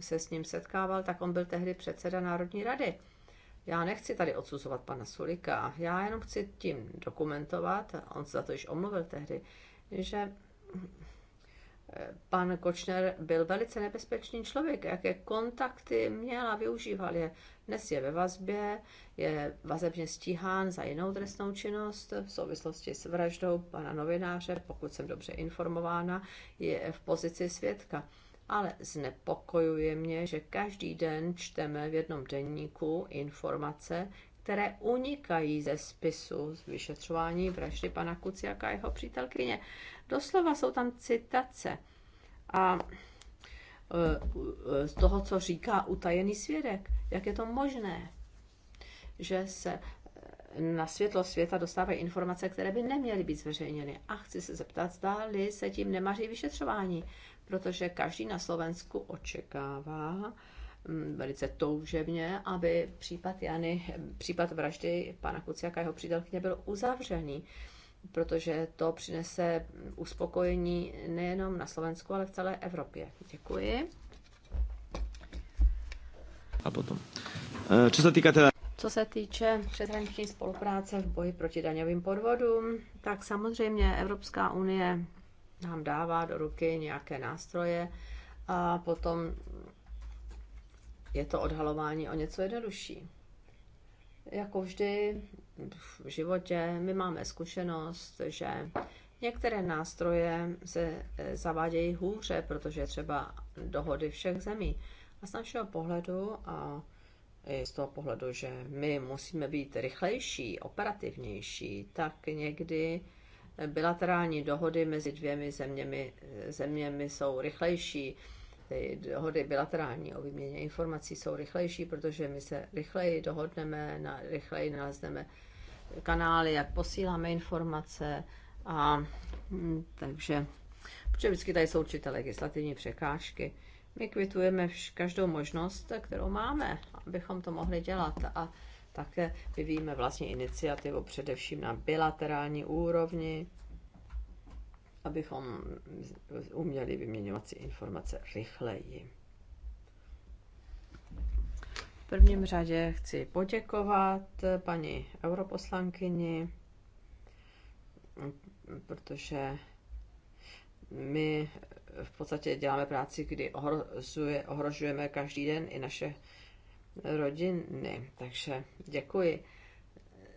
se s ním setkával, tak on byl tehdy předseda Národní rady. Já nechci tady odsuzovat pana Sulika, já jenom chci tím dokumentovat, on se za to již omluvil tehdy, že pan Kočner byl velice nebezpečný člověk, jaké kontakty měla, využíval je. Dnes je ve vazbě, je vazebně stíhán za jinou trestnou činnost v souvislosti s vraždou pana novináře, pokud jsem dobře informována, je v pozici svědka. Ale znepokojuje mě, že každý den čteme v jednom denníku informace, které unikají ze spisu z vyšetřování vraždy pana Kuciaka a jeho přítelkyně. Doslova jsou tam citace a e, z toho, co říká utajený svědek. Jak je to možné, že se e, na světlo světa dostávají informace, které by neměly být zveřejněny. A chci se zeptat, zda-li se tím nemaří vyšetřování, protože každý na Slovensku očekává mm, velice toužebně, aby případ Jany, případ vraždy pana Kuciaka a jeho přítelkyně byl uzavřený protože to přinese uspokojení nejenom na Slovensku, ale v celé Evropě. Děkuji. A potom. Eh, co se týká teda... Co se týče přeshraniční spolupráce v boji proti daňovým podvodům, tak samozřejmě Evropská unie nám dává do ruky nějaké nástroje a potom je to odhalování o něco jednodušší. Jako vždy v životě my máme zkušenost, že některé nástroje se e, zavádějí hůře, protože třeba dohody všech zemí. A z našeho pohledu a i z toho pohledu, že my musíme být rychlejší, operativnější, tak někdy bilaterální dohody mezi dvěmi zeměmi, e, zeměmi jsou rychlejší, ty dohody bilaterální o výměně informací jsou rychlejší, protože my se rychleji dohodneme, na, rychleji nalezneme kanály, jak posíláme informace a mm, takže, protože vždycky tady jsou určité legislativní překážky. My kvitujeme každou možnost, kterou máme, abychom to mohli dělat a také vyvíjíme vlastně iniciativu především na bilaterální úrovni, abychom uměli vyměňovat si informace rychleji. V prvním řadě chci poděkovat paní europoslankyni, protože my v podstatě děláme práci, kdy ohrožujeme každý den i naše rodiny. Takže děkuji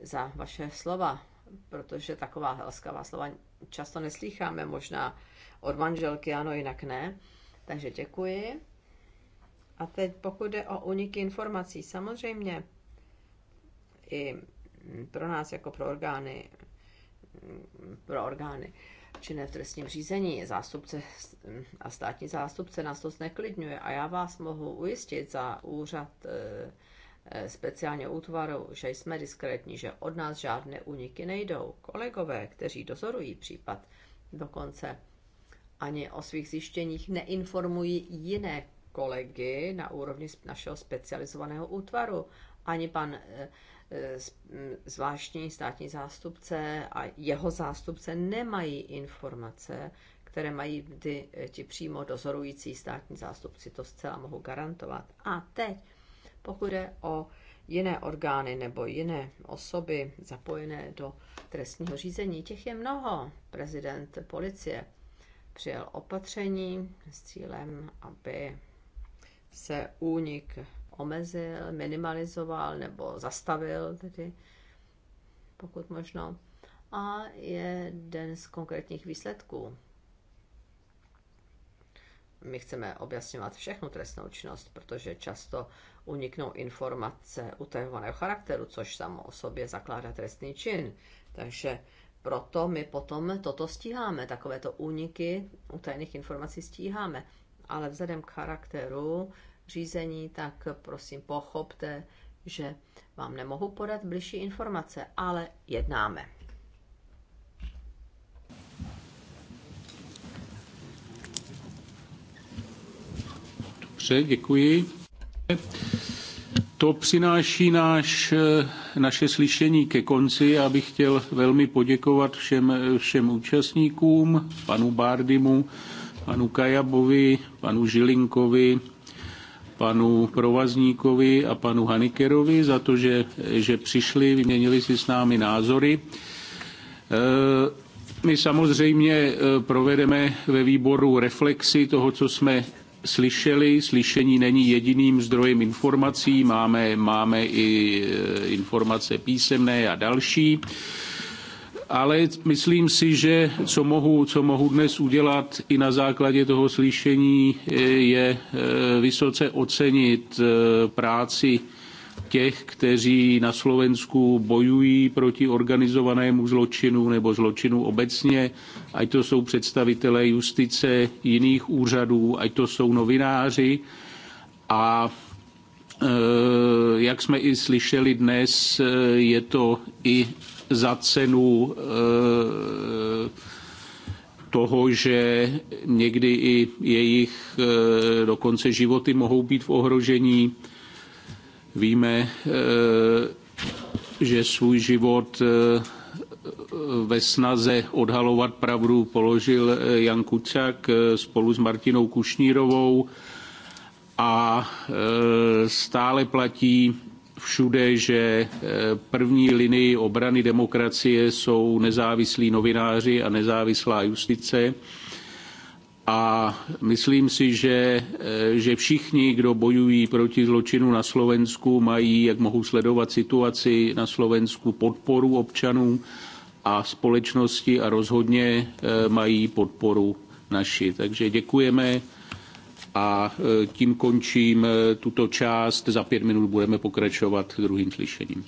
za vaše slova, protože taková laskavá slova často neslýcháme, možná od manželky, ano, jinak ne. Takže děkuji. A teď pokud jde o uniky informací, samozřejmě i pro nás jako pro orgány, pro orgány činné v trestním řízení, zástupce a státní zástupce nás to zneklidňuje a já vás mohu ujistit za úřad eh, Eh, speciálního útvaru, že jsme diskrétní, že od nás žádné úniky nejdou. Kolegové, kteří dozorují případ, dokonce ani o svých zjištěních neinformují jiné kolegy na úrovni našeho specializovaného útvaru. Ani pan eh, eh, zvláštní státní zástupce a jeho zástupce nemají informace, které mají ty, ti přímo dozorující státní zástupci. To zcela mohu garantovat. A teď pokud je o jiné orgány nebo jiné osoby zapojené do trestního řízení. Těch je mnoho. Prezident policie přijel opatření s cílem, aby se únik omezil, minimalizoval nebo zastavil, tedy pokud možno. A je den z konkrétních výsledků my chceme objasňovat všechnu trestnou činnost, protože často uniknou informace utajovaného charakteru, což samo o sobě zakládá trestný čin. Takže proto my potom toto stíháme, takovéto úniky utajených informací stíháme. Ale vzhledem k charakteru řízení, tak prosím pochopte, že vám nemohu podat bližší informace, ale jednáme. Dobře, děkuji. To přináší náš, eh, naše slyšení ke konci. Já bych chtěl velmi poděkovat všem, eh, všem účastníkům, panu Bárdimu, panu Kajabovi, panu Žilinkovi, panu Provazníkovi a panu Hanikerovi za to, že, že přišli, vyměnili si s námi názory. Eh, my samozřejmě provedeme ve výboru reflexi toho, co jsme slyšeli. Slyšení není jediným zdrojem informací, máme, máme i eh, informace písemné a další. Ale myslím si, že co mohu, co mohu dnes udělat i na základě toho slyšení, eh, je eh, vysoce ocenit práci těch, kteří na Slovensku bojují proti organizovanému zločinu nebo zločinu obecně, ať to jsou představitelé justice, jiných úřadů, ať to jsou novináři. A eh, jak jsme i slyšeli dnes, eh, je to i za cenu eh, toho, že někdy i jejich dokonce životy mohou být v ohrožení. Víme, eh, že svůj život eh, ve snaze odhalovat pravdu položil eh, Jan Kucák spolu s Martinou Kušnírovou a stále platí všude, že první linii obrany demokracie jsou nezávislí novináři a nezávislá justice a myslím si, že, eh, že všichni, kdo bojují proti zločinu na Slovensku, mají, jak mohou sledovat situaci na Slovensku, podporu občanů a společnosti a rozhodně eh, mají podporu naši. Takže děkujeme a eh, tím končím tuto část. Za pět minut budeme pokračovat druhým slyšením.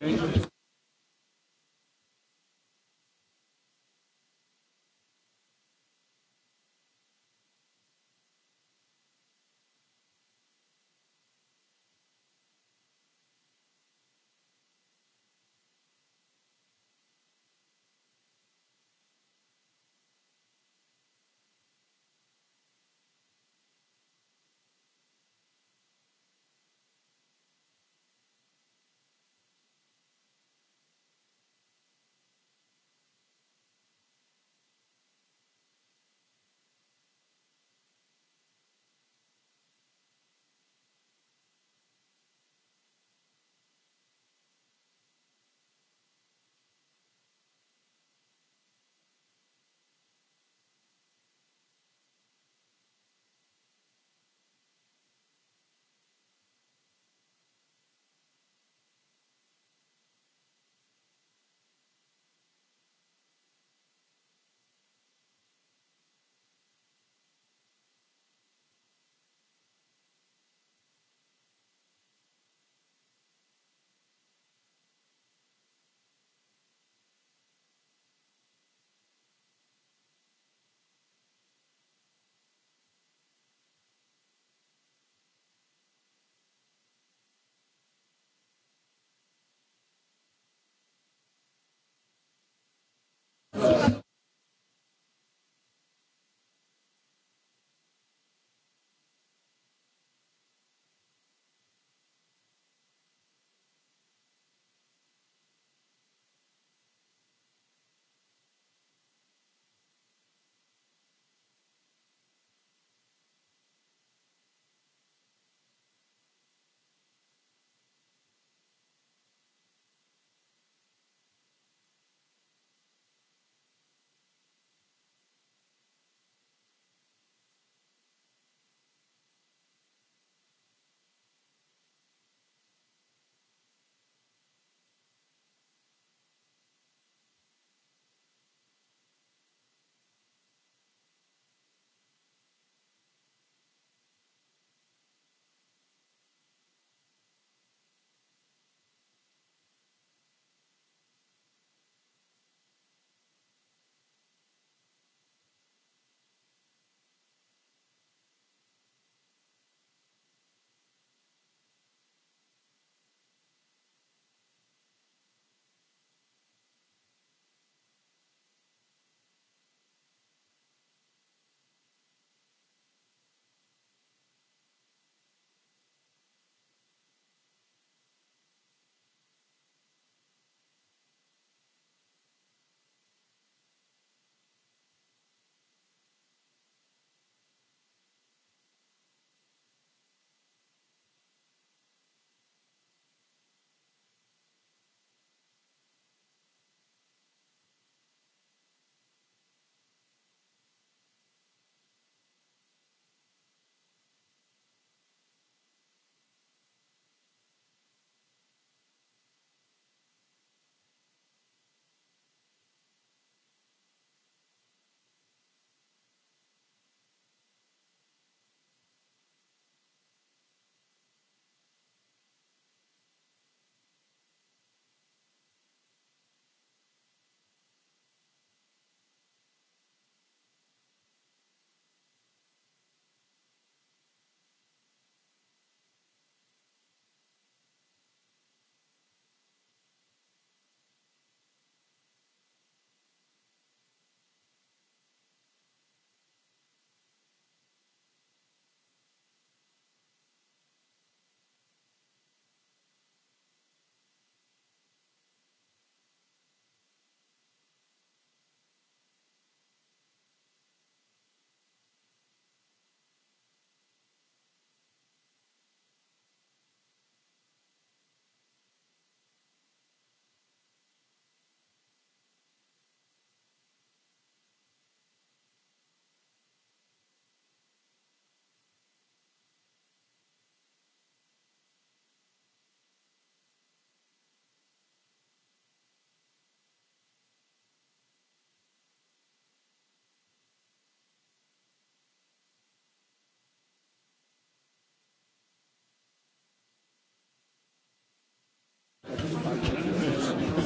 Thank you.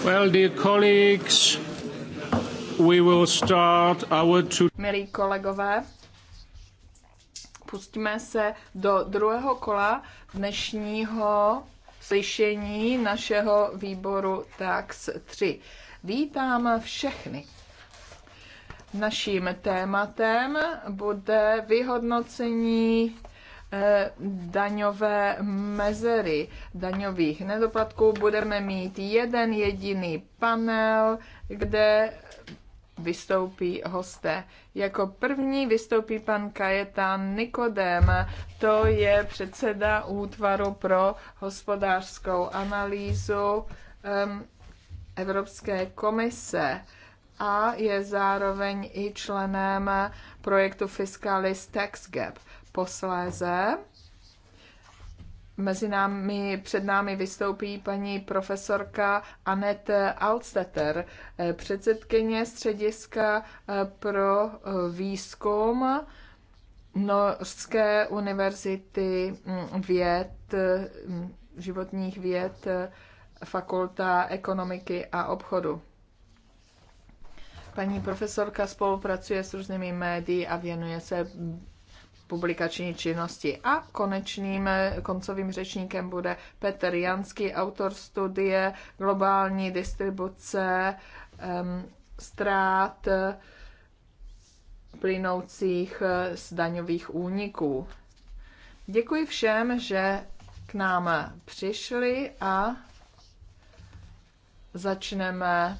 Milí kolegové, pustíme se do druhého kola dnešního slyšení našeho výboru TAX 3. Vítám všechny. Naším tématem bude vyhodnocení Eh, daňové mezery daňových nedoplatků. Budeme mít jeden jediný panel, kde vystoupí hosté. Jako první vystoupí pan Kajetán Nikodem, to je předseda útvaru pro hospodářskou analýzu um, Evropské komise a je zároveň i členem projektu Fiscalis Tax Gap. Posléze mezi námi, před námi vystoupí paní profesorka Anet Alstetter, eh, předsedkyně Střediska eh, pro eh, výzkum Norské univerzity mm, věd, mm, životních věd, fakulta ekonomiky a obchodu. Paní profesorka spolupracuje s různými médii a věnuje se publikační činnosti. A konečným eh, koncovým řečníkem bude Petr Jansky, autor studie Globální distribuce ztrát eh, plynoucích eh, z daňových úniků. Děkuji všem, že k nám přišli a začneme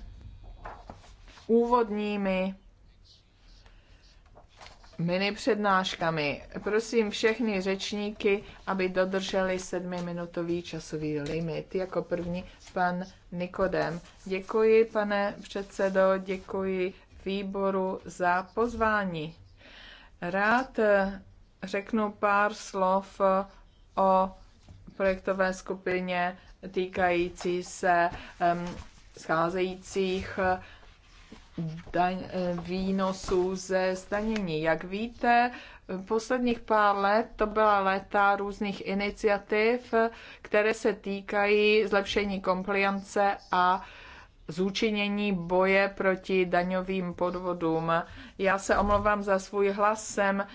úvodními mini přednáškami. Prosím všechny řečníky, aby dodrželi sedmiminutový časový limit. Jako první pan Nikodem. Děkuji, pane předsedo, děkuji výboru za pozvání. Rád eh, řeknu pár slov eh, o projektové skupině týkající se um, scházejících daň, eh, výnosů ze zdanění. Jak víte, posledních pár let to byla léta různých iniciativ, které se týkají zlepšení kompliance a zúčinění boje proti daňovým podvodům. Já se omlouvám za svůj hlas, jsem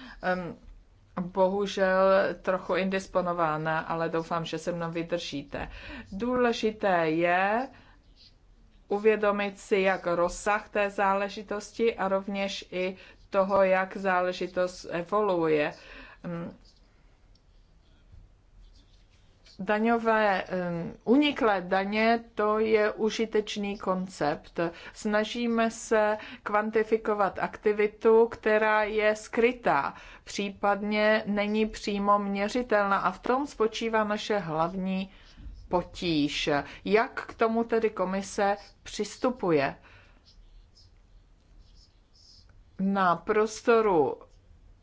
bohužel trochu indisponována, ale doufám, že se mnou vydržíte. Důležité je, uvědomit si jak rozsah té záležitosti a rovněž i toho, jak záležitost evoluuje. Daňové, eh, uniklé daně, to je užitečný koncept. Snažíme se kvantifikovat aktivitu, která je skrytá, případně není přímo měřitelná a v tom spočívá naše hlavní potíž. Jak k tomu tedy komise přistupuje? Na prostoru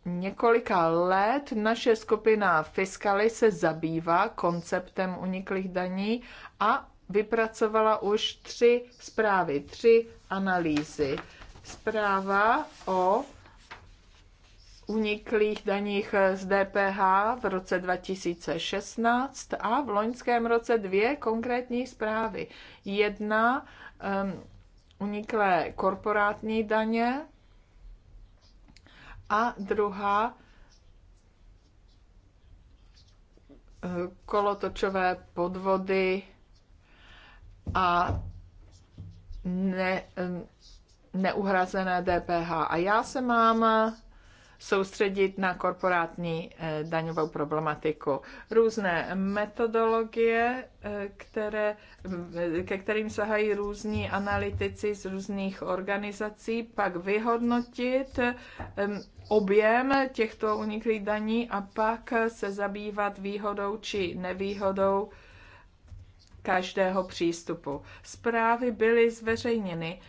několika let naše skupina Fiskaly se zabývá konceptem uniklých daní a vypracovala už tři zprávy, tři analýzy. Zpráva o uniklých daních z DPH v roce 2016 a v loňském roce dvě konkrétní zprávy. Jedna um, uniklé korporátní daně a druhá eh, kolotočové podvody a ne, eh, neuhrazené DPH. A já se mám soustředit na korporátní eh, daňovou problematiku. Různé metodologie, eh, které, ke kterým sahají různí analytici z různých organizací, pak vyhodnotit ehm, objem těchto uniklých daní a pak se zabývat výhodou či nevýhodou každého přístupu. Zprávy byly zveřejněny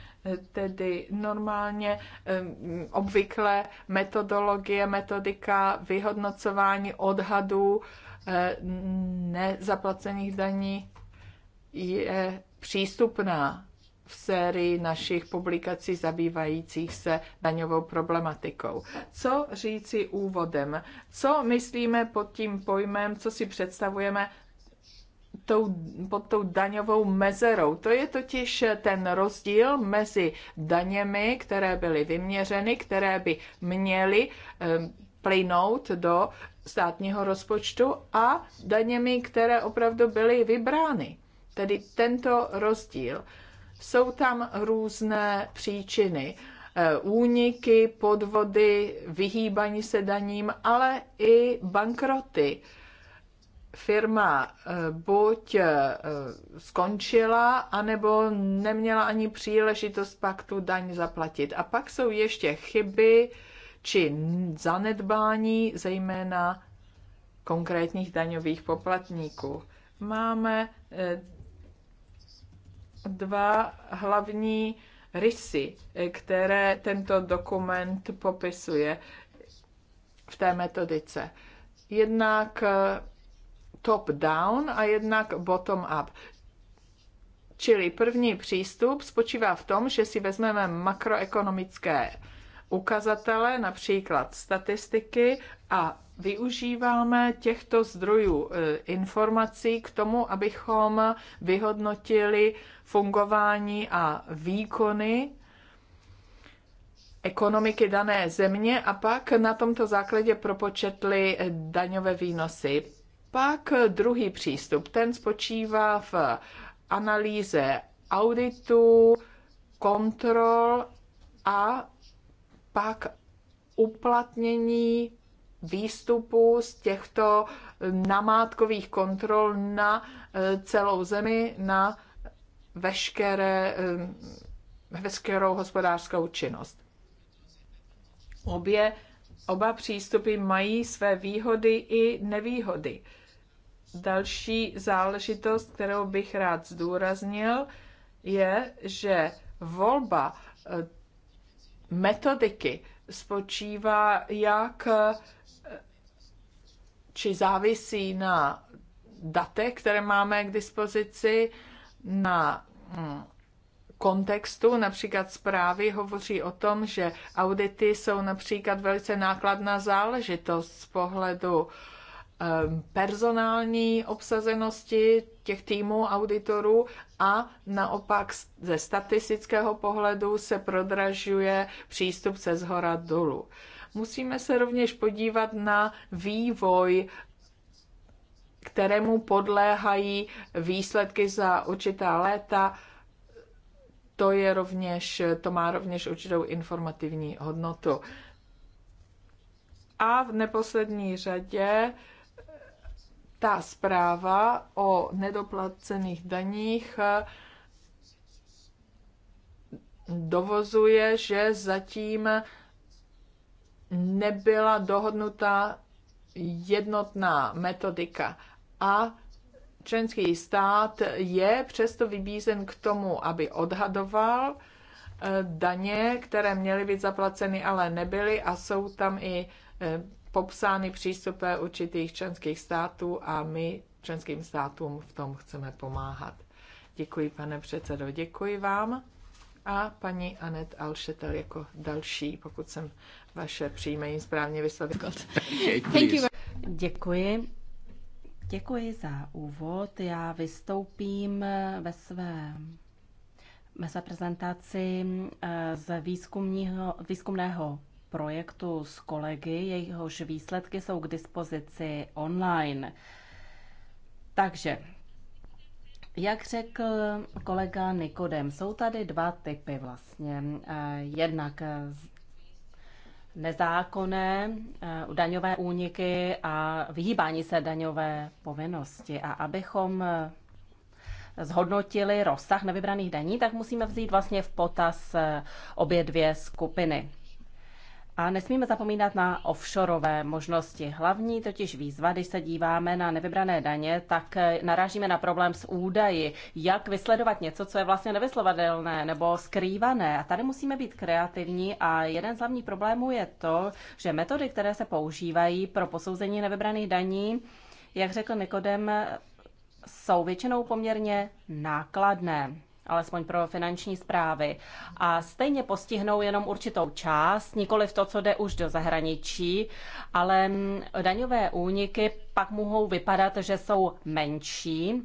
Tedy normálně, obvykle metodologie, metodika vyhodnocování odhadů eh, nezaplacených daní je přístupná v sérii našich publikací zabývajících se daňovou problematikou. Co říci úvodem? Co myslíme pod tím pojmem, co si představujeme tou, pod tou daňovou mezerou. To je totiž ten rozdíl mezi daněmi, které byly vyměřeny, které by měly eh, plynout do státního rozpočtu a daněmi, které opravdu byly vybrány. Tedy tento rozdíl. Jsou tam různé příčiny. Eh, úniky, podvody, vyhýbaní se daním, ale i bankroty firma eh, buď eh, skončila, anebo neměla ani příležitost pak tu daň zaplatit. A pak jsou ještě chyby či zanedbání, zejména konkrétních daňových poplatníků. Máme eh, dva hlavní rysy, které tento dokument popisuje v té metodice. Jednak top-down a jednak bottom-up. Čili první přístup spočívá v tom, že si vezmeme makroekonomické ukazatele, například statistiky, a využíváme těchto zdrojů e, informací k tomu, abychom vyhodnotili fungování a výkony ekonomiky dané země a pak na tomto základě propočetli daňové výnosy. Pak druhý přístup, ten spočívá v analýze auditu, kontrol a pak uplatnění výstupu z těchto namátkových kontrol na eh, celou zemi, na veškeré, eh, veškerou hospodářskou činnost. Obě, oba přístupy mají své výhody i nevýhody. Další záležitost, kterou bych rád zdůraznil, je, že volba eh, metodiky spočívá jak eh, či závisí na datech, které máme k dispozici, na hm, kontextu, například zprávy hovoří o tom, že audity jsou například velice nákladná záležitost z pohledu uh, personální obsazenosti těch týmů auditorů a naopak ze statistického pohledu se prodražuje přístup se zhora dolů. Musíme se rovněž podívat na vývoj kterému podléhají výsledky za určitá léta. To, je rovněž, to má rovněž určitou informativní hodnotu. A v neposlední řadě ta zpráva o nedoplacených daních eh, dovozuje, že zatím nebyla dohodnuta jednotná metodika a členský stát je přesto vybízen k tomu, aby odhadoval eh, daně, které měly být zaplaceny, ale nebyly a jsou tam i eh, popsány přístupy určitých členských států a my členským státům v tom chceme pomáhat. Děkuji, pane předsedo, děkuji vám. A paní Anet Alšetel jako další, pokud jsem vaše příjmení správně vyslovila. Děkuji. Děkuji za úvod. Já vystoupím ve své ve své prezentaci eh, z výzkumního, výzkumného projektu s kolegy, jejichž výsledky jsou k dispozici online. Takže, jak řekl kolega Nikodem, jsou tady dva typy vlastně. Eh, jednak nezákonné eh, daňové úniky a vyhýbání se daňové povinnosti. A abychom eh, zhodnotili rozsah nevybraných daní, tak musíme vzít vlastně v potaz obě dvě skupiny. A nesmíme zapomínat na offshoreové možnosti. Hlavní totiž výzva, když se díváme na nevybrané daně, tak eh, narážíme na problém s údaji, jak vysledovat něco, co je vlastně nevyslovatelné nebo skrývané. A tady musíme být kreativní a jeden z hlavních problémů je to, že metody, které se používají pro posouzení nevybraných daní, jak řekl Nikodem, jsou většinou poměrně nákladné alespoň pro finanční zprávy. A stejně postihnou jenom určitou část, nikoli v to, co jde už do zahraničí, ale mm, daňové úniky pak mohou vypadat, že jsou menší,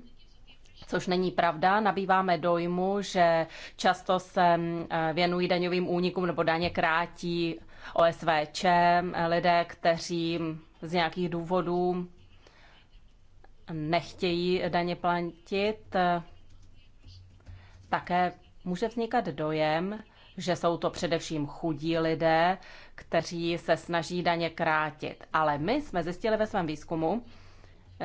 což není pravda. Nabýváme dojmu, že často se mm, věnují daňovým únikům nebo daně krátí OSVČ, lidé, kteří z nějakých důvodů nechtějí daně platit také může vznikat dojem, že jsou to především chudí lidé, kteří se snaží daně krátit. Ale my jsme zjistili ve svém výzkumu,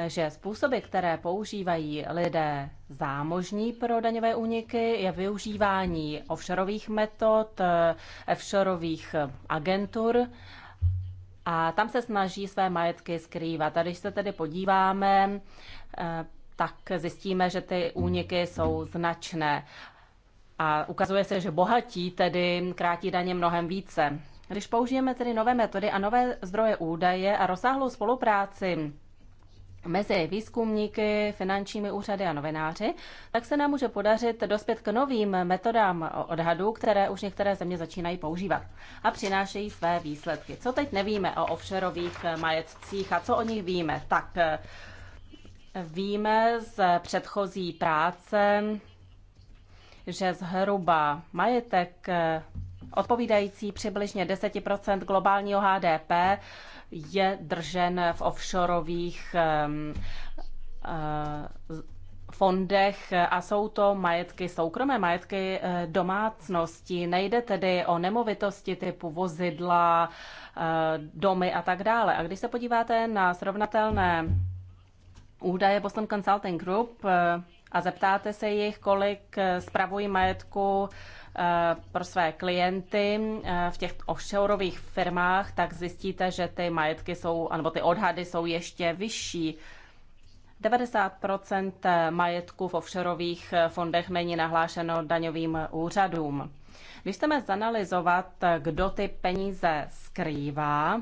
že způsoby, které používají lidé zámožní pro daňové úniky, je využívání offshoreových metod, offshoreových agentur a tam se snaží své majetky skrývat. A když se tedy podíváme tak zjistíme, že ty úniky jsou značné. A ukazuje se, že bohatí tedy krátí daně mnohem více. Když použijeme tedy nové metody a nové zdroje údaje a rozsáhlou spolupráci mezi výzkumníky, finančními úřady a novináři, tak se nám může podařit dospět k novým metodám odhadu, které už některé země začínají používat a přinášejí své výsledky. Co teď nevíme o offshoreových majetcích a co o nich víme? Tak Víme z předchozí práce, že zhruba majetek eh, odpovídající přibližně 10 globálního HDP je držen v offshoreových ehm, eh, fondech a jsou to majetky soukromé, majetky eh, domácnosti. Nejde tedy o nemovitosti typu vozidla, domy a tak dále. A když se podíváte na srovnatelné údaje Boston Consulting Group eh, a zeptáte se jich, kolik eh, spravují majetku eh, pro své klienty v těch offshoreových firmách, tak zjistíte, že ty majetky jsou, anebo ty odhady jsou ještě vyšší. 90 majetku v offshoreových fondech není nahlášeno daňovým úřadům. Když chceme zanalizovat, kdo ty peníze skrývá,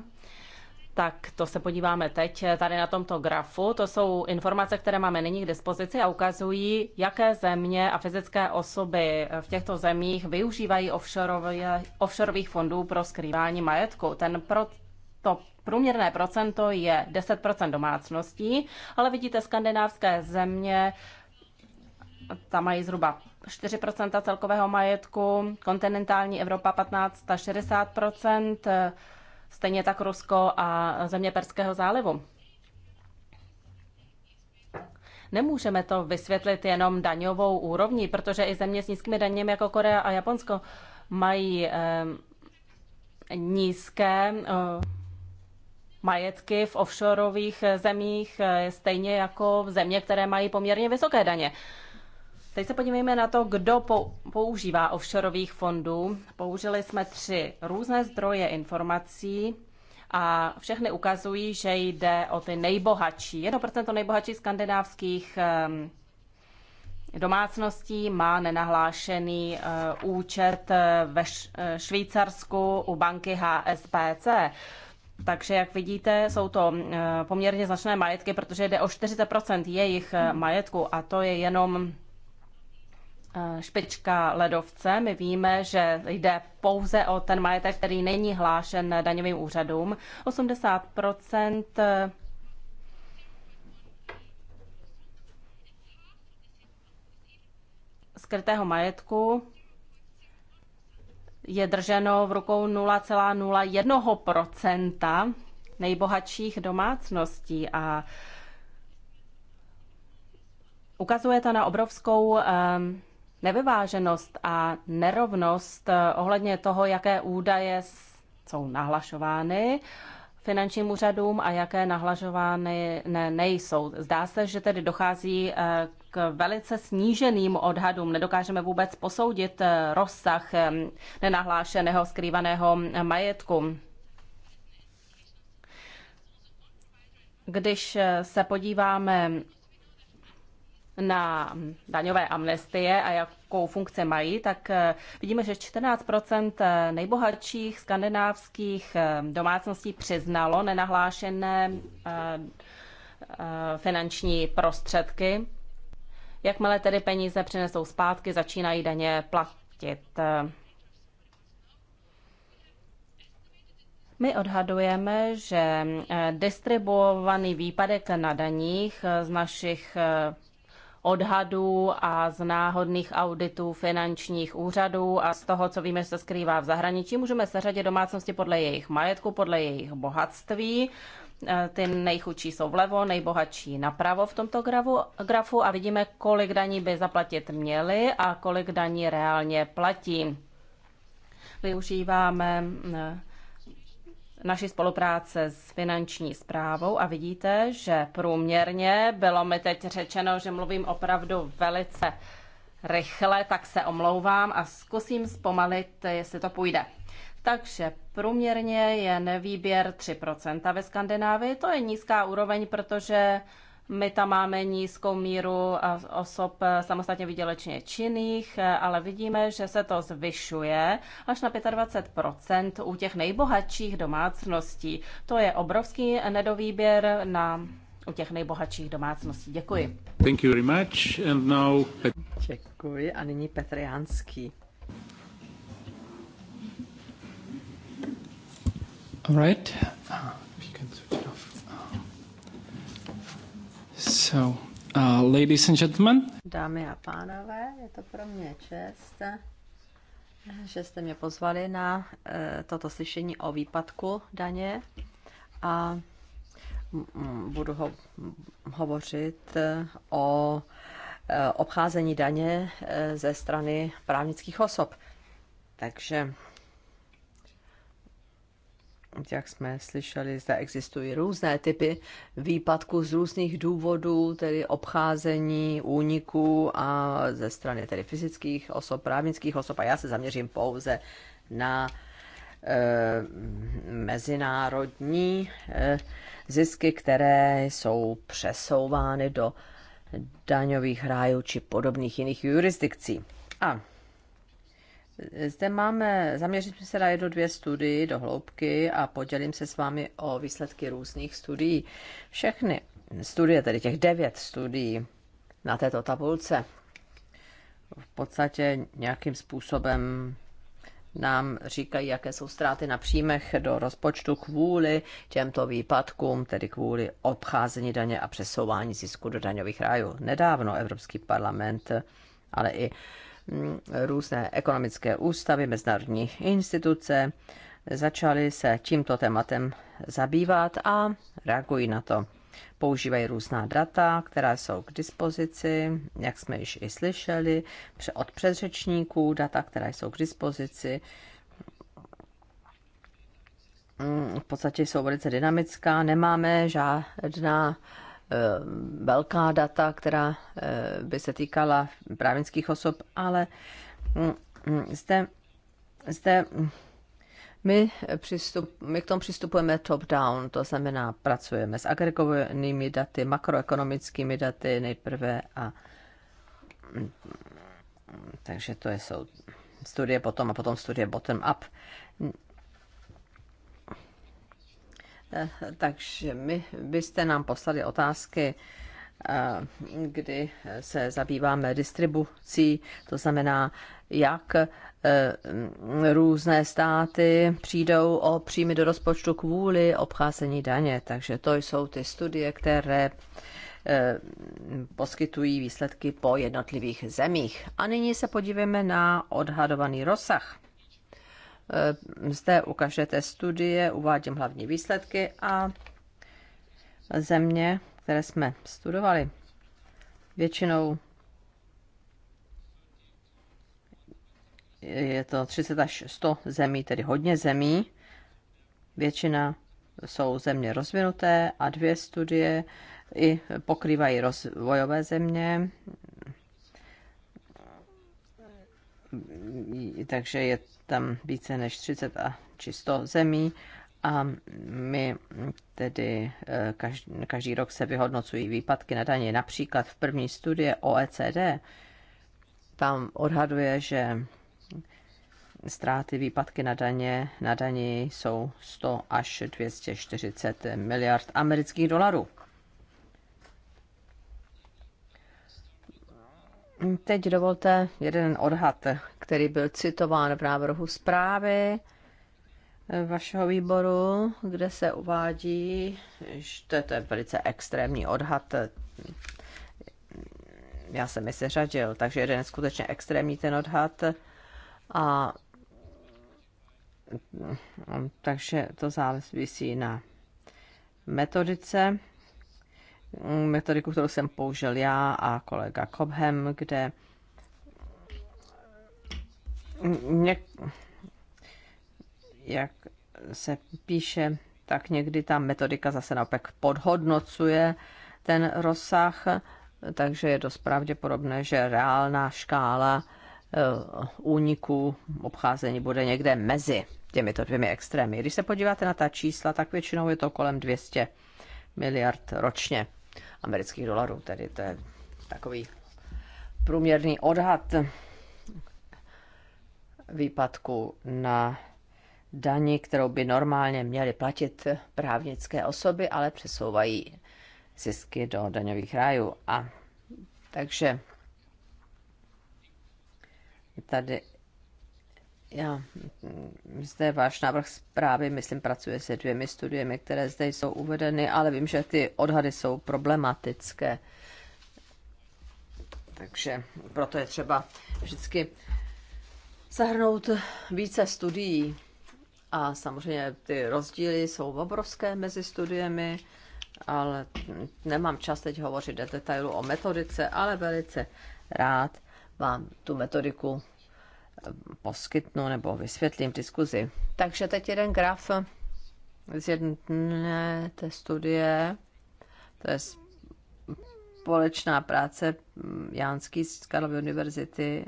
tak to se podíváme teď eh, tady na tomto grafu. To jsou informace, které máme nyní k dispozici a ukazují, jaké země a fyzické osoby eh, v těchto zemích využívají offshoreových fondů pro skrývání majetku. Ten pro, to průměrné procento je 10% domácností, ale vidíte skandinávské země, tam mají zhruba 4% celkového majetku, kontinentální Evropa 15 60%, stejně tak Rusko a země Perského zálivu. Nemůžeme to vysvětlit jenom daňovou úrovní, protože i země s nízkými daněmi jako Korea a Japonsko mají eh, nízké eh, majetky v offshoreových zemích, eh, stejně jako v země, které mají poměrně vysoké daně. Eh, Teď se podívejme na to, kdo používá offshoreových fondů. Použili jsme tři různé zdroje informací a všechny ukazují, že jde o ty nejbohatší. 1% nejbohatších skandinávských ehm, domácností má nenahlášený eh, účet eh, ve eh, Švýcarsku u banky HSBC. Takže, jak vidíte, jsou to poměrně značné majetky, protože jde o 40 jejich majetku a to je jenom Eh, špička ledovce. My víme, že jde pouze o ten majetek, který není hlášen daňovým úřadům. 80 eh, skrytého majetku je drženo v rukou 0,01 nejbohatších domácností a ukazuje to na obrovskou um, nevyváženost a nerovnost eh, ohledně toho, jaké údaje jsou nahlašovány finančním úřadům a jaké nahlažovány ne, nejsou. Zdá se, že tedy dochází eh, k velice sníženým odhadům. Nedokážeme vůbec posoudit eh, rozsah nenahlášeného skrývaného majetku. Když se podíváme na daňové amnestie a jakou funkci mají, tak eh, vidíme, že 14 eh, nejbohatších skandinávských eh, domácností přiznalo nenahlášené finanční prostředky. Jakmile tedy peníze přinesou zpátky, začínají daně platit. My odhadujeme, že distribuovaný výpadek na daních z našich odhadů a z náhodných auditů finančních úřadů a z toho, co víme, že se skrývá v zahraničí. Můžeme seřadit domácnosti podle jejich majetku, podle jejich bohatství. E, ty nejchudší jsou vlevo, nejbohatší napravo v tomto grafu, a vidíme, kolik daní by zaplatit měli a kolik daní reálně platí. Využíváme ne, naší spolupráce s finanční zprávou a vidíte, že průměrně bylo mi teď řečeno, že mluvím opravdu velice rychle, tak se omlouvám a zkusím zpomalit, jestli to půjde. Takže průměrně je nevýběr 3% ve Skandinávii. To je nízká úroveň, protože my tam máme nízkou míru eh, osob eh, samostatně vydělečně činných, eh, ale vidíme, že se to zvyšuje až na 25 u těch nejbohatších domácností. To je obrovský nedovýběr na u těch nejbohatších domácností. Děkuji. Thank you very much. And now... Děkuji. A nyní Petr Janský. All right. So, uh, ladies and gentlemen. Dámy a pánové, je to pro mě čest, že jste mě pozvali na eh, toto slyšení o výpadku daně a budu ho- hovořit eh, o eh, obcházení daně ze strany právnických osob. Takže jak jsme slyšeli, zde existují různé typy výpadků z různých důvodů, tedy obcházení, úniků a ze strany tedy fyzických osob, právnických osob. A já se zaměřím pouze na eh, mezinárodní eh, zisky, které jsou přesouvány do daňových rájů či podobných jiných jurisdikcí. A zde máme, zaměřit se na jedno dvě studii do hloubky a podělím se s vámi o výsledky různých studií. Všechny studie, tedy těch devět studií na této tabulce, v podstatě nějakým způsobem nám říkají, jaké jsou ztráty na příjmech do rozpočtu kvůli těmto výpadkům, tedy kvůli obcházení daně a přesouvání zisku do daňových rájů. Nedávno Evropský parlament, ale i Mm, různé ekonomické ústavy, mezinárodní instituce začaly se tímto tématem zabývat a reagují na to. Používají různá data, která jsou k dispozici, jak jsme již i slyšeli, od předřečníků, data, která jsou k dispozici, mm, v podstatě jsou velice dynamická, nemáme žádná Eh, velká data, která eh, by se týkala právnických osob, ale mm, mm, zde, zde mm, my, přistup, my k tomu přistupujeme top-down, to znamená, pracujeme s agregovanými daty, makroekonomickými daty nejprve a takže to jsou studie potom a potom studie bottom-up. Eh, takže my byste nám poslali otázky, eh, kdy se zabýváme distribucí, to znamená, jak eh, různé státy přijdou o příjmy do rozpočtu kvůli obcházení daně. Takže to jsou ty studie, které poskytují výsledky po jednotlivých zemích. A nyní se podívejme na odhadovaný rozsah Eh, zde ukážete studie, uvádím hlavní výsledky a země, které jsme studovali, většinou je to 30 až 100 zemí, tedy hodně zemí. Většina jsou země rozvinuté a dvě studie i pokrývají rozvojové země takže je tam více než 30 a či 100 zemí a my tedy eh, každý, každý rok se vyhodnocují výpadky na daně. Například v první studie OECD tam odhaduje, že ztráty výpadky na daně na daní jsou 100 až 240 miliard amerických dolarů. Teď dovolte jeden odhad, který byl citován v návrhu zprávy vašeho výboru, kde se uvádí, že to je, to je velice extrémní odhad. Já jsem je seřadil, takže jeden je skutečně extrémní ten odhad. A takže to závisí na metodice Mm, metodiku, kterou jsem použil já a kolega Cobham, kde něk, jak se píše, tak někdy ta metodika zase naopak podhodnocuje ten rozsah, takže je dost pravděpodobné, že reálná škála eh, úniku obcházení bude někde mezi těmito dvěmi extrémy. Když se podíváte na ta čísla, tak většinou je to kolem 200 miliard ročně amerických dolarů, tedy to je takový průměrný odhad výpadku na dani, kterou by normálně měly platit právnické osoby, ale přesouvají zisky do daňových rájů. A takže tady já mm, zde váš návrh zprávy, myslím, pracuje se dvěmi studiemi, které zde jsou uvedeny, ale vím, že ty odhady jsou problematické. Takže proto je třeba vždycky zahrnout více studií. A samozřejmě ty rozdíly jsou obrovské mezi studiemi, ale nemám čas teď hovořit do detailu o metodice, ale velice rád vám tu metodiku poskytnu nebo vysvětlím diskuzi. Takže teď jeden graf z jedné té studie, to je společná práce Jánský z Karlovy univerzity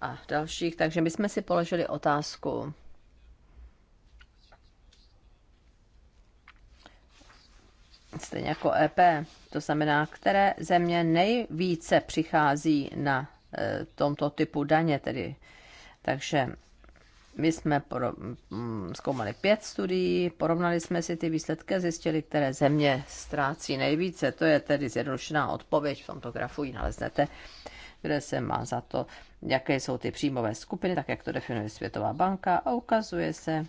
a dalších. Takže my jsme si položili otázku, stejně jako EP, to znamená, které země nejvíce přichází na Eh, tomto typu daně. Tedy. Takže my jsme pro, mm, zkoumali pět studií, porovnali jsme si ty výsledky zjistili, které země ztrácí nejvíce. To je tedy zjednodušená odpověď, v tomto grafu ji naleznete, kde se má za to, jaké jsou ty příjmové skupiny, tak jak to definuje Světová banka a ukazuje se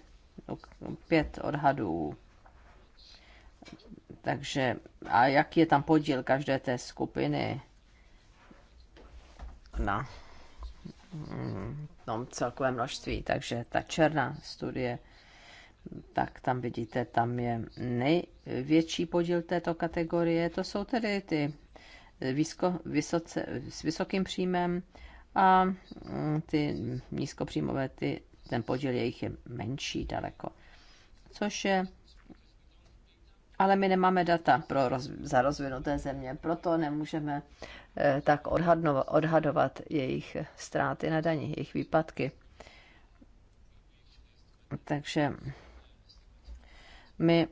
pět odhadů. Takže a jaký je tam podíl každé té skupiny? na mm, tom celkovém množství. Takže ta černá studie, tak tam vidíte, tam je největší podíl této kategorie. To jsou tedy ty vysko, vysoce, s vysokým příjmem a mm, ty nízkopříjmové, ty, ten podíl jejich je menší daleko. Což je ale my nemáme data pro roz, za rozvinuté země, proto nemůžeme eh, tak odhadnova, odhadovat jejich ztráty na daních, jejich výpadky. Takže my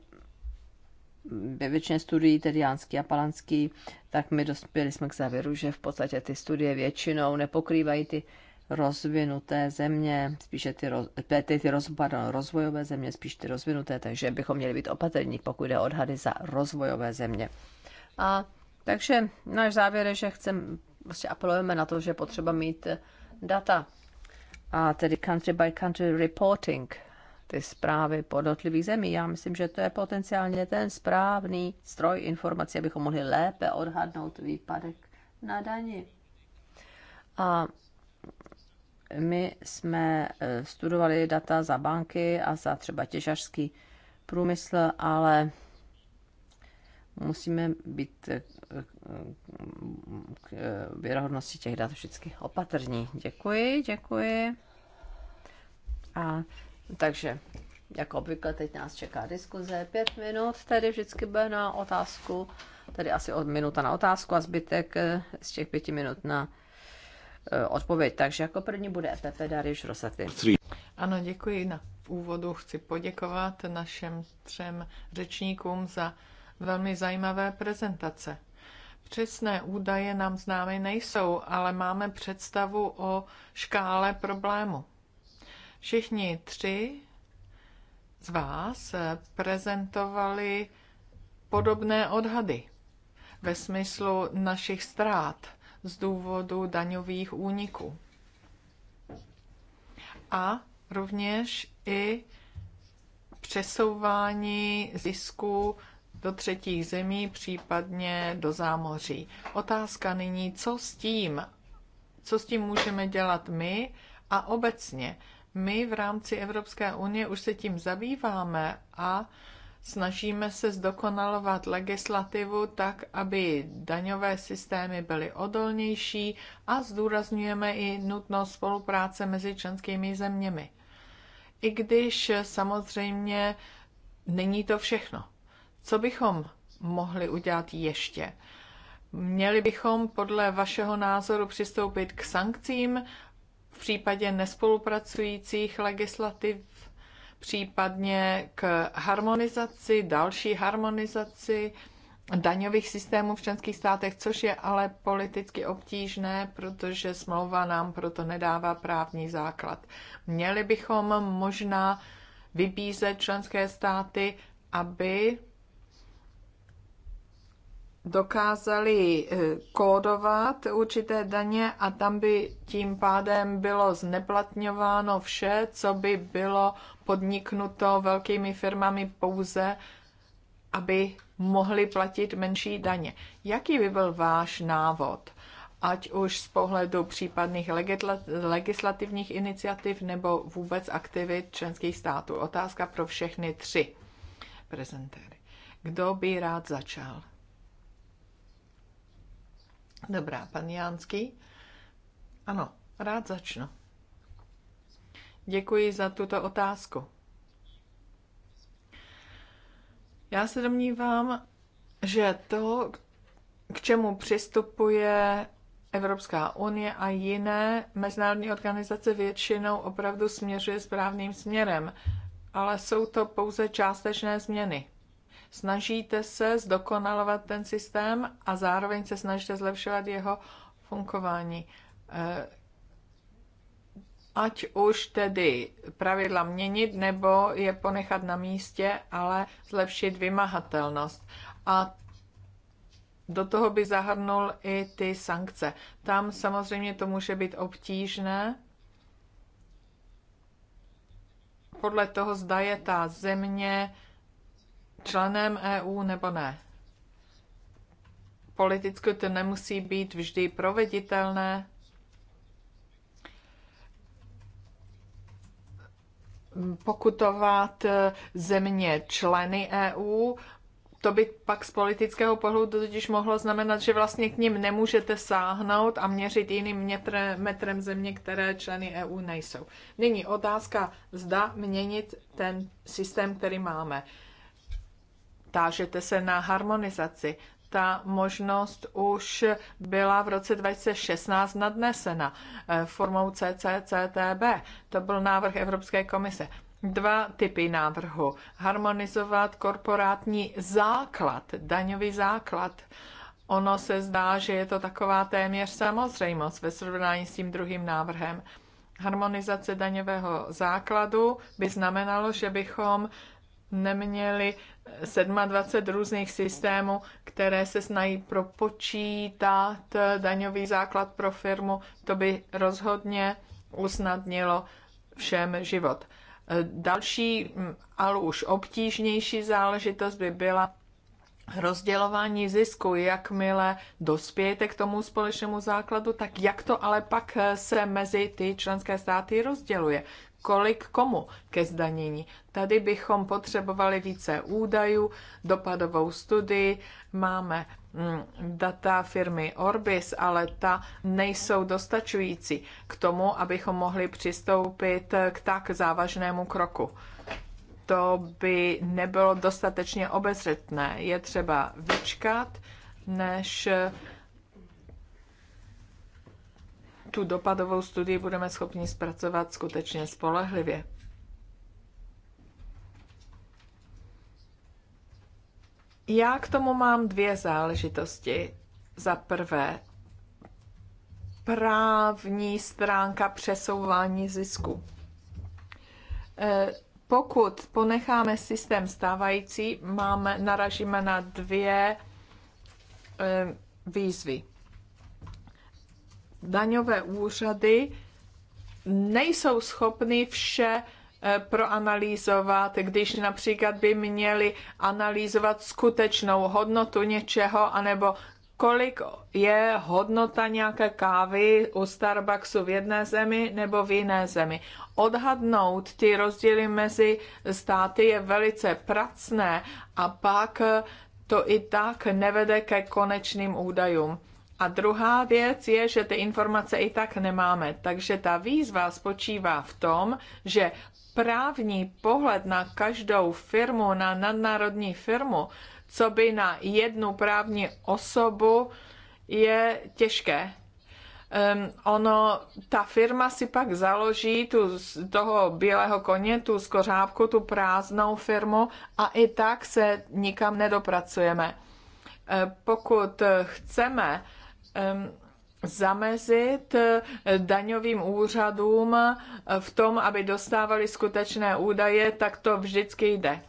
ve většině studií, tedy jánský a palanský, tak my dospěli jsme k závěru, že v podstatě ty studie většinou nepokrývají ty rozvinuté země, spíše ty, roz, ty, ty roz, pardon, rozvojové země, spíš ty rozvinuté, takže bychom měli být opatrní, pokud jde odhady za rozvojové země. A takže náš závěr je, že chcem, prostě apelujeme na to, že potřeba mít eh, data, a tedy country by country reporting, ty zprávy podotlivých zemí. Já myslím, že to je potenciálně ten správný stroj informací, abychom mohli lépe odhadnout výpadek na dani. A my jsme e, studovali data za banky a za třeba těžařský průmysl, ale musíme být e, e, k věrohodnosti těch dat vždycky opatrní. Děkuji, děkuji. A takže, jako obvykle, teď nás čeká diskuze. Pět minut tedy vždycky bude na otázku, tedy asi od minuta na otázku a zbytek z těch pěti minut na Eh, odpověď. Takže jako první bude EPP Darius Rosaty. Ano, děkuji. Na úvodu chci poděkovat našem třem řečníkům za velmi zajímavé prezentace. Přesné údaje nám známy nejsou, ale máme představu o škále problému. Všichni tři z vás prezentovali podobné odhady ve smyslu našich ztrát z důvodu daňových úniků. A rovněž i přesouvání zisku do třetích zemí, případně do zámoří. Otázka nyní, co s tím? Co s tím můžeme dělat my a obecně? My v rámci Evropské unie už se tím zabýváme a Snažíme se zdokonalovat legislativu tak, aby daňové systémy byly odolnější a zdůrazňujeme i nutnost spolupráce mezi členskými zeměmi. I když samozřejmě není to všechno. Co bychom mohli udělat ještě? Měli bychom podle vašeho názoru přistoupit k sankcím v případě nespolupracujících legislativ případně k harmonizaci, další harmonizaci daňových systémů v členských státech, což je ale politicky obtížné, protože smlouva nám proto nedává právní základ. Měli bychom možná vybízet členské státy, aby dokázali eh, kódovat určité daně a tam by tím pádem bylo zneplatňováno vše, co by bylo podniknuto velkými firmami pouze, aby mohli platit menší daně. Jaký by byl váš návod? ať už z pohledu případných legislativních iniciativ nebo vůbec aktivit členských států. Otázka pro všechny tři prezentéry. Kdo by rád začal? Dobrá, pan Jánský. Ano, rád začnu. Děkuji za tuto otázku. Já se domnívám, že to, k čemu přistupuje Evropská unie a jiné mezinárodní organizace většinou opravdu směřuje správným směrem, ale jsou to pouze částečné změny. Snažíte se zdokonalovat ten systém a zároveň se snažíte zlepšovat jeho fungování. Eh, ať už tedy pravidla měnit nebo je ponechat na místě, ale zlepšit vymahatelnost. A do toho by zahrnul i ty sankce. Tam samozřejmě to může být obtížné. Podle toho, zda je ta země členem EU nebo ne. Politicky to nemusí být vždy proveditelné, pokutovat eh, země členy EU, to by pak z politického pohledu totiž mohlo znamenat, že vlastně k ním nemůžete sáhnout a měřit jiným metr, metrem země, které členy EU nejsou. Nyní otázka, zda měnit ten systém, který máme. Tážete se na harmonizaci ta možnost už byla v roce 2016 nadnesena eh, formou CCCTB. To byl návrh Evropské komise. Dva typy návrhu. Harmonizovat korporátní základ, daňový základ. Ono se zdá, že je to taková téměř samozřejmost ve srovnání s tím druhým návrhem. Harmonizace daňového základu by znamenalo, že bychom neměli 27 různých systémů, které se snaží propočítat daňový základ pro firmu, to by rozhodně usnadnilo všem život. Další, ale už obtížnější záležitost by byla rozdělování zisku, jakmile dospějete k tomu společnému základu, tak jak to ale pak se mezi ty členské státy rozděluje kolik komu ke zdanění. Tady bychom potřebovali více údajů, dopadovou studii, máme mm, data firmy Orbis, ale ta nejsou dostačující k tomu, abychom mohli přistoupit k tak závažnému kroku. To by nebylo dostatečně obezřetné. Je třeba vyčkat, než tu dopadovou studii budeme schopni zpracovat skutečně spolehlivě. Já k tomu mám dvě záležitosti. Za prvé, právní stránka přesouvání zisku. E, pokud ponecháme systém stávající, máme, naražíme na dvě e, výzvy daňové úřady nejsou schopny vše eh, proanalýzovat, když například by měli analýzovat skutečnou hodnotu něčeho, anebo kolik je hodnota nějaké kávy u Starbucksu v jedné zemi nebo v jiné zemi. Odhadnout ty rozdíly mezi státy je velice pracné a pak to i tak nevede ke konečným údajům. A druhá věc je, že ty informace i tak nemáme. Takže ta výzva spočívá v tom, že právní pohled na každou firmu, na nadnárodní firmu, co by na jednu právní osobu, je těžké. Um, ono, ta firma si pak založí tu, z toho bílého koně, tu skořápku, tu prázdnou firmu a i tak se nikam nedopracujeme. Pokud chceme zamezit eh, daňovým úřadům eh, v tom, aby dostávali skutečné údaje, tak to vždycky jde.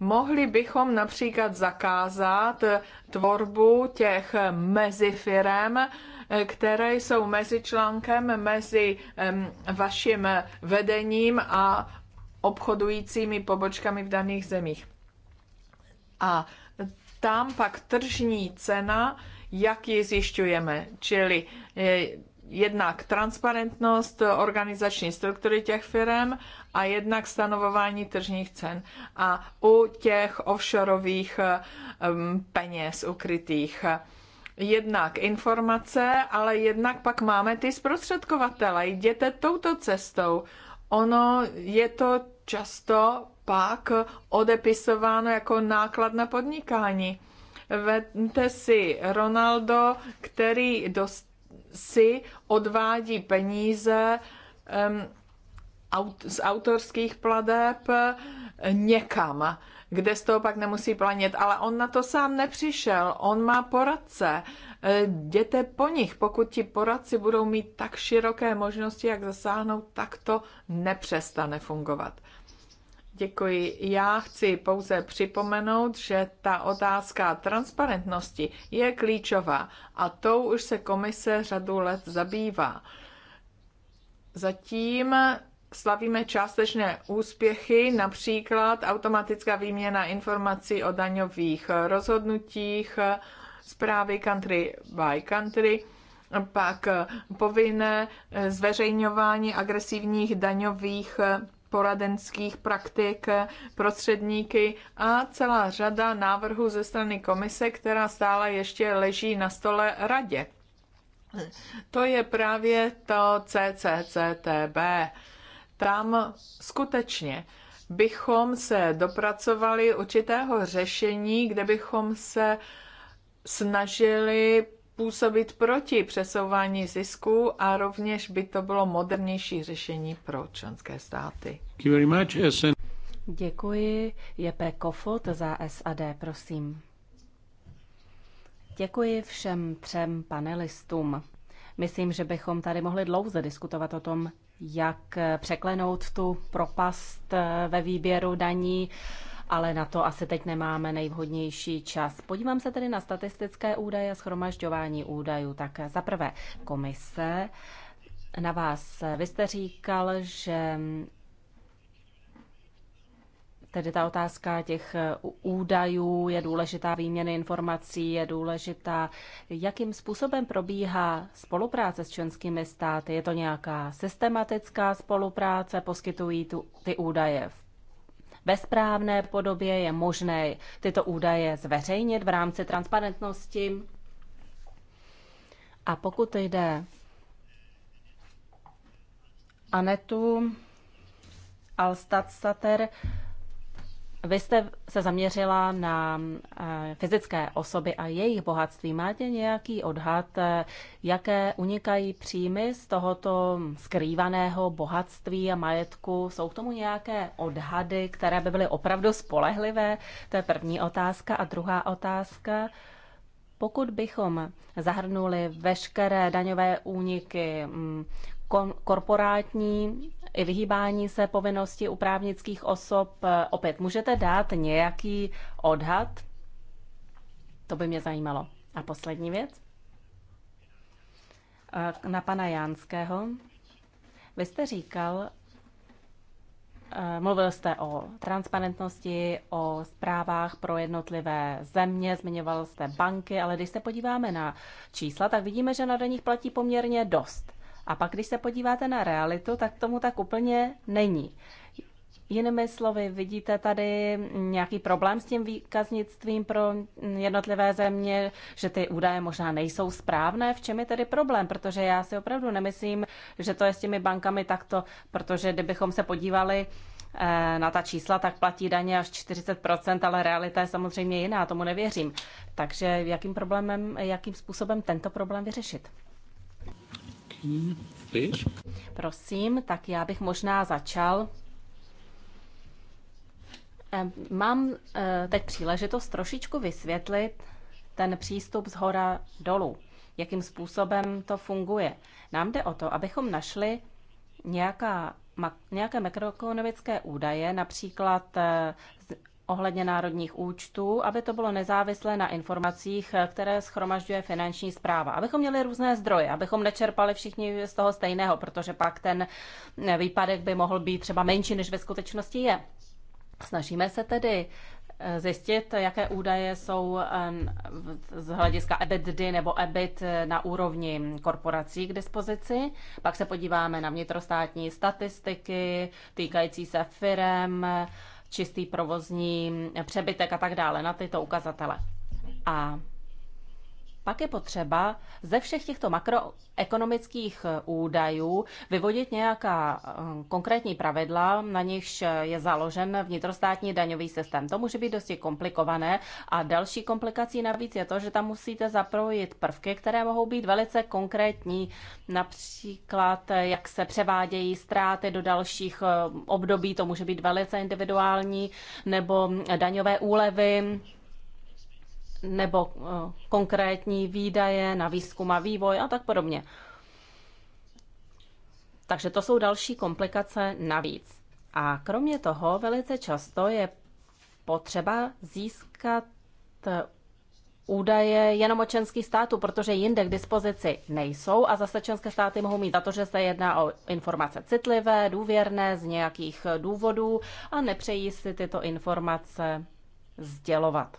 Mohli bychom například zakázat eh, tvorbu těch mezifirem, které jsou mezi článkem mezi vaším vedením a obchodujícími pobočkami v daných zemích. A tam pak tržní cena jak ji zjišťujeme. Čili eh, jednak transparentnost organizační struktury těch firm a jednak stanovování tržních cen. A u těch offshoreových eh, mm, peněz ukrytých jednak informace, ale jednak pak máme ty zprostředkovatele. Jděte touto cestou. Ono je to často pak odepisováno jako náklad na podnikání. Vemte si Ronaldo, který dost, si odvádí peníze um, aut, z autorských pladeb eh, někam, kde z toho pak nemusí planět. Ale on na to sám nepřišel, on má poradce. Eh, jděte po nich, pokud ti poradci budou mít tak široké možnosti, jak zasáhnout, tak to nepřestane fungovat. Děkuji. Já chci pouze připomenout, že ta otázka transparentnosti je klíčová a tou už se komise řadu let zabývá. Zatím slavíme částečné úspěchy, například automatická výměna informací o daňových rozhodnutích, zprávy country by country, pak povinné zveřejňování agresivních daňových poradenských praktik, prostředníky a celá řada návrhů ze strany komise, která stále ještě leží na stole radě. To je právě to CCCTB. Tam skutečně bychom se dopracovali určitého řešení, kde bychom se snažili působit proti přesouvání zisků a rovněž by to bylo modernější řešení pro členské státy. Děkuji. Jepe Kofot za SAD, prosím. Děkuji všem třem panelistům. Myslím, že bychom tady mohli dlouze diskutovat o tom, jak překlenout tu propast eh, ve výběru daní ale na to asi teď nemáme nejvhodnější čas. Podívám se tedy na statistické údaje a schromažďování údajů. Tak za prvé komise na vás. Vy jste říkal, že Tedy ta otázka těch údajů je důležitá, výměny informací je důležitá. Jakým způsobem probíhá spolupráce s členskými státy? Je to nějaká systematická spolupráce? Poskytují tu, ty údaje v ve správné podobě, je možné tyto údaje zveřejnit v rámci transparentnosti. A pokud jde Anetu Alstatsater, vy jste se zaměřila na eh, fyzické osoby a jejich bohatství. Máte nějaký odhad, eh, jaké unikají příjmy z tohoto skrývaného bohatství a majetku? Jsou k tomu nějaké odhady, které by byly opravdu spolehlivé? To je první otázka. A druhá otázka. Pokud bychom zahrnuli veškeré daňové úniky mm, korporátní i vyhýbání se povinnosti u právnických osob. Opět, můžete dát nějaký odhad? To by mě zajímalo. A poslední věc? Na pana Jánského. Vy jste říkal, eh, Mluvil jste o transparentnosti, o zprávách pro jednotlivé země, zmiňoval jste banky, ale když se podíváme na čísla, tak vidíme, že na daních platí poměrně dost. A pak, když se podíváte na realitu, tak tomu tak úplně není. Jinými slovy, vidíte tady nějaký problém s tím výkaznictvím pro jednotlivé země, že ty údaje možná nejsou správné. V čem je tedy problém? Protože já si opravdu nemyslím, že to je s těmi bankami takto, protože kdybychom se podívali eh, na ta čísla, tak platí daně až 40%, ale realita je samozřejmě jiná, tomu nevěřím. Takže jakým problémem, jakým způsobem tento problém vyřešit? Prosím, tak já bych možná začal. Eh, mám eh, teď příležitost trošičku vysvětlit ten přístup z hora dolů, jakým způsobem to funguje. Nám jde o to, abychom našli nějaká, nějaké makroekonomické údaje, například eh, ohledně národních účtů, aby to bylo nezávislé na informacích, které schromažďuje finanční zpráva. Abychom měli různé zdroje, abychom nečerpali všichni z toho stejného, protože pak ten výpadek by mohl být třeba menší, než ve skutečnosti je. Snažíme se tedy eh, zjistit, jaké údaje jsou z hlediska EBITDA nebo EBIT eh, na úrovni korporací k dispozici. Pak se podíváme na vnitrostátní statistiky týkající se firem, čistý provozní přebytek a tak dále, na tyto ukazatele. A pak je potřeba ze všech těchto makroekonomických eh, údajů vyvodit nějaká eh, konkrétní pravidla, na nichž je založen vnitrostátní daňový systém. To může být dosti komplikované a další komplikací navíc je to, že tam musíte zapojit prvky, které mohou být velice konkrétní, například eh, jak se převádějí ztráty do dalších období, to může být velice individuální, nebo daňové úlevy, nebo eh, konkrétní výdaje na výzkum a vývoj a tak podobně. Takže to jsou další komplikace navíc. A kromě toho velice často je potřeba získat eh, údaje jenom o členských států, protože jinde k dispozici nejsou a zase členské státy mohou mít za to, že se jedná o informace citlivé, důvěrné z nějakých důvodů a nepřejí si tyto informace sdělovat.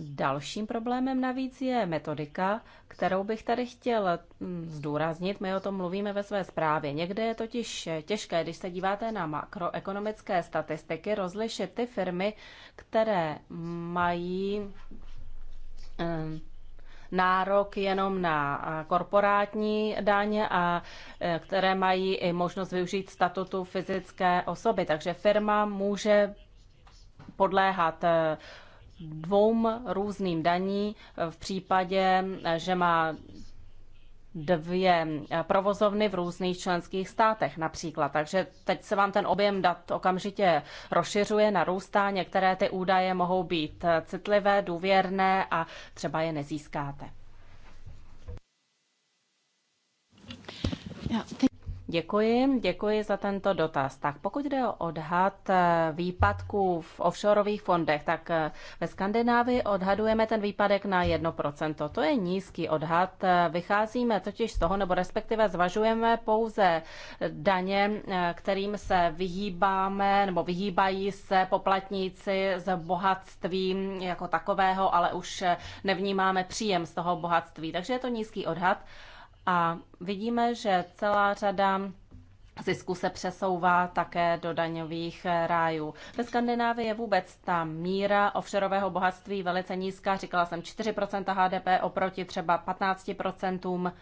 Dalším problémem navíc je metodika, kterou bych tady chtěl mm, zdůraznit. My o tom mluvíme ve své zprávě. Někde je totiž eh, těžké, když se díváte na makroekonomické statistiky, rozlišit ty firmy, které mají eh, nárok jenom na eh, korporátní daně a které mají i možnost využít statutu fyzické osoby. Takže firma může podléhat dvou různým daní eh, v případě, eh, že má dvě eh, provozovny v různých členských státech například. Takže teď se vám ten objem dat okamžitě rozšiřuje, narůstá, některé ty údaje mohou být citlivé, důvěrné a třeba je nezískáte. Děkuji, děkuji za tento dotaz. Tak pokud jde o odhad eh, výpadků v offshoreových fondech, tak eh, ve Skandinávii odhadujeme ten výpadek na 1%. To je nízký odhad. Eh, vycházíme totiž z toho, nebo respektive zvažujeme pouze daně, kterým se vyhýbáme, nebo vyhýbají se poplatníci z bohatství jako takového, ale už nevnímáme příjem z toho bohatství. Takže je to nízký odhad a vidíme, že celá řada zisku se přesouvá také do daňových eh, rájů. Ve Skandinávii je vůbec ta míra offshoreového bohatství velice nízká, říkala jsem 4% HDP oproti třeba 15%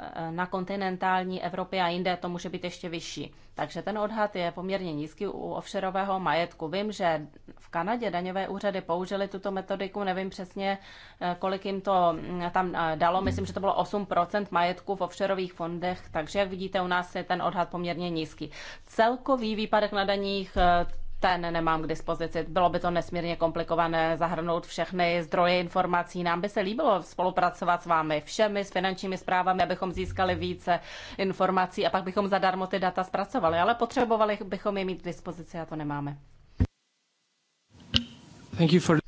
Eh, na kontinentální Evropě a jinde to může být ještě vyšší. Takže ten odhad je poměrně nízký u offshoreového majetku. Vím, že v Kanadě daňové úřady použili tuto metodiku, nevím přesně, eh, kolik jim to mm, tam eh, dalo, myslím, že to bylo 8% majetku v offshoreových fondech, takže jak vidíte, u nás je ten odhad poměrně nízký. Celkový výpadek na daních ten nemám k dispozici. Bylo by to nesmírně komplikované zahrnout všechny zdroje informací. Nám by se líbilo spolupracovat s vámi všemi, s finančními zprávami, abychom získali více informací a pak bychom zadarmo ty data zpracovali, ale potřebovali bychom je mít k dispozici a to nemáme. Thank you for...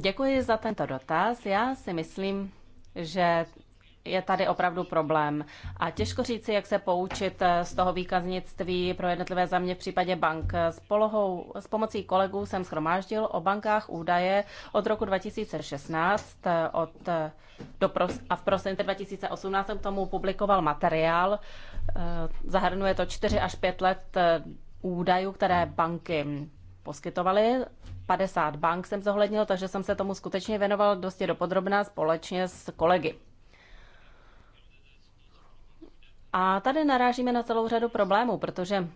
Děkuji za tento dotaz. Já si myslím, že je tady opravdu problém. A těžko říci, jak se poučit eh, z toho výkaznictví pro jednotlivé země v případě bank. S, polohou, s pomocí kolegů jsem schromáždil o bankách údaje od roku 2016 eh, od, eh, do pros, a v prosinci 2018 jsem k tomu publikoval materiál. Zahrnuje to 4 až 5 let údajů, které banky poskytovaly. 50 bank jsem zohlednil, takže jsem se tomu skutečně věnoval dosti dopodrobná společně s kolegy. A tady narážíme na celou řadu problémů, protože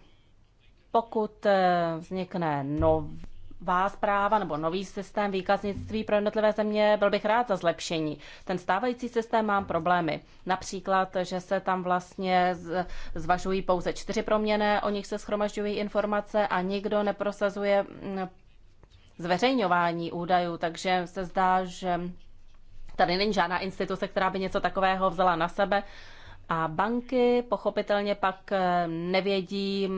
pokud eh, vznikne nová zpráva nebo nový systém výkaznictví pro jednotlivé země, byl bych rád za zlepšení. Ten stávající systém mám problémy. Například, že se tam vlastně zvažují pouze čtyři proměny, o nich se schromažďují informace a nikdo neprosazuje mm, zveřejňování údajů, takže se zdá, že tady není žádná instituce, která by něco takového vzala na sebe a banky pochopitelně pak eh, nevědí,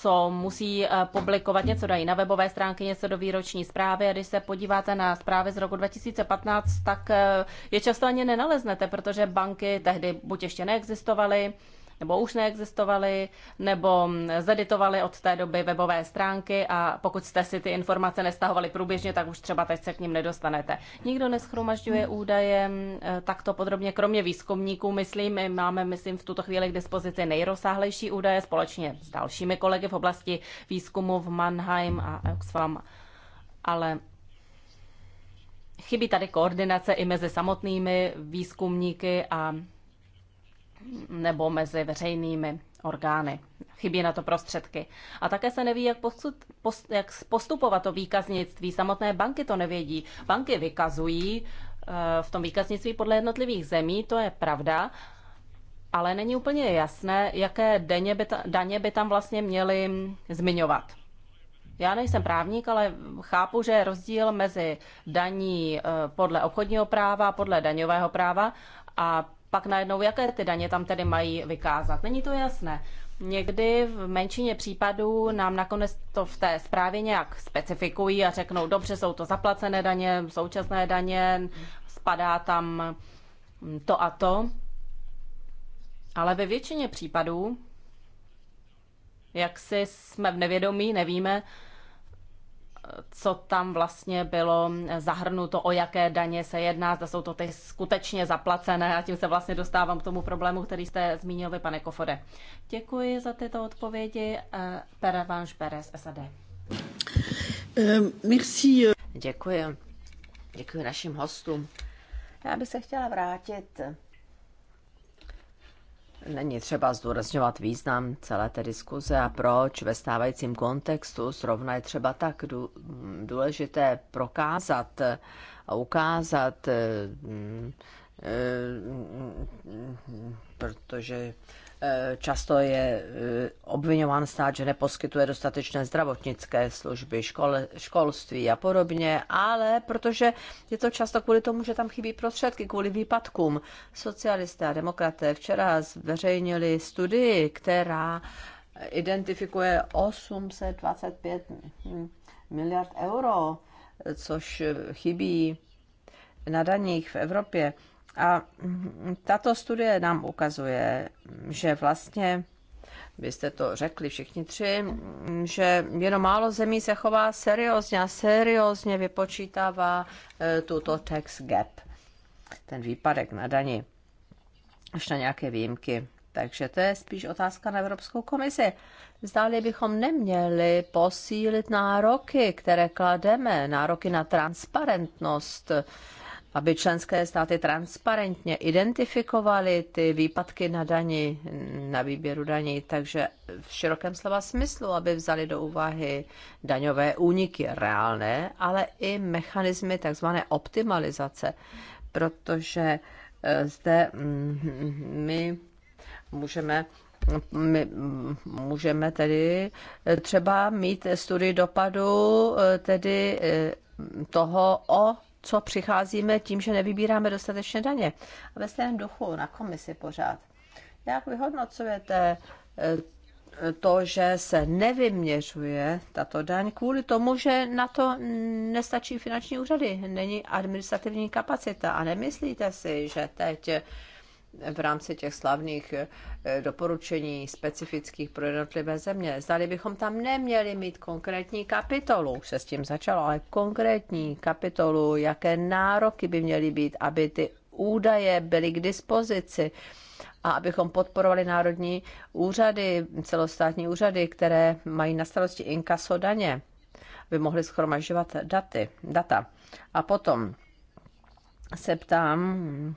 co musí eh, publikovat, něco dají na webové stránky, něco do výroční zprávy a když se podíváte na zprávy z roku 2015, tak eh, je často ani nenaleznete, protože banky tehdy buď ještě neexistovaly, nebo už neexistovaly, nebo zeditovaly od té doby webové stránky a pokud jste si ty informace nestahovali průběžně, tak už třeba teď se k ním nedostanete. Nikdo neschromažďuje údaje eh, takto podrobně, kromě výzkumníků, myslím, my máme, myslím, v tuto chvíli k dispozici nejrozsáhlejší údaje společně s dalšími kolegy v oblasti výzkumu v Mannheim a Oxfam, ale chybí tady koordinace i mezi samotnými výzkumníky a nebo mezi veřejnými orgány. Chybí na to prostředky. A také se neví, jak, postup, post, jak postupovat to výkaznictví. Samotné banky to nevědí. Banky vykazují eh, v tom výkaznictví podle jednotlivých zemí, to je pravda, ale není úplně jasné, jaké daně by, ta, daně by tam vlastně měly zmiňovat. Já nejsem právník, ale chápu, že je rozdíl mezi daní eh, podle obchodního práva a podle daňového práva a pak najednou, jaké ty daně tam tedy mají vykázat. Není to jasné. Někdy v menšině případů nám nakonec to v té zprávě nějak specifikují a řeknou, dobře, jsou to zaplacené daně, současné daně, spadá tam to a to. Ale ve většině případů, jak si jsme v nevědomí, nevíme, co tam vlastně bylo zahrnuto, o jaké daně se jedná, zda jsou to ty skutečně zaplacené a tím se vlastně dostávám k tomu problému, který jste zmínil vy, pane Kofode. Děkuji za tyto odpovědi. Eh, Pere Perez, SAD. Ehm, merci. Eh. Děkuji. Děkuji našim hostům. Já bych se chtěla vrátit Není třeba zdůrazňovat význam celé té diskuze a proč ve stávajícím kontextu zrovna je třeba tak důležité prokázat a ukázat, eh, mm, eh, mm, mm, protože Eh, často je eh, obvinován stát, že neposkytuje dostatečné zdravotnické služby, škole, školství a podobně, ale protože je to často kvůli tomu, že tam chybí prostředky, kvůli výpadkům. Socialisté a demokraté včera zveřejnili studii, která identifikuje 825 miliard euro, což chybí na daních v Evropě. A tato studie nám ukazuje, že vlastně vy jste to řekli všichni tři, že jenom málo zemí se chová seriózně a seriózně vypočítává e, tuto tax gap, ten výpadek na dani, až na nějaké výjimky. Takže to je spíš otázka na Evropskou komisi. Zdáli bychom neměli posílit nároky, které klademe, nároky na transparentnost aby členské státy transparentně identifikovaly ty výpadky na dani, na výběru daní, takže v širokém slova smyslu, aby vzali do úvahy daňové úniky reálné, ale i mechanismy tzv. optimalizace, protože eh, zde mm, my můžeme my mm, můžeme tedy eh, třeba mít studii dopadu eh, tedy toho o co přicházíme tím, že nevybíráme dostatečně daně. A ve stejném duchu na komisi pořád. Jak vyhodnocujete eh, to, že se nevyměřuje tato daň kvůli tomu, že na to nestačí finanční úřady, není administrativní kapacita. A nemyslíte si, že teď v rámci těch slavných eh, doporučení specifických pro jednotlivé země. Zdali bychom tam neměli mít konkrétní kapitolu, už se s tím začalo, ale konkrétní kapitolu, jaké nároky by měly být, aby ty údaje byly k dispozici a abychom podporovali národní úřady, celostátní úřady, které mají na starosti inkaso daně, aby mohly schromažďovat data. A potom se ptám,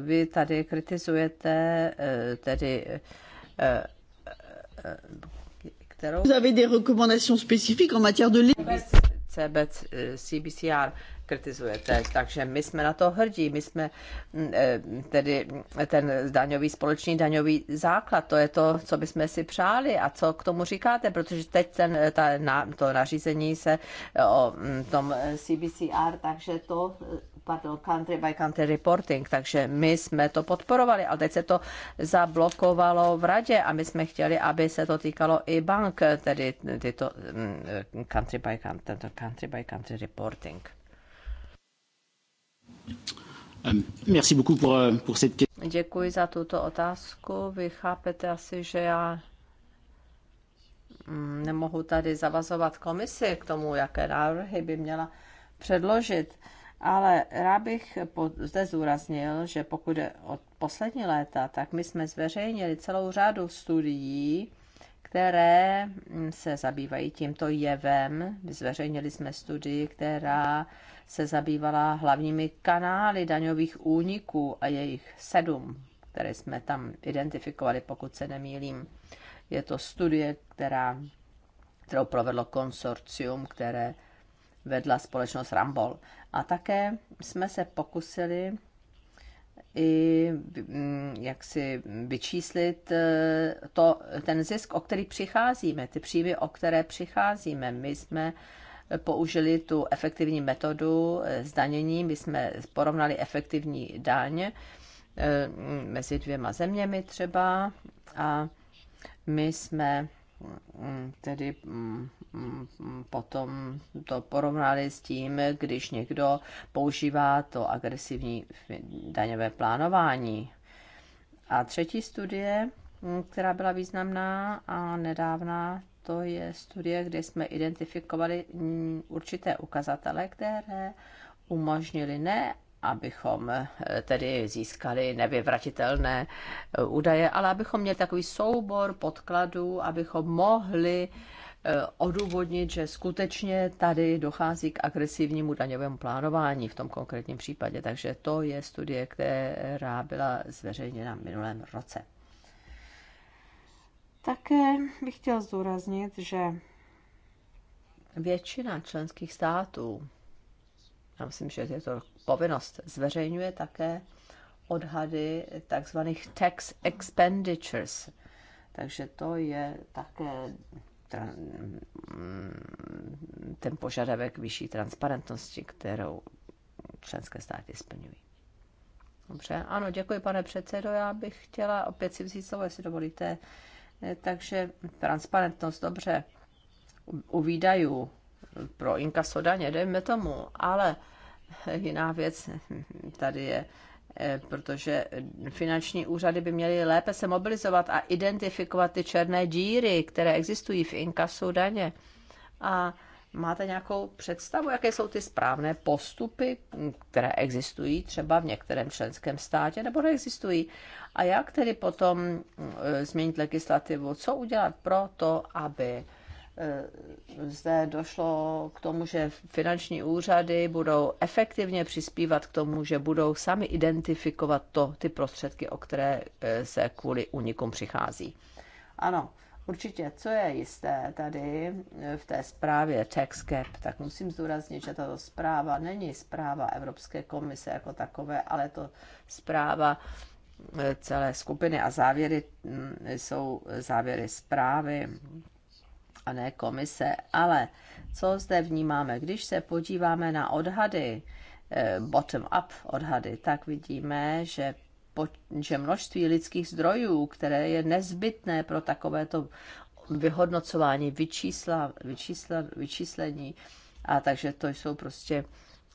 vy tady kritizujete eh, tedy eh, eh, kterou... Vous avez des recommandations spécifiques en matière de CBCR kritizujete. Takže my jsme na to hrdí, my jsme mm, eh, tedy ten daňový, společný daňový základ, to je to, co bychom si přáli a co k tomu říkáte, protože teď ten, eh, ta, na, to nařízení se eh, o mm, tom CBCR, takže to pardon, country by country reporting, takže my jsme to podporovali, ale teď se to zablokovalo v radě a my jsme chtěli, aby se to týkalo i bank, tedy tyto mm, country by country, country, by country reporting. Eh, merci beaucoup pour, euh, pour cette Děkuji za tuto otázku. Vy chápete asi, že já mm, nemohu tady zavazovat komisi k tomu, jaké návrhy by měla předložit. Ale rád bych zde zúraznil, že pokud je od poslední léta, tak my jsme zveřejnili celou řadu studií, které mm, se zabývají tímto jevem. Zveřejnili jsme studii, která se zabývala hlavními kanály daňových úniků a jejich sedm, které jsme tam identifikovali, pokud se nemýlím. Je to studie, která, kterou provedlo konsorcium, které vedla společnost Rambol. A také jsme se pokusili i mm, jak si vyčíslit eh, to, ten zisk, o který přicházíme, ty příjmy, o které přicházíme. My jsme použili tu efektivní metodu eh, zdanění. My jsme porovnali efektivní daň eh, mezi dvěma zeměmi třeba a my jsme mm, tedy mm, potom to porovnali s tím, když někdo používá to agresivní daňové plánování. A třetí studie, mm, která byla významná a nedávná, to je studie, kde jsme identifikovali mm, určité ukazatele, které umožnili ne, abychom eh, tedy získali nevyvratitelné eh, údaje, ale abychom měli takový soubor podkladů, abychom mohli eh, odůvodnit, že skutečně tady dochází k agresivnímu daňovému plánování v tom konkrétním případě. Takže to je studie, která byla zveřejněna v minulém roce. Také bych chtěl zdůraznit, že většina členských států, já myslím, že je to povinnost, zveřejňuje také odhady takzvaných tax expenditures. Takže to je také ten požadavek vyšší transparentnosti, kterou členské státy splňují. Dobře, ano, děkuji, pane předsedo. Já bych chtěla opět si vzít slovo, jestli dovolíte, Eh, takže transparentnost dobře u výdajů pro inkaso daně, dejme tomu, ale jiná věc tady je, eh, protože finanční úřady by měly lépe se mobilizovat a identifikovat ty černé díry, které existují v inkasu daně. A Máte nějakou představu, jaké jsou ty správné postupy, které existují třeba v některém členském státě nebo neexistují? A jak tedy potom eh, změnit legislativu? Co udělat pro to, aby eh, zde došlo k tomu, že finanční úřady budou efektivně přispívat k tomu, že budou sami identifikovat to, ty prostředky, o které eh, se kvůli unikům přichází. Ano, Určitě, co je jisté tady eh, v té zprávě TaxCap, tak musím zdůraznit, že tato zpráva není zpráva Evropské komise jako takové, ale to zpráva eh, celé skupiny a závěry mm, jsou závěry zprávy a ne komise. Ale co zde vnímáme? Když se podíváme na odhady, eh, bottom-up odhady, tak vidíme, že že množství lidských zdrojů, které je nezbytné pro takovéto vyhodnocování, vyčísla, vyčísla, vyčíslení, a takže to jsou prostě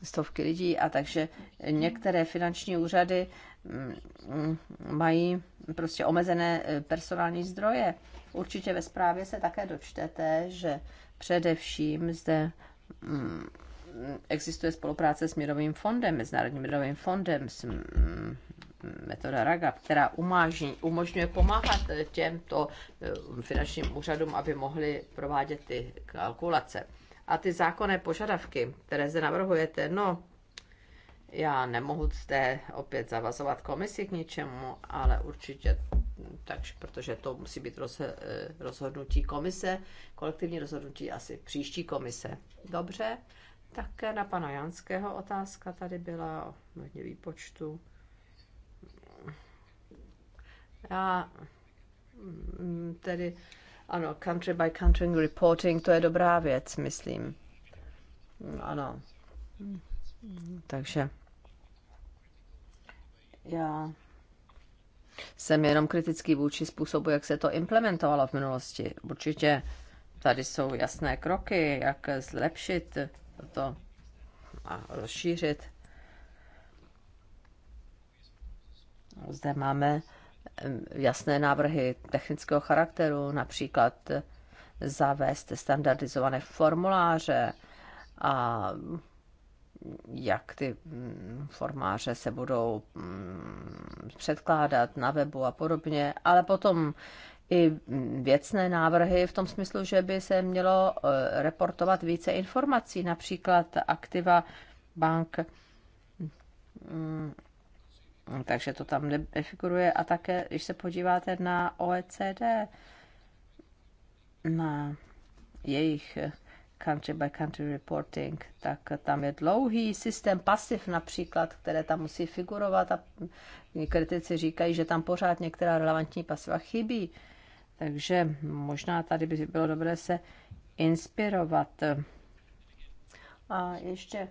stovky lidí a takže některé finanční úřady mm, mm, mají prostě omezené e, personální zdroje. Určitě ve zprávě se také dočtete, že především zde mm, existuje spolupráce s Mírovým fondem, Mezinárodním mírovým fondem, s metoda RAGAP, která umáží, umožňuje pomáhat těmto eh, finančním úřadům, aby mohli provádět ty kalkulace. A ty zákonné požadavky, které zde navrhujete, no, já nemohu zde opět zavazovat komisi k ničemu, ale určitě, takže, protože to musí být roz, eh, rozhodnutí komise, kolektivní rozhodnutí asi příští komise. Dobře, Také na pana Janského otázka tady byla hodně výpočtu. Já mm, tedy ano, country by country reporting, to je dobrá věc, myslím. Mm, ano. Mm, takže já jsem jenom kritický vůči způsobu, jak se to implementovalo v minulosti. Určitě tady jsou jasné kroky, jak zlepšit to a rozšířit. Zde máme jasné návrhy technického charakteru, například zavést standardizované formuláře a jak ty mm, formáře se budou mm, předkládat na webu a podobně, ale potom i mm, věcné návrhy v tom smyslu, že by se mělo e, reportovat více informací, například aktiva bank takže to tam nefiguruje. A také, když se podíváte na OECD, na jejich country by country reporting, tak tam je dlouhý systém pasiv například, které tam musí figurovat a kritici říkají, že tam pořád některá relevantní pasiva chybí. Takže možná tady by bylo dobré se inspirovat. A ještě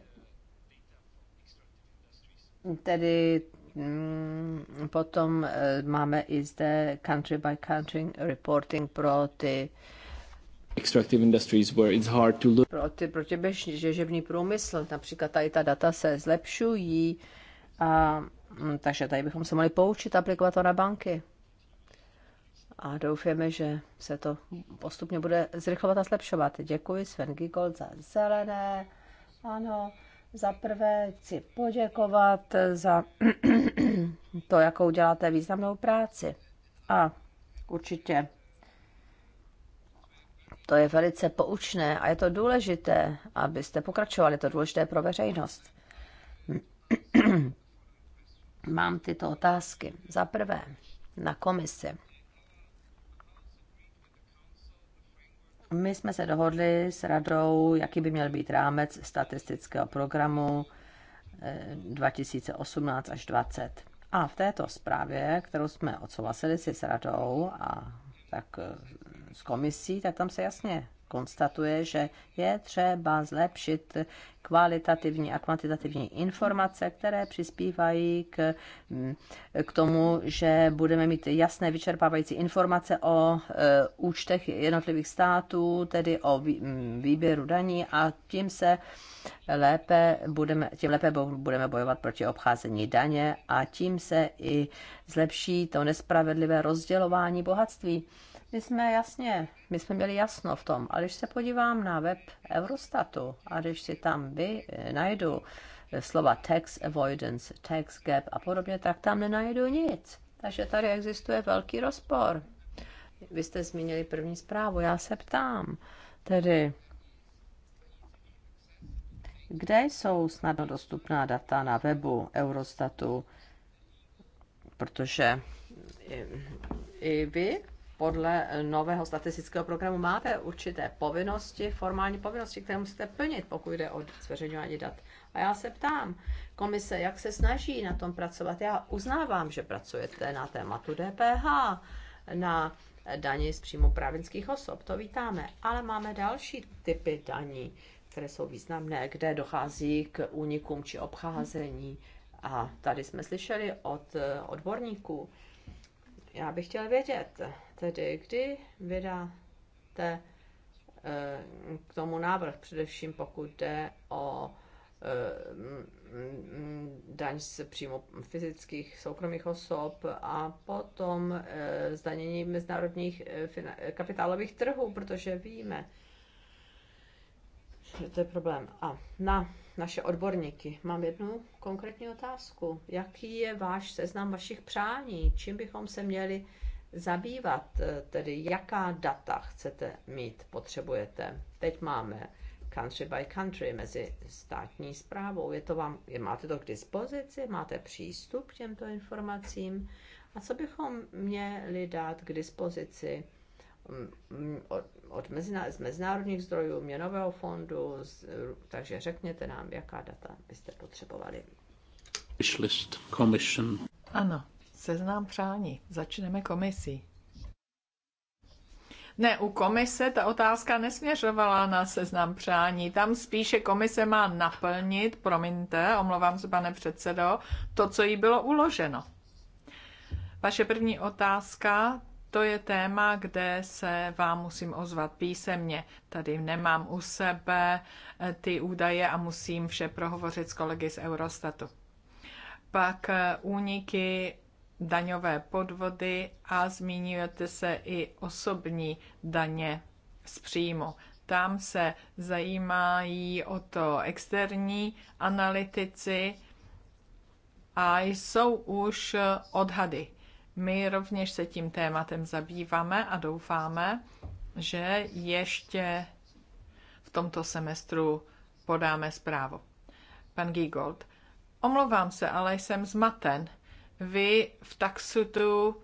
tedy Mm, potom eh, máme i zde country by country reporting pro ty extractive industries where it's hard to look. Pro ty protiběžní žežební průmysl, například tady ta data se zlepšují, a, mm, takže tady bychom se mohli poučit, aplikovat to na banky. A doufáme, že se to postupně bude zrychlovat a zlepšovat. Děkuji Sven Gigold za zelené. Ano. Za prvé chci poděkovat za to, jakou děláte významnou práci. A určitě to je velice poučné a je to důležité, abyste pokračovali. Je to důležité pro veřejnost. Mám tyto otázky. Za prvé, na komisi. My jsme se dohodli s radou, jaký by měl být rámec statistického programu 2018 eh, až 2020. A v této zprávě, kterou jsme odsouhlasili si s radou a tak eh, s komisí, tak tam se jasně konstatuje, že je třeba zlepšit kvalitativní a kvantitativní informace, které přispívají k, mm, k tomu, že budeme mít jasné vyčerpávající informace o e, účtech jednotlivých států, tedy o mm, výběru daní a tím se lépe budeme, tím lépe budeme bojovat proti obcházení daně a tím se i zlepší to nespravedlivé rozdělování bohatství. My jsme jasně, my jsme měli jasno v tom, ale když se podívám na web Eurostatu a když si tam vy eh, najdu eh, slova tax avoidance, tax gap a podobně, tak tam nenajdu nic. Takže tady existuje velký rozpor. Vy jste zmínili první zprávu, já se ptám. Tedy, kde jsou snadno dostupná data na webu Eurostatu? Protože i, i vy podle nového statistického programu máte určité povinnosti, formální povinnosti, které musíte plnit, pokud jde o zveřejňování dat. A já se ptám, komise, jak se snaží na tom pracovat? Já uznávám, že pracujete na tématu DPH, na daní z příjmu právnických osob, to vítáme, ale máme další typy daní, které jsou významné, kde dochází k únikům či obcházení. A tady jsme slyšeli od odborníků, já bych chtěl vědět, tedy kdy vydáte eh, k tomu návrh, především pokud jde o eh, daň z přímo fyzických soukromých osob a potom eh, zdanění mezinárodních kapitálových trhů, protože víme, že to je problém. A na naše odborníky mám jednu konkrétní otázku. Jaký je váš seznam vašich přání? Čím bychom se měli zabývat, eh, tedy jaká data chcete mít, potřebujete. Teď máme country by country mezi státní zprávou. Je to vám, je, máte to k dispozici, máte přístup k těmto informacím. A co bychom měli dát k dispozici mm, mm, od, od mezina, z mezinárodních zdrojů, měnového fondu, z, takže řekněte nám, jaká data byste potřebovali. List, commission. Ano, Seznám přání. Začneme komisí. Ne, u komise ta otázka nesměřovala na seznam přání. Tam spíše komise má naplnit, promiňte, omlouvám se, pane předsedo, to, co jí bylo uloženo. Vaše první otázka, to je téma, kde se vám musím ozvat písemně. Tady nemám u sebe eh, ty údaje a musím vše prohovořit s kolegy z Eurostatu. Pak eh, úniky daňové podvody a zmíníte se i osobní daně z příjmu. Tam se zajímají o to externí analytici a jsou už odhady. My rovněž se tím tématem zabýváme a doufáme, že ještě v tomto semestru podáme zprávu. Pan Giegold, omlouvám se, ale jsem zmaten vy v Taxutu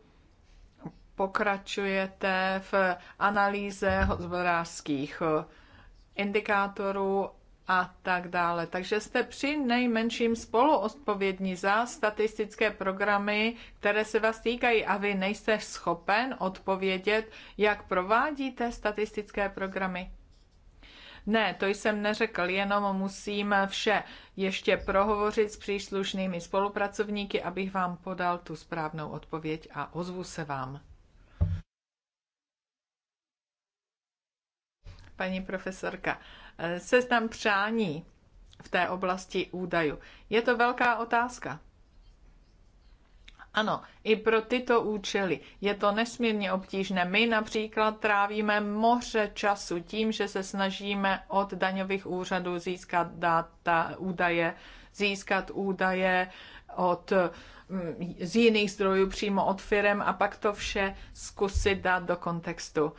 pokračujete v analýze hospodářských eh, indikátorů a tak dále. Takže jste při nejmenším spoluodpovědní za statistické programy, které se vás týkají a vy nejste schopen odpovědět, jak provádíte statistické programy. Ne, to jsem neřekl, jenom musím vše ještě prohovořit s příslušnými spolupracovníky, abych vám podal tu správnou odpověď a ozvu se vám. Paní profesorka, tam eh, přání v té oblasti údajů. Je to velká otázka. Ano, i pro tyto účely je to nesmírně obtížné. My například trávíme moře času tím, že se snažíme od daňových úřadů získat data, údaje, získat údaje od, mm, z jiných zdrojů přímo od firm a pak to vše zkusit dát do kontextu.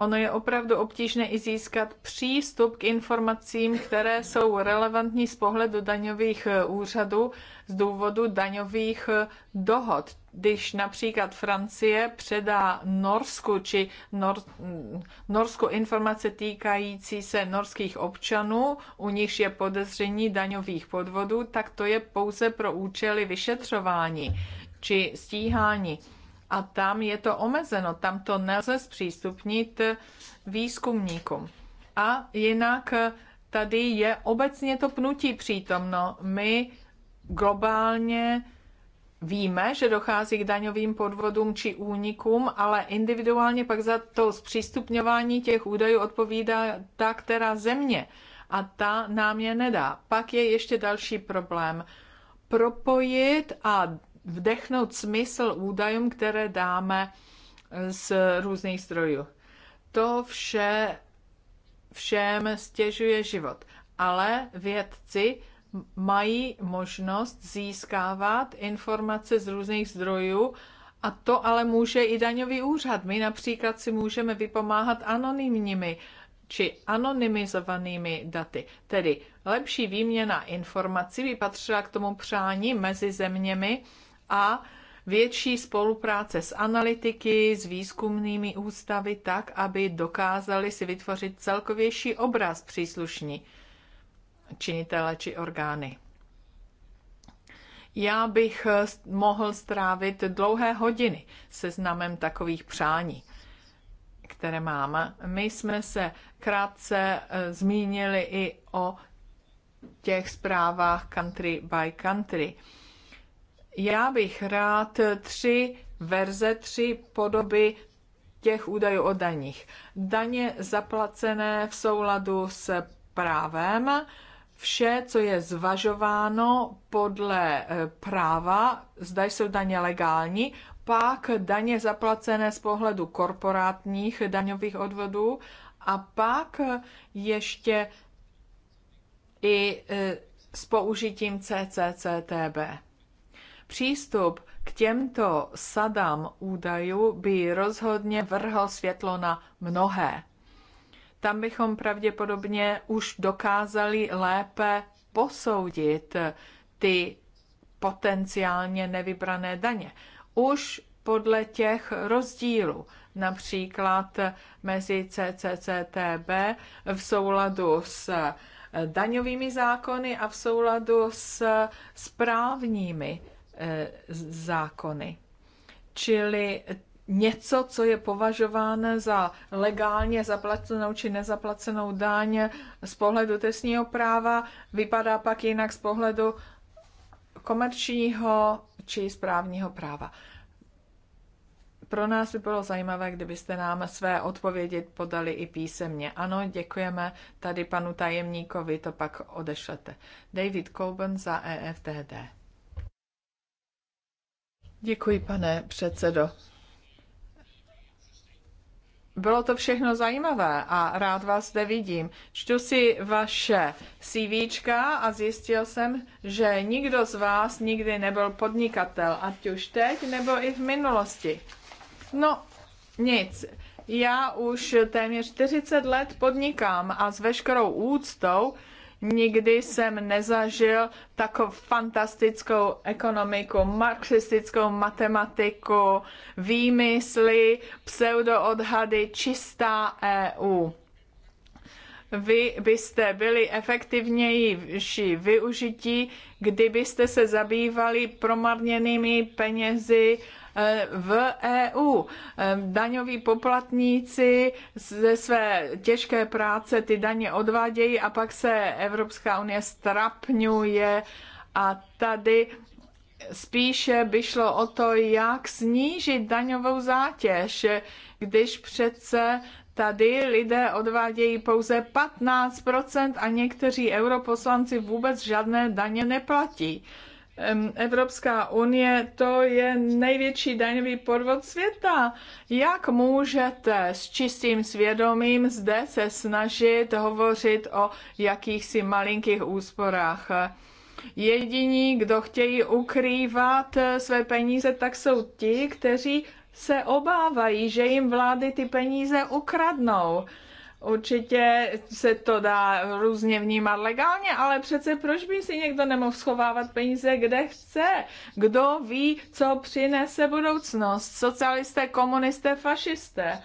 Ono je opravdu obtížné i získat přístup k informacím, které jsou relevantní z pohledu daňových eh, úřadů z důvodu daňových eh, dohod. Když například Francie předá Norsku či Nor, mm, Norsku informace týkající se norských občanů, u nichž je podezření daňových podvodů, tak to je pouze pro účely vyšetřování či stíhání a tam je to omezeno, tam to nelze zpřístupnit výzkumníkům. A jinak eh, tady je obecně to pnutí přítomno. My globálně víme, že dochází k daňovým podvodům či únikům, ale individuálně pak za to zpřístupňování těch údajů odpovídá ta, která země. A ta nám je nedá. Pak je ještě další problém. Propojit a vdechnout smysl údajům, které dáme eh, z různých zdrojů. To vše všem stěžuje život, ale vědci mají možnost získávat informace z různých zdrojů, a to ale může i daňový úřad. My například si můžeme vypomáhat anonymními či anonymizovanými daty. Tedy lepší výměna informací by patřila k tomu přání mezi zeměmi, a větší spolupráce s analytiky, s výzkumnými ústavy, tak, aby dokázali si vytvořit celkovější obraz příslušní činitele či orgány. Já bych mohl strávit dlouhé hodiny seznamem takových přání, které mám. My jsme se krátce e, zmínili i o těch zprávách country by country já bych rád tři verze, tři podoby těch údajů o daních. Daně zaplacené v souladu s právem, vše, co je zvažováno podle eh, práva, zda jsou daně legální, pak daně zaplacené z pohledu korporátních daňových odvodů a pak ještě i eh, s použitím CCCTB. Přístup k těmto sadám údajů by rozhodně vrhl světlo na mnohé. Tam bychom pravděpodobně už dokázali lépe posoudit ty potenciálně nevybrané daně. Už podle těch rozdílů, například mezi CCCTB v souladu s daňovými zákony a v souladu s správními Eh, zákony. Čili něco, co je považováno za legálně zaplacenou či nezaplacenou daň z pohledu trestního práva, vypadá pak jinak z pohledu komerčního či správního práva. Pro nás by bylo zajímavé, kdybyste nám své odpovědi podali i písemně. Ano, děkujeme tady panu tajemníkovi, to pak odešlete. David Coben za EFTD. Děkuji, pane předsedo. Bylo to všechno zajímavé a rád vás zde vidím. Čtu si vaše CV a zjistil jsem, že nikdo z vás nikdy nebyl podnikatel, ať už teď nebo i v minulosti. No, nic. Já už téměř 40 let podnikám a s veškerou úctou Nikdy jsem nezažil takovou fantastickou ekonomiku, marxistickou matematiku, výmysly, pseudoodhady, čistá EU vy byste byli efektivnější využití, kdybyste se zabývali promarněnými penězi v EU. Daňoví poplatníci ze své těžké práce ty daně odvádějí a pak se Evropská unie strapňuje a tady spíše by šlo o to, jak snížit daňovou zátěž, když přece tady lidé odvádějí pouze 15% a někteří europoslanci vůbec žádné daně neplatí. Evropská unie, to je největší daňový podvod světa. Jak můžete s čistým svědomím zde se snažit hovořit o jakýchsi malinkých úsporách? Jediní, kdo chtějí ukrývat eh, své peníze, tak jsou ti, kteří se obávají, že jim vlády ty peníze ukradnou. Určitě se to dá různě vnímat legálně, ale přece proč by si někdo nemohl schovávat peníze, kde chce? Kdo ví, co přinese budoucnost? Socialisté, komunisté, fašisté.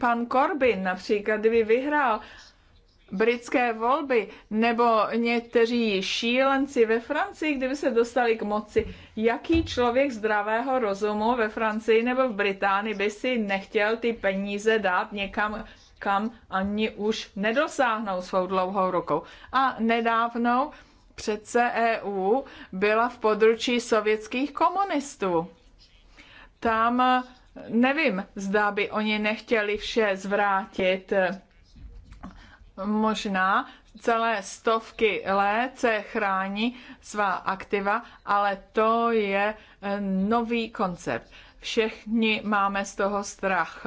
Pan Corbyn například, kdyby vyhrál britské volby, nebo někteří šílenci ve Francii, kdyby se dostali k moci, jaký člověk zdravého rozumu ve Francii nebo v Británii by si nechtěl ty peníze dát někam, kam ani už nedosáhnou svou dlouhou rukou. A nedávno přece EU byla v područí sovětských komunistů. Tam eh, nevím, zda by oni nechtěli vše zvrátit. Možná celé stovky let se chrání svá aktiva, ale to je eh, nový koncept. Všichni máme z toho strach.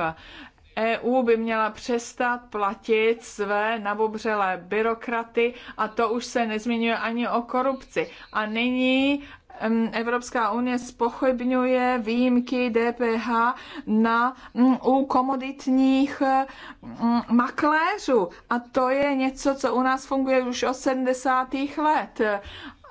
EU by měla přestat platit své nabobřelé byrokraty a to už se nezmiňuje ani o korupci. A nyní Evropská unie spochybňuje výjimky DPH na, mm, u komoditních mm, makléřů. A to je něco, co u nás funguje už od 70. let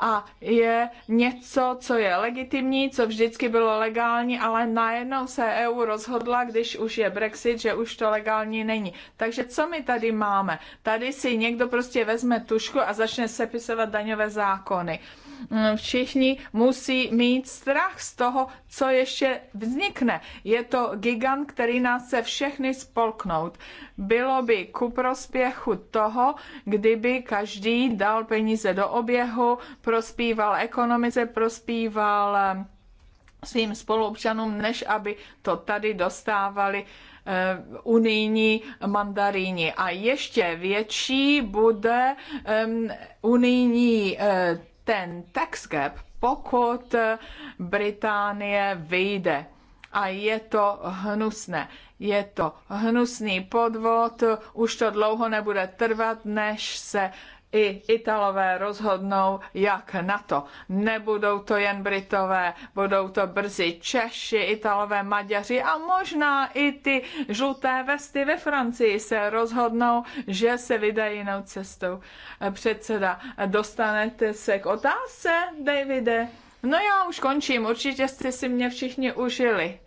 a je něco, co je legitimní, co vždycky bylo legální, ale najednou se EU rozhodla, když už je Brexit, že už to legální není. Takže co my tady máme? Tady si někdo prostě vezme tušku a začne sepisovat daňové zákony. Mm, všichni musí mít strach z toho, co ještě vznikne. Je to gigant, který nás se všechny spolknout. Bylo by ku prospěchu toho, kdyby každý dal peníze do oběhu, prospíval ekonomice, prospíval eh, svým spoluobčanům, než aby to tady dostávali eh, unijní mandaríni. A ještě větší bude um, unijní uh, ten tax gap, pokud Británie vyjde. A je to hnusné. Je to hnusný podvod, už to dlouho nebude trvat, než se i Italové rozhodnou, jak na to. Nebudou to jen Britové, budou to brzy Češi, Italové, Maďaři a možná i ty žluté vesty ve Francii se rozhodnou, že se vydají jinou cestou. Předseda, dostanete se k otázce, Davide? No já už končím, určitě jste si mě všichni užili.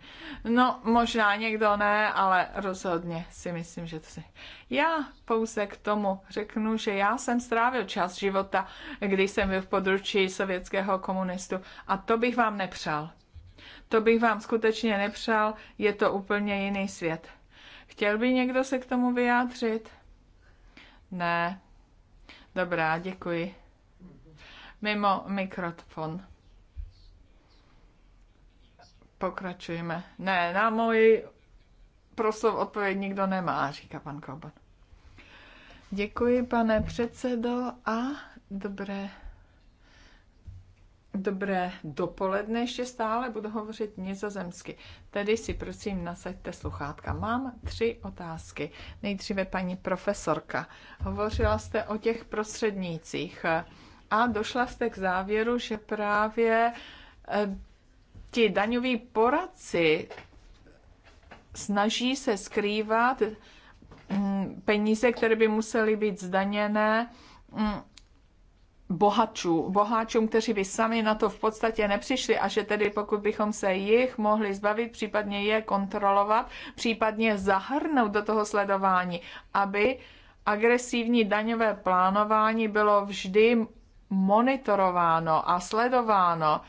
No, možná někdo ne, ale rozhodně si myslím, že to si. Já pouze k tomu řeknu, že já jsem strávil čas života, když jsem byl v područí sovětského komunistu a to bych vám nepřál. To bych vám skutečně nepřál, je to úplně jiný svět. Chtěl by někdo se k tomu vyjádřit? Ne. Dobrá, děkuji. Mimo mikrofon. Pokračujeme. Ne, na můj proslov odpověď nikdo nemá, říká pan Koban. Děkuji, pane předsedo, a dobré, dobré dopoledne ještě stále. Budu hovořit nizozemsky. Tedy si prosím nasaďte sluchátka. Mám tři otázky. Nejdříve paní profesorka. Hovořila jste o těch prostřednících a došla jste k závěru, že právě eh, ti daňoví poradci snaží se skrývat mm, peníze, které by musely být zdaněné mm, bohačů, boháčům, kteří by sami na to v podstatě nepřišli a že tedy pokud bychom se jich mohli zbavit, případně je kontrolovat, případně zahrnout do toho sledování, aby agresivní daňové plánování bylo vždy monitorováno a sledováno,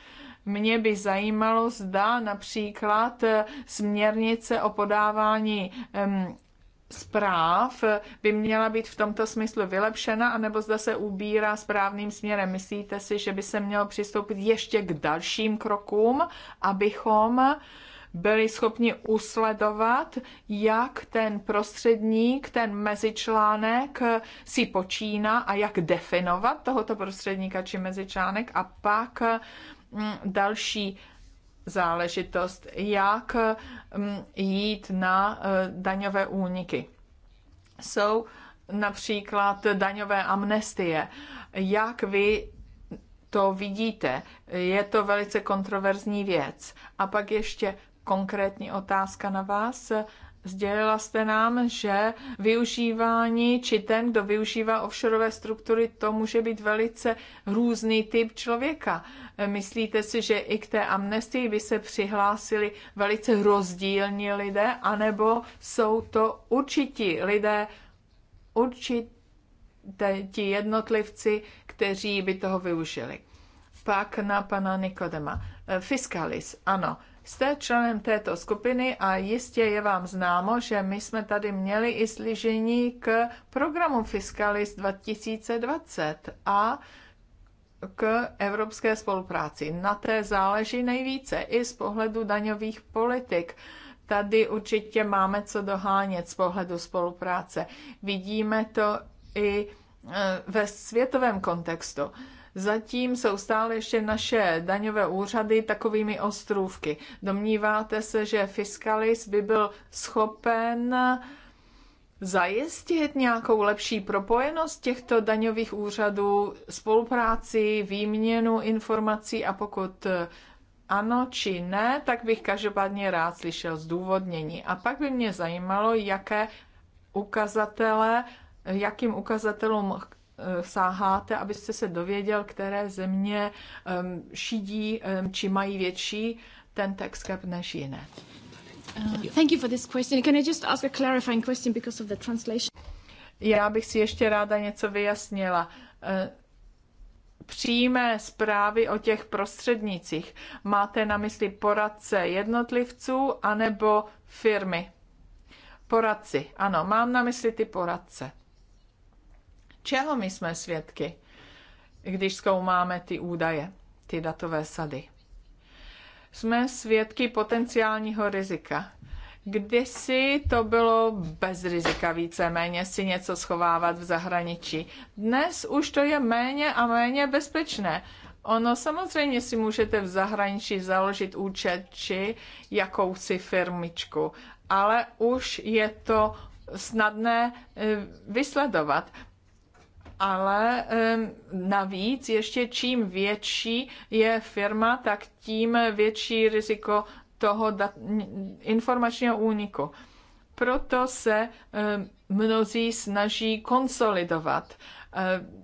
mě by zajímalo, zda například eh, směrnice o podávání zpráv eh, by měla být v tomto smyslu vylepšena, anebo zda se ubírá správným směrem. Myslíte si, že by se mělo přistoupit ještě k dalším krokům, abychom byli schopni usledovat, jak ten prostředník, ten mezičlánek eh, si počíná a jak definovat tohoto prostředníka či mezičlánek a pak Mm, další záležitost, jak mm, jít na e, daňové úniky. Jsou například daňové amnestie. Jak vy to vidíte? Je to velice kontroverzní věc. A pak ještě konkrétní otázka na vás. Sdělila jste nám, že využívání, či ten, kdo využívá offshore struktury, to může být velice různý typ člověka. Myslíte si, že i k té amnestii by se přihlásili velice rozdílní lidé, anebo jsou to určití lidé, ti jednotlivci, kteří by toho využili? Pak na pana Nikodema. Fiskalis, ano Jste členem této skupiny a jistě je vám známo, že my jsme tady měli i slyšení k programu Fiscalis 2020 a k evropské spolupráci. Na té záleží nejvíce i z pohledu daňových politik. Tady určitě máme co dohánět z pohledu spolupráce. Vidíme to i e, ve světovém kontextu. Zatím jsou stále ještě naše daňové úřady takovými ostrůvky. Domníváte se, že fiskalis by byl schopen zajistit nějakou lepší propojenost těchto daňových úřadů, spolupráci, výměnu informací a pokud ano či ne, tak bych každopádně rád slyšel zdůvodnění. A pak by mě zajímalo, jaké ukazatele, jakým ukazatelům Eh, sáháte, abyste se dověděl, které země šidí či mají větší ten tax gap než jiné. Uh, thank you for this question. Can I just ask a clarifying question because of the translation? Já bych si ještě ráda něco vyjasnila. Eh, přímé zprávy o těch prostřednicích. Máte na mysli poradce jednotlivců anebo firmy? Poradci, ano, mám na mysli ty poradce Čeho my jsme svědky, když zkoumáme ty údaje, ty datové sady? Jsme svědky potenciálního rizika. Kdysi to bylo bez rizika víceméně si něco schovávat v zahraničí. Dnes už to je méně a méně bezpečné. Ono samozřejmě si můžete v zahraničí založit účet či jakousi firmičku, ale už je to snadné eh, vysledovat ale navíc ještě čím větší je firma, tak tím větší riziko toho dat, informačního úniku. Proto se mnozí snaží konsolidovat, eh,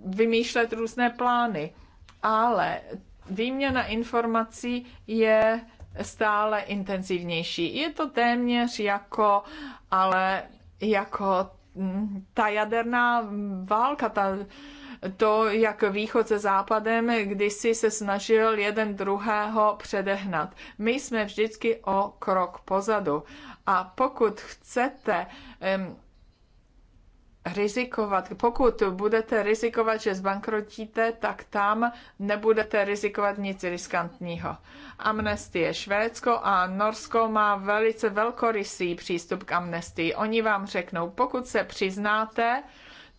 vymýšlet různé plány, ale výměna informací je stále intenzivnější. Je to téměř jako, ale jako ta jaderná válka, ta, to, jak východ se západem kdysi se snažil jeden druhého předehnat. My jsme vždycky o krok pozadu. A pokud chcete um, rizikovat, pokud budete rizikovat, že zbankrotíte, tak tam nebudete rizikovat nic riskantního. Amnestie Švédsko a Norsko má velice velkorysý přístup k amnestii. Oni vám řeknou, pokud se přiznáte,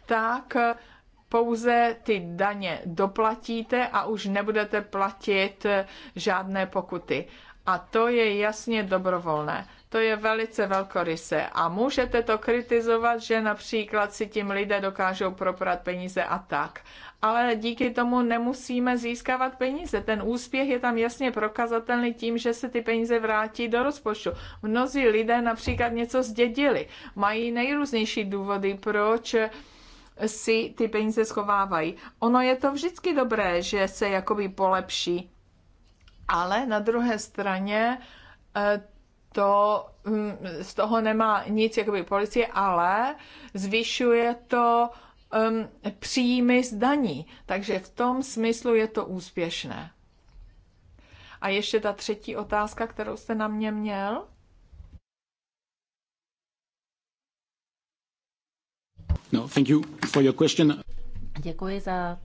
tak pouze ty daně doplatíte a už nebudete platit žádné pokuty. A to je jasně dobrovolné. To je velice velkoryse a můžete to kritizovat, že například si tím lidé dokážou proprat peníze a tak. Ale díky tomu nemusíme získávat peníze. Ten úspěch je tam jasně prokazatelný tím, že se ty peníze vrátí do rozpočtu. Mnozí lidé například něco zdědili, mají nejrůznější důvody, proč si ty peníze schovávají. Ono je to vždycky dobré, že se jakoby polepší, ale na druhé straně eh, to hm, z toho nemá nic jakoby policie, ale zvyšuje to um, příjmy z daní. Takže v tom smyslu je to úspěšné. A ještě ta třetí otázka, kterou jste na mě měl. No, thank you for your question. Děkuji za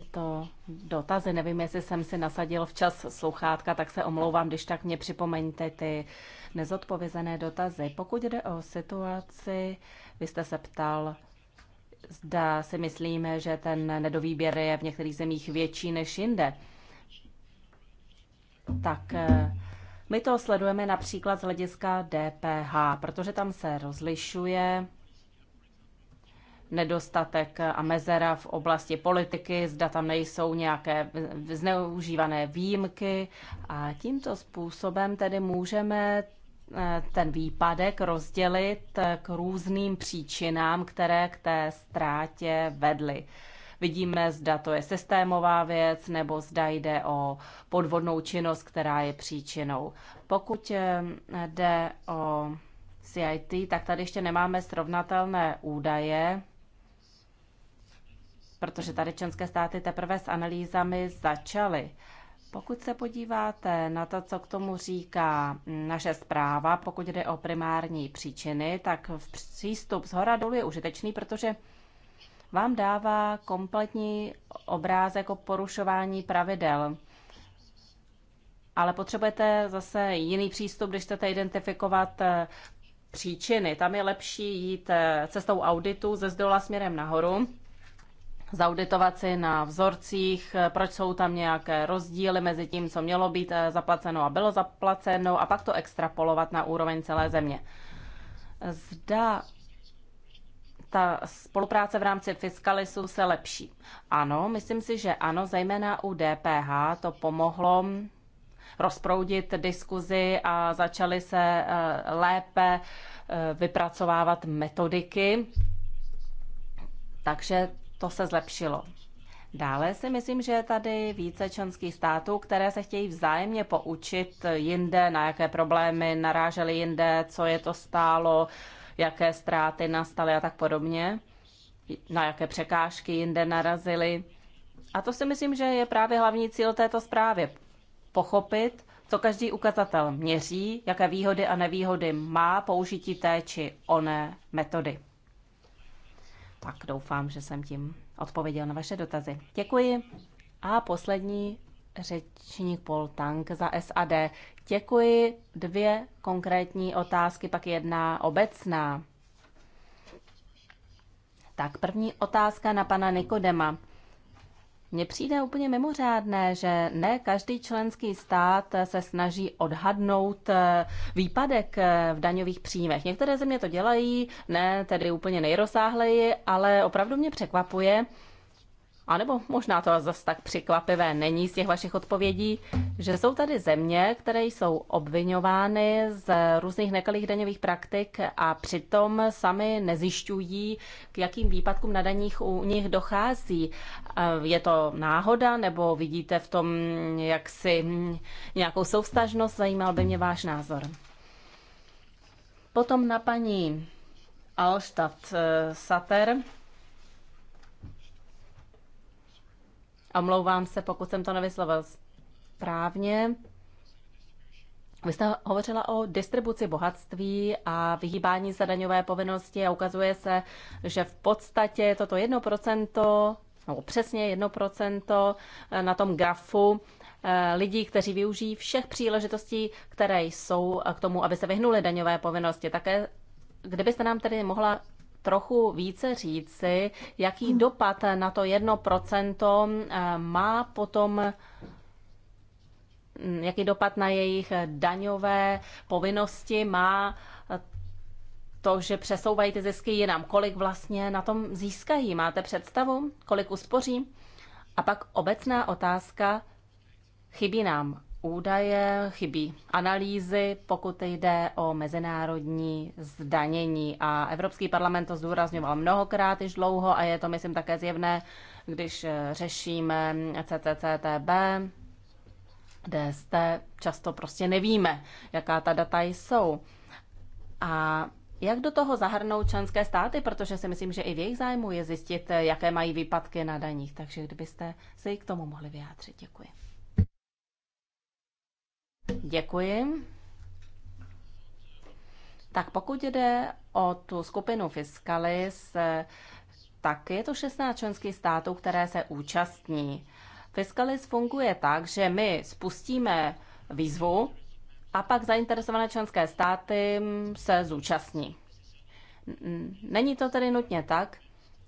tyto dotazy. Nevím, jestli jsem si nasadil včas sluchátka, tak se omlouvám, když tak mě připomeňte ty nezodpovězené dotazy. Pokud jde o situaci, vy jste se ptal, zda si myslíme, že ten nedovýběr je v některých zemích větší než jinde. Tak eh, my to sledujeme například z hlediska DPH, protože tam se rozlišuje nedostatek a mezera v oblasti politiky, zda tam nejsou nějaké zneužívané výjimky a tímto způsobem tedy můžeme eh, ten výpadek rozdělit eh, k různým příčinám, které k té ztrátě vedly. Vidíme, zda to je systémová věc, nebo zda jde o podvodnou činnost, která je příčinou. Pokud eh, jde o CIT, tak tady ještě nemáme srovnatelné údaje protože tady členské státy teprve s analýzami začaly. Pokud se podíváte na to, co k tomu říká naše zpráva, pokud jde o primární příčiny, tak v přístup z hora dolů je užitečný, protože vám dává kompletní obrázek o porušování pravidel. Ale potřebujete zase jiný přístup, když chcete identifikovat eh, příčiny. Tam je lepší jít eh, cestou auditu ze zdola směrem nahoru zauditovat si na vzorcích, eh, proč jsou tam nějaké rozdíly mezi tím, co mělo být eh, zaplaceno a bylo zaplaceno a pak to extrapolovat na úroveň celé země. Zda ta spolupráce v rámci fiskalisu se lepší. Ano, myslím si, že ano, zejména u DPH to pomohlo rozproudit diskuzi a začaly se eh, lépe vypracovávat metodiky. Takže to se zlepšilo. Dále si myslím, že je tady více členských států, které se chtějí vzájemně poučit jinde, na jaké problémy narážely jinde, co je to stálo, jaké ztráty nastaly a tak podobně, na jaké překážky jinde narazily. A to si myslím, že je právě hlavní cíl této zprávy. Pochopit, co každý ukazatel měří, jaké výhody a nevýhody má použití té či oné metody. Tak doufám, že jsem tím odpověděl na vaše dotazy. Děkuji. A poslední řečník Paul Tank za SAD. Děkuji. Dvě konkrétní otázky, pak jedna obecná. Tak první otázka na pana Nikodema. Mně přijde úplně mimořádné, že ne každý členský stát se snaží odhadnout eh, výpadek eh, v daňových příjmech. Některé země to dělají, ne tedy úplně nejrozsáhleji, ale opravdu mě překvapuje, a nebo možná to zase tak překvapivé není z těch vašich odpovědí, že jsou tady země, které jsou obvinovány z různých nekalých daňových praktik a přitom sami nezjišťují, k jakým výpadkům na daních u nich dochází. Eh, je to náhoda nebo vidíte v tom jaksi nějakou soustažnost? Zajímal by mě váš názor. Potom na paní Alstadt eh, Sater. Omlouvám se, pokud jsem to nevyslovil správně. Vy jste hovořila o distribuci bohatství a vyhýbání se daňové povinnosti a ukazuje se, že v podstatě toto 1%, nebo přesně 1% na tom grafu eh, lidí, kteří využijí všech příležitostí, které jsou k tomu, aby se vyhnuli daňové povinnosti. Také kdybyste nám tedy mohla trochu více říci, jaký hmm. dopad na to jedno procento eh, má potom mm, jaký dopad na jejich daňové povinnosti má to, že přesouvají ty zisky jinam. Kolik vlastně na tom získají? Máte představu? Kolik uspoří? A pak obecná otázka. Chybí nám údaje, chybí analýzy, pokud jde o mezinárodní zdanění. A Evropský parlament to zdůrazňoval mnohokrát již dlouho a je to, myslím, také zjevné, když eh, řešíme CCCTB, jste často prostě nevíme, jaká ta data jsou. A jak do toho zahrnou členské státy, protože si myslím, že i v jejich zájmu je zjistit, jaké mají výpadky na daních. Takže kdybyste se i k tomu mohli vyjádřit. Děkuji. Děkuji. Tak pokud jde o tu skupinu Fiskalis, tak je to 16 členských států, které se účastní. Fiskalis funguje tak, že my spustíme výzvu a pak zainteresované členské státy se zúčastní. Není to tedy nutně tak,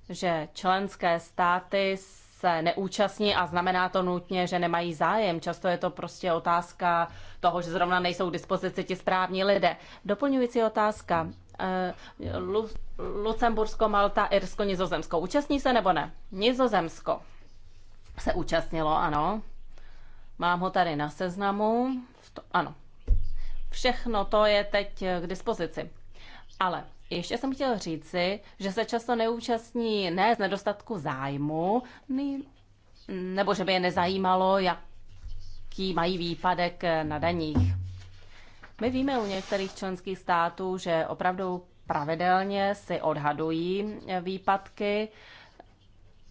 že členské státy se neúčastní a znamená to nutně, že nemají zájem. Často je to prostě otázka toho, že zrovna nejsou k dispozici ti správní lidé. Doplňující otázka. Eh, Lu- Lucembursko, Malta, Irsko, Nizozemsko. Účastní se nebo ne? Nizozemsko se účastnilo, ano. Mám ho tady na seznamu. ano. Všechno to je teď k dispozici. Ale ještě jsem chtěl říci, že se často neúčastní ne z nedostatku zájmu, nebo že by je nezajímalo, jaký mají výpadek na daních. My víme u některých členských států, že opravdu pravidelně si odhadují výpadky,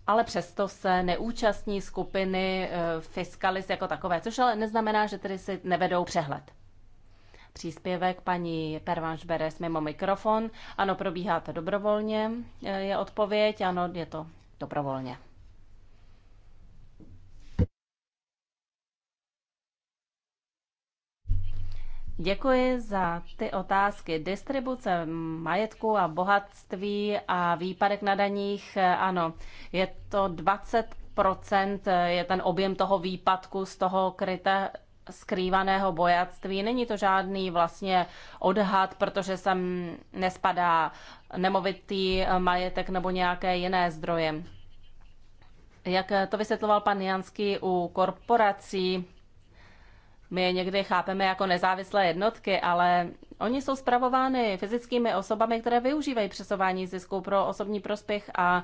ale přesto se neúčastní skupiny eh, fiskalis jako takové, což ale neznamená, že tedy si nevedou přehled příspěvek paní Pervanš Beres mimo mikrofon. Ano, probíhá to dobrovolně, eh, je odpověď. Ano, je to dobrovolně. Děkuji za ty otázky. Distribuce majetku a bohatství a výpadek na daních, eh, ano, je to 20 eh, je ten objem toho výpadku z toho kryté, skrývaného bojatství. Není to žádný vlastně odhad, protože sem nespadá nemovitý majetek nebo nějaké jiné zdroje. Jak to vysvětloval pan Janský u korporací, my je někdy chápeme jako nezávislé jednotky, ale oni jsou spravovány fyzickými osobami, které využívají přesování zisků pro osobní prospěch a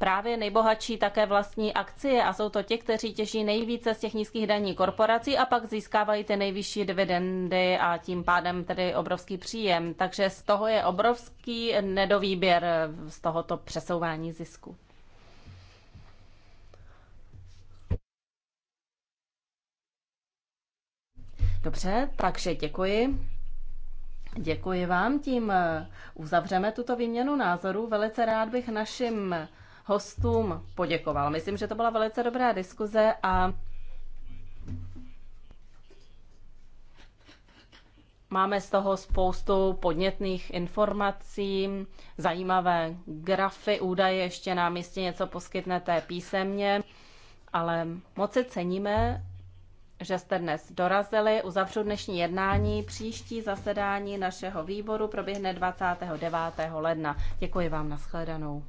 právě nejbohatší také vlastní akcie a jsou to ti, kteří těží nejvíce z těch nízkých daní korporací a pak získávají ty nejvyšší dividendy a tím pádem tedy obrovský příjem. Takže z toho je obrovský nedovýběr z tohoto přesouvání zisku. Dobře, takže děkuji. Děkuji vám, tím uzavřeme tuto výměnu názorů. Velice rád bych našim hostům poděkoval. Myslím, že to byla velice dobrá diskuze a Máme z toho spoustu podnětných informací, zajímavé grafy, údaje, ještě nám jistě něco poskytnete písemně, ale moc se ceníme, že jste dnes dorazili. Uzavřu dnešní jednání. Příští zasedání našeho výboru proběhne 29. ledna. Děkuji vám, nashledanou.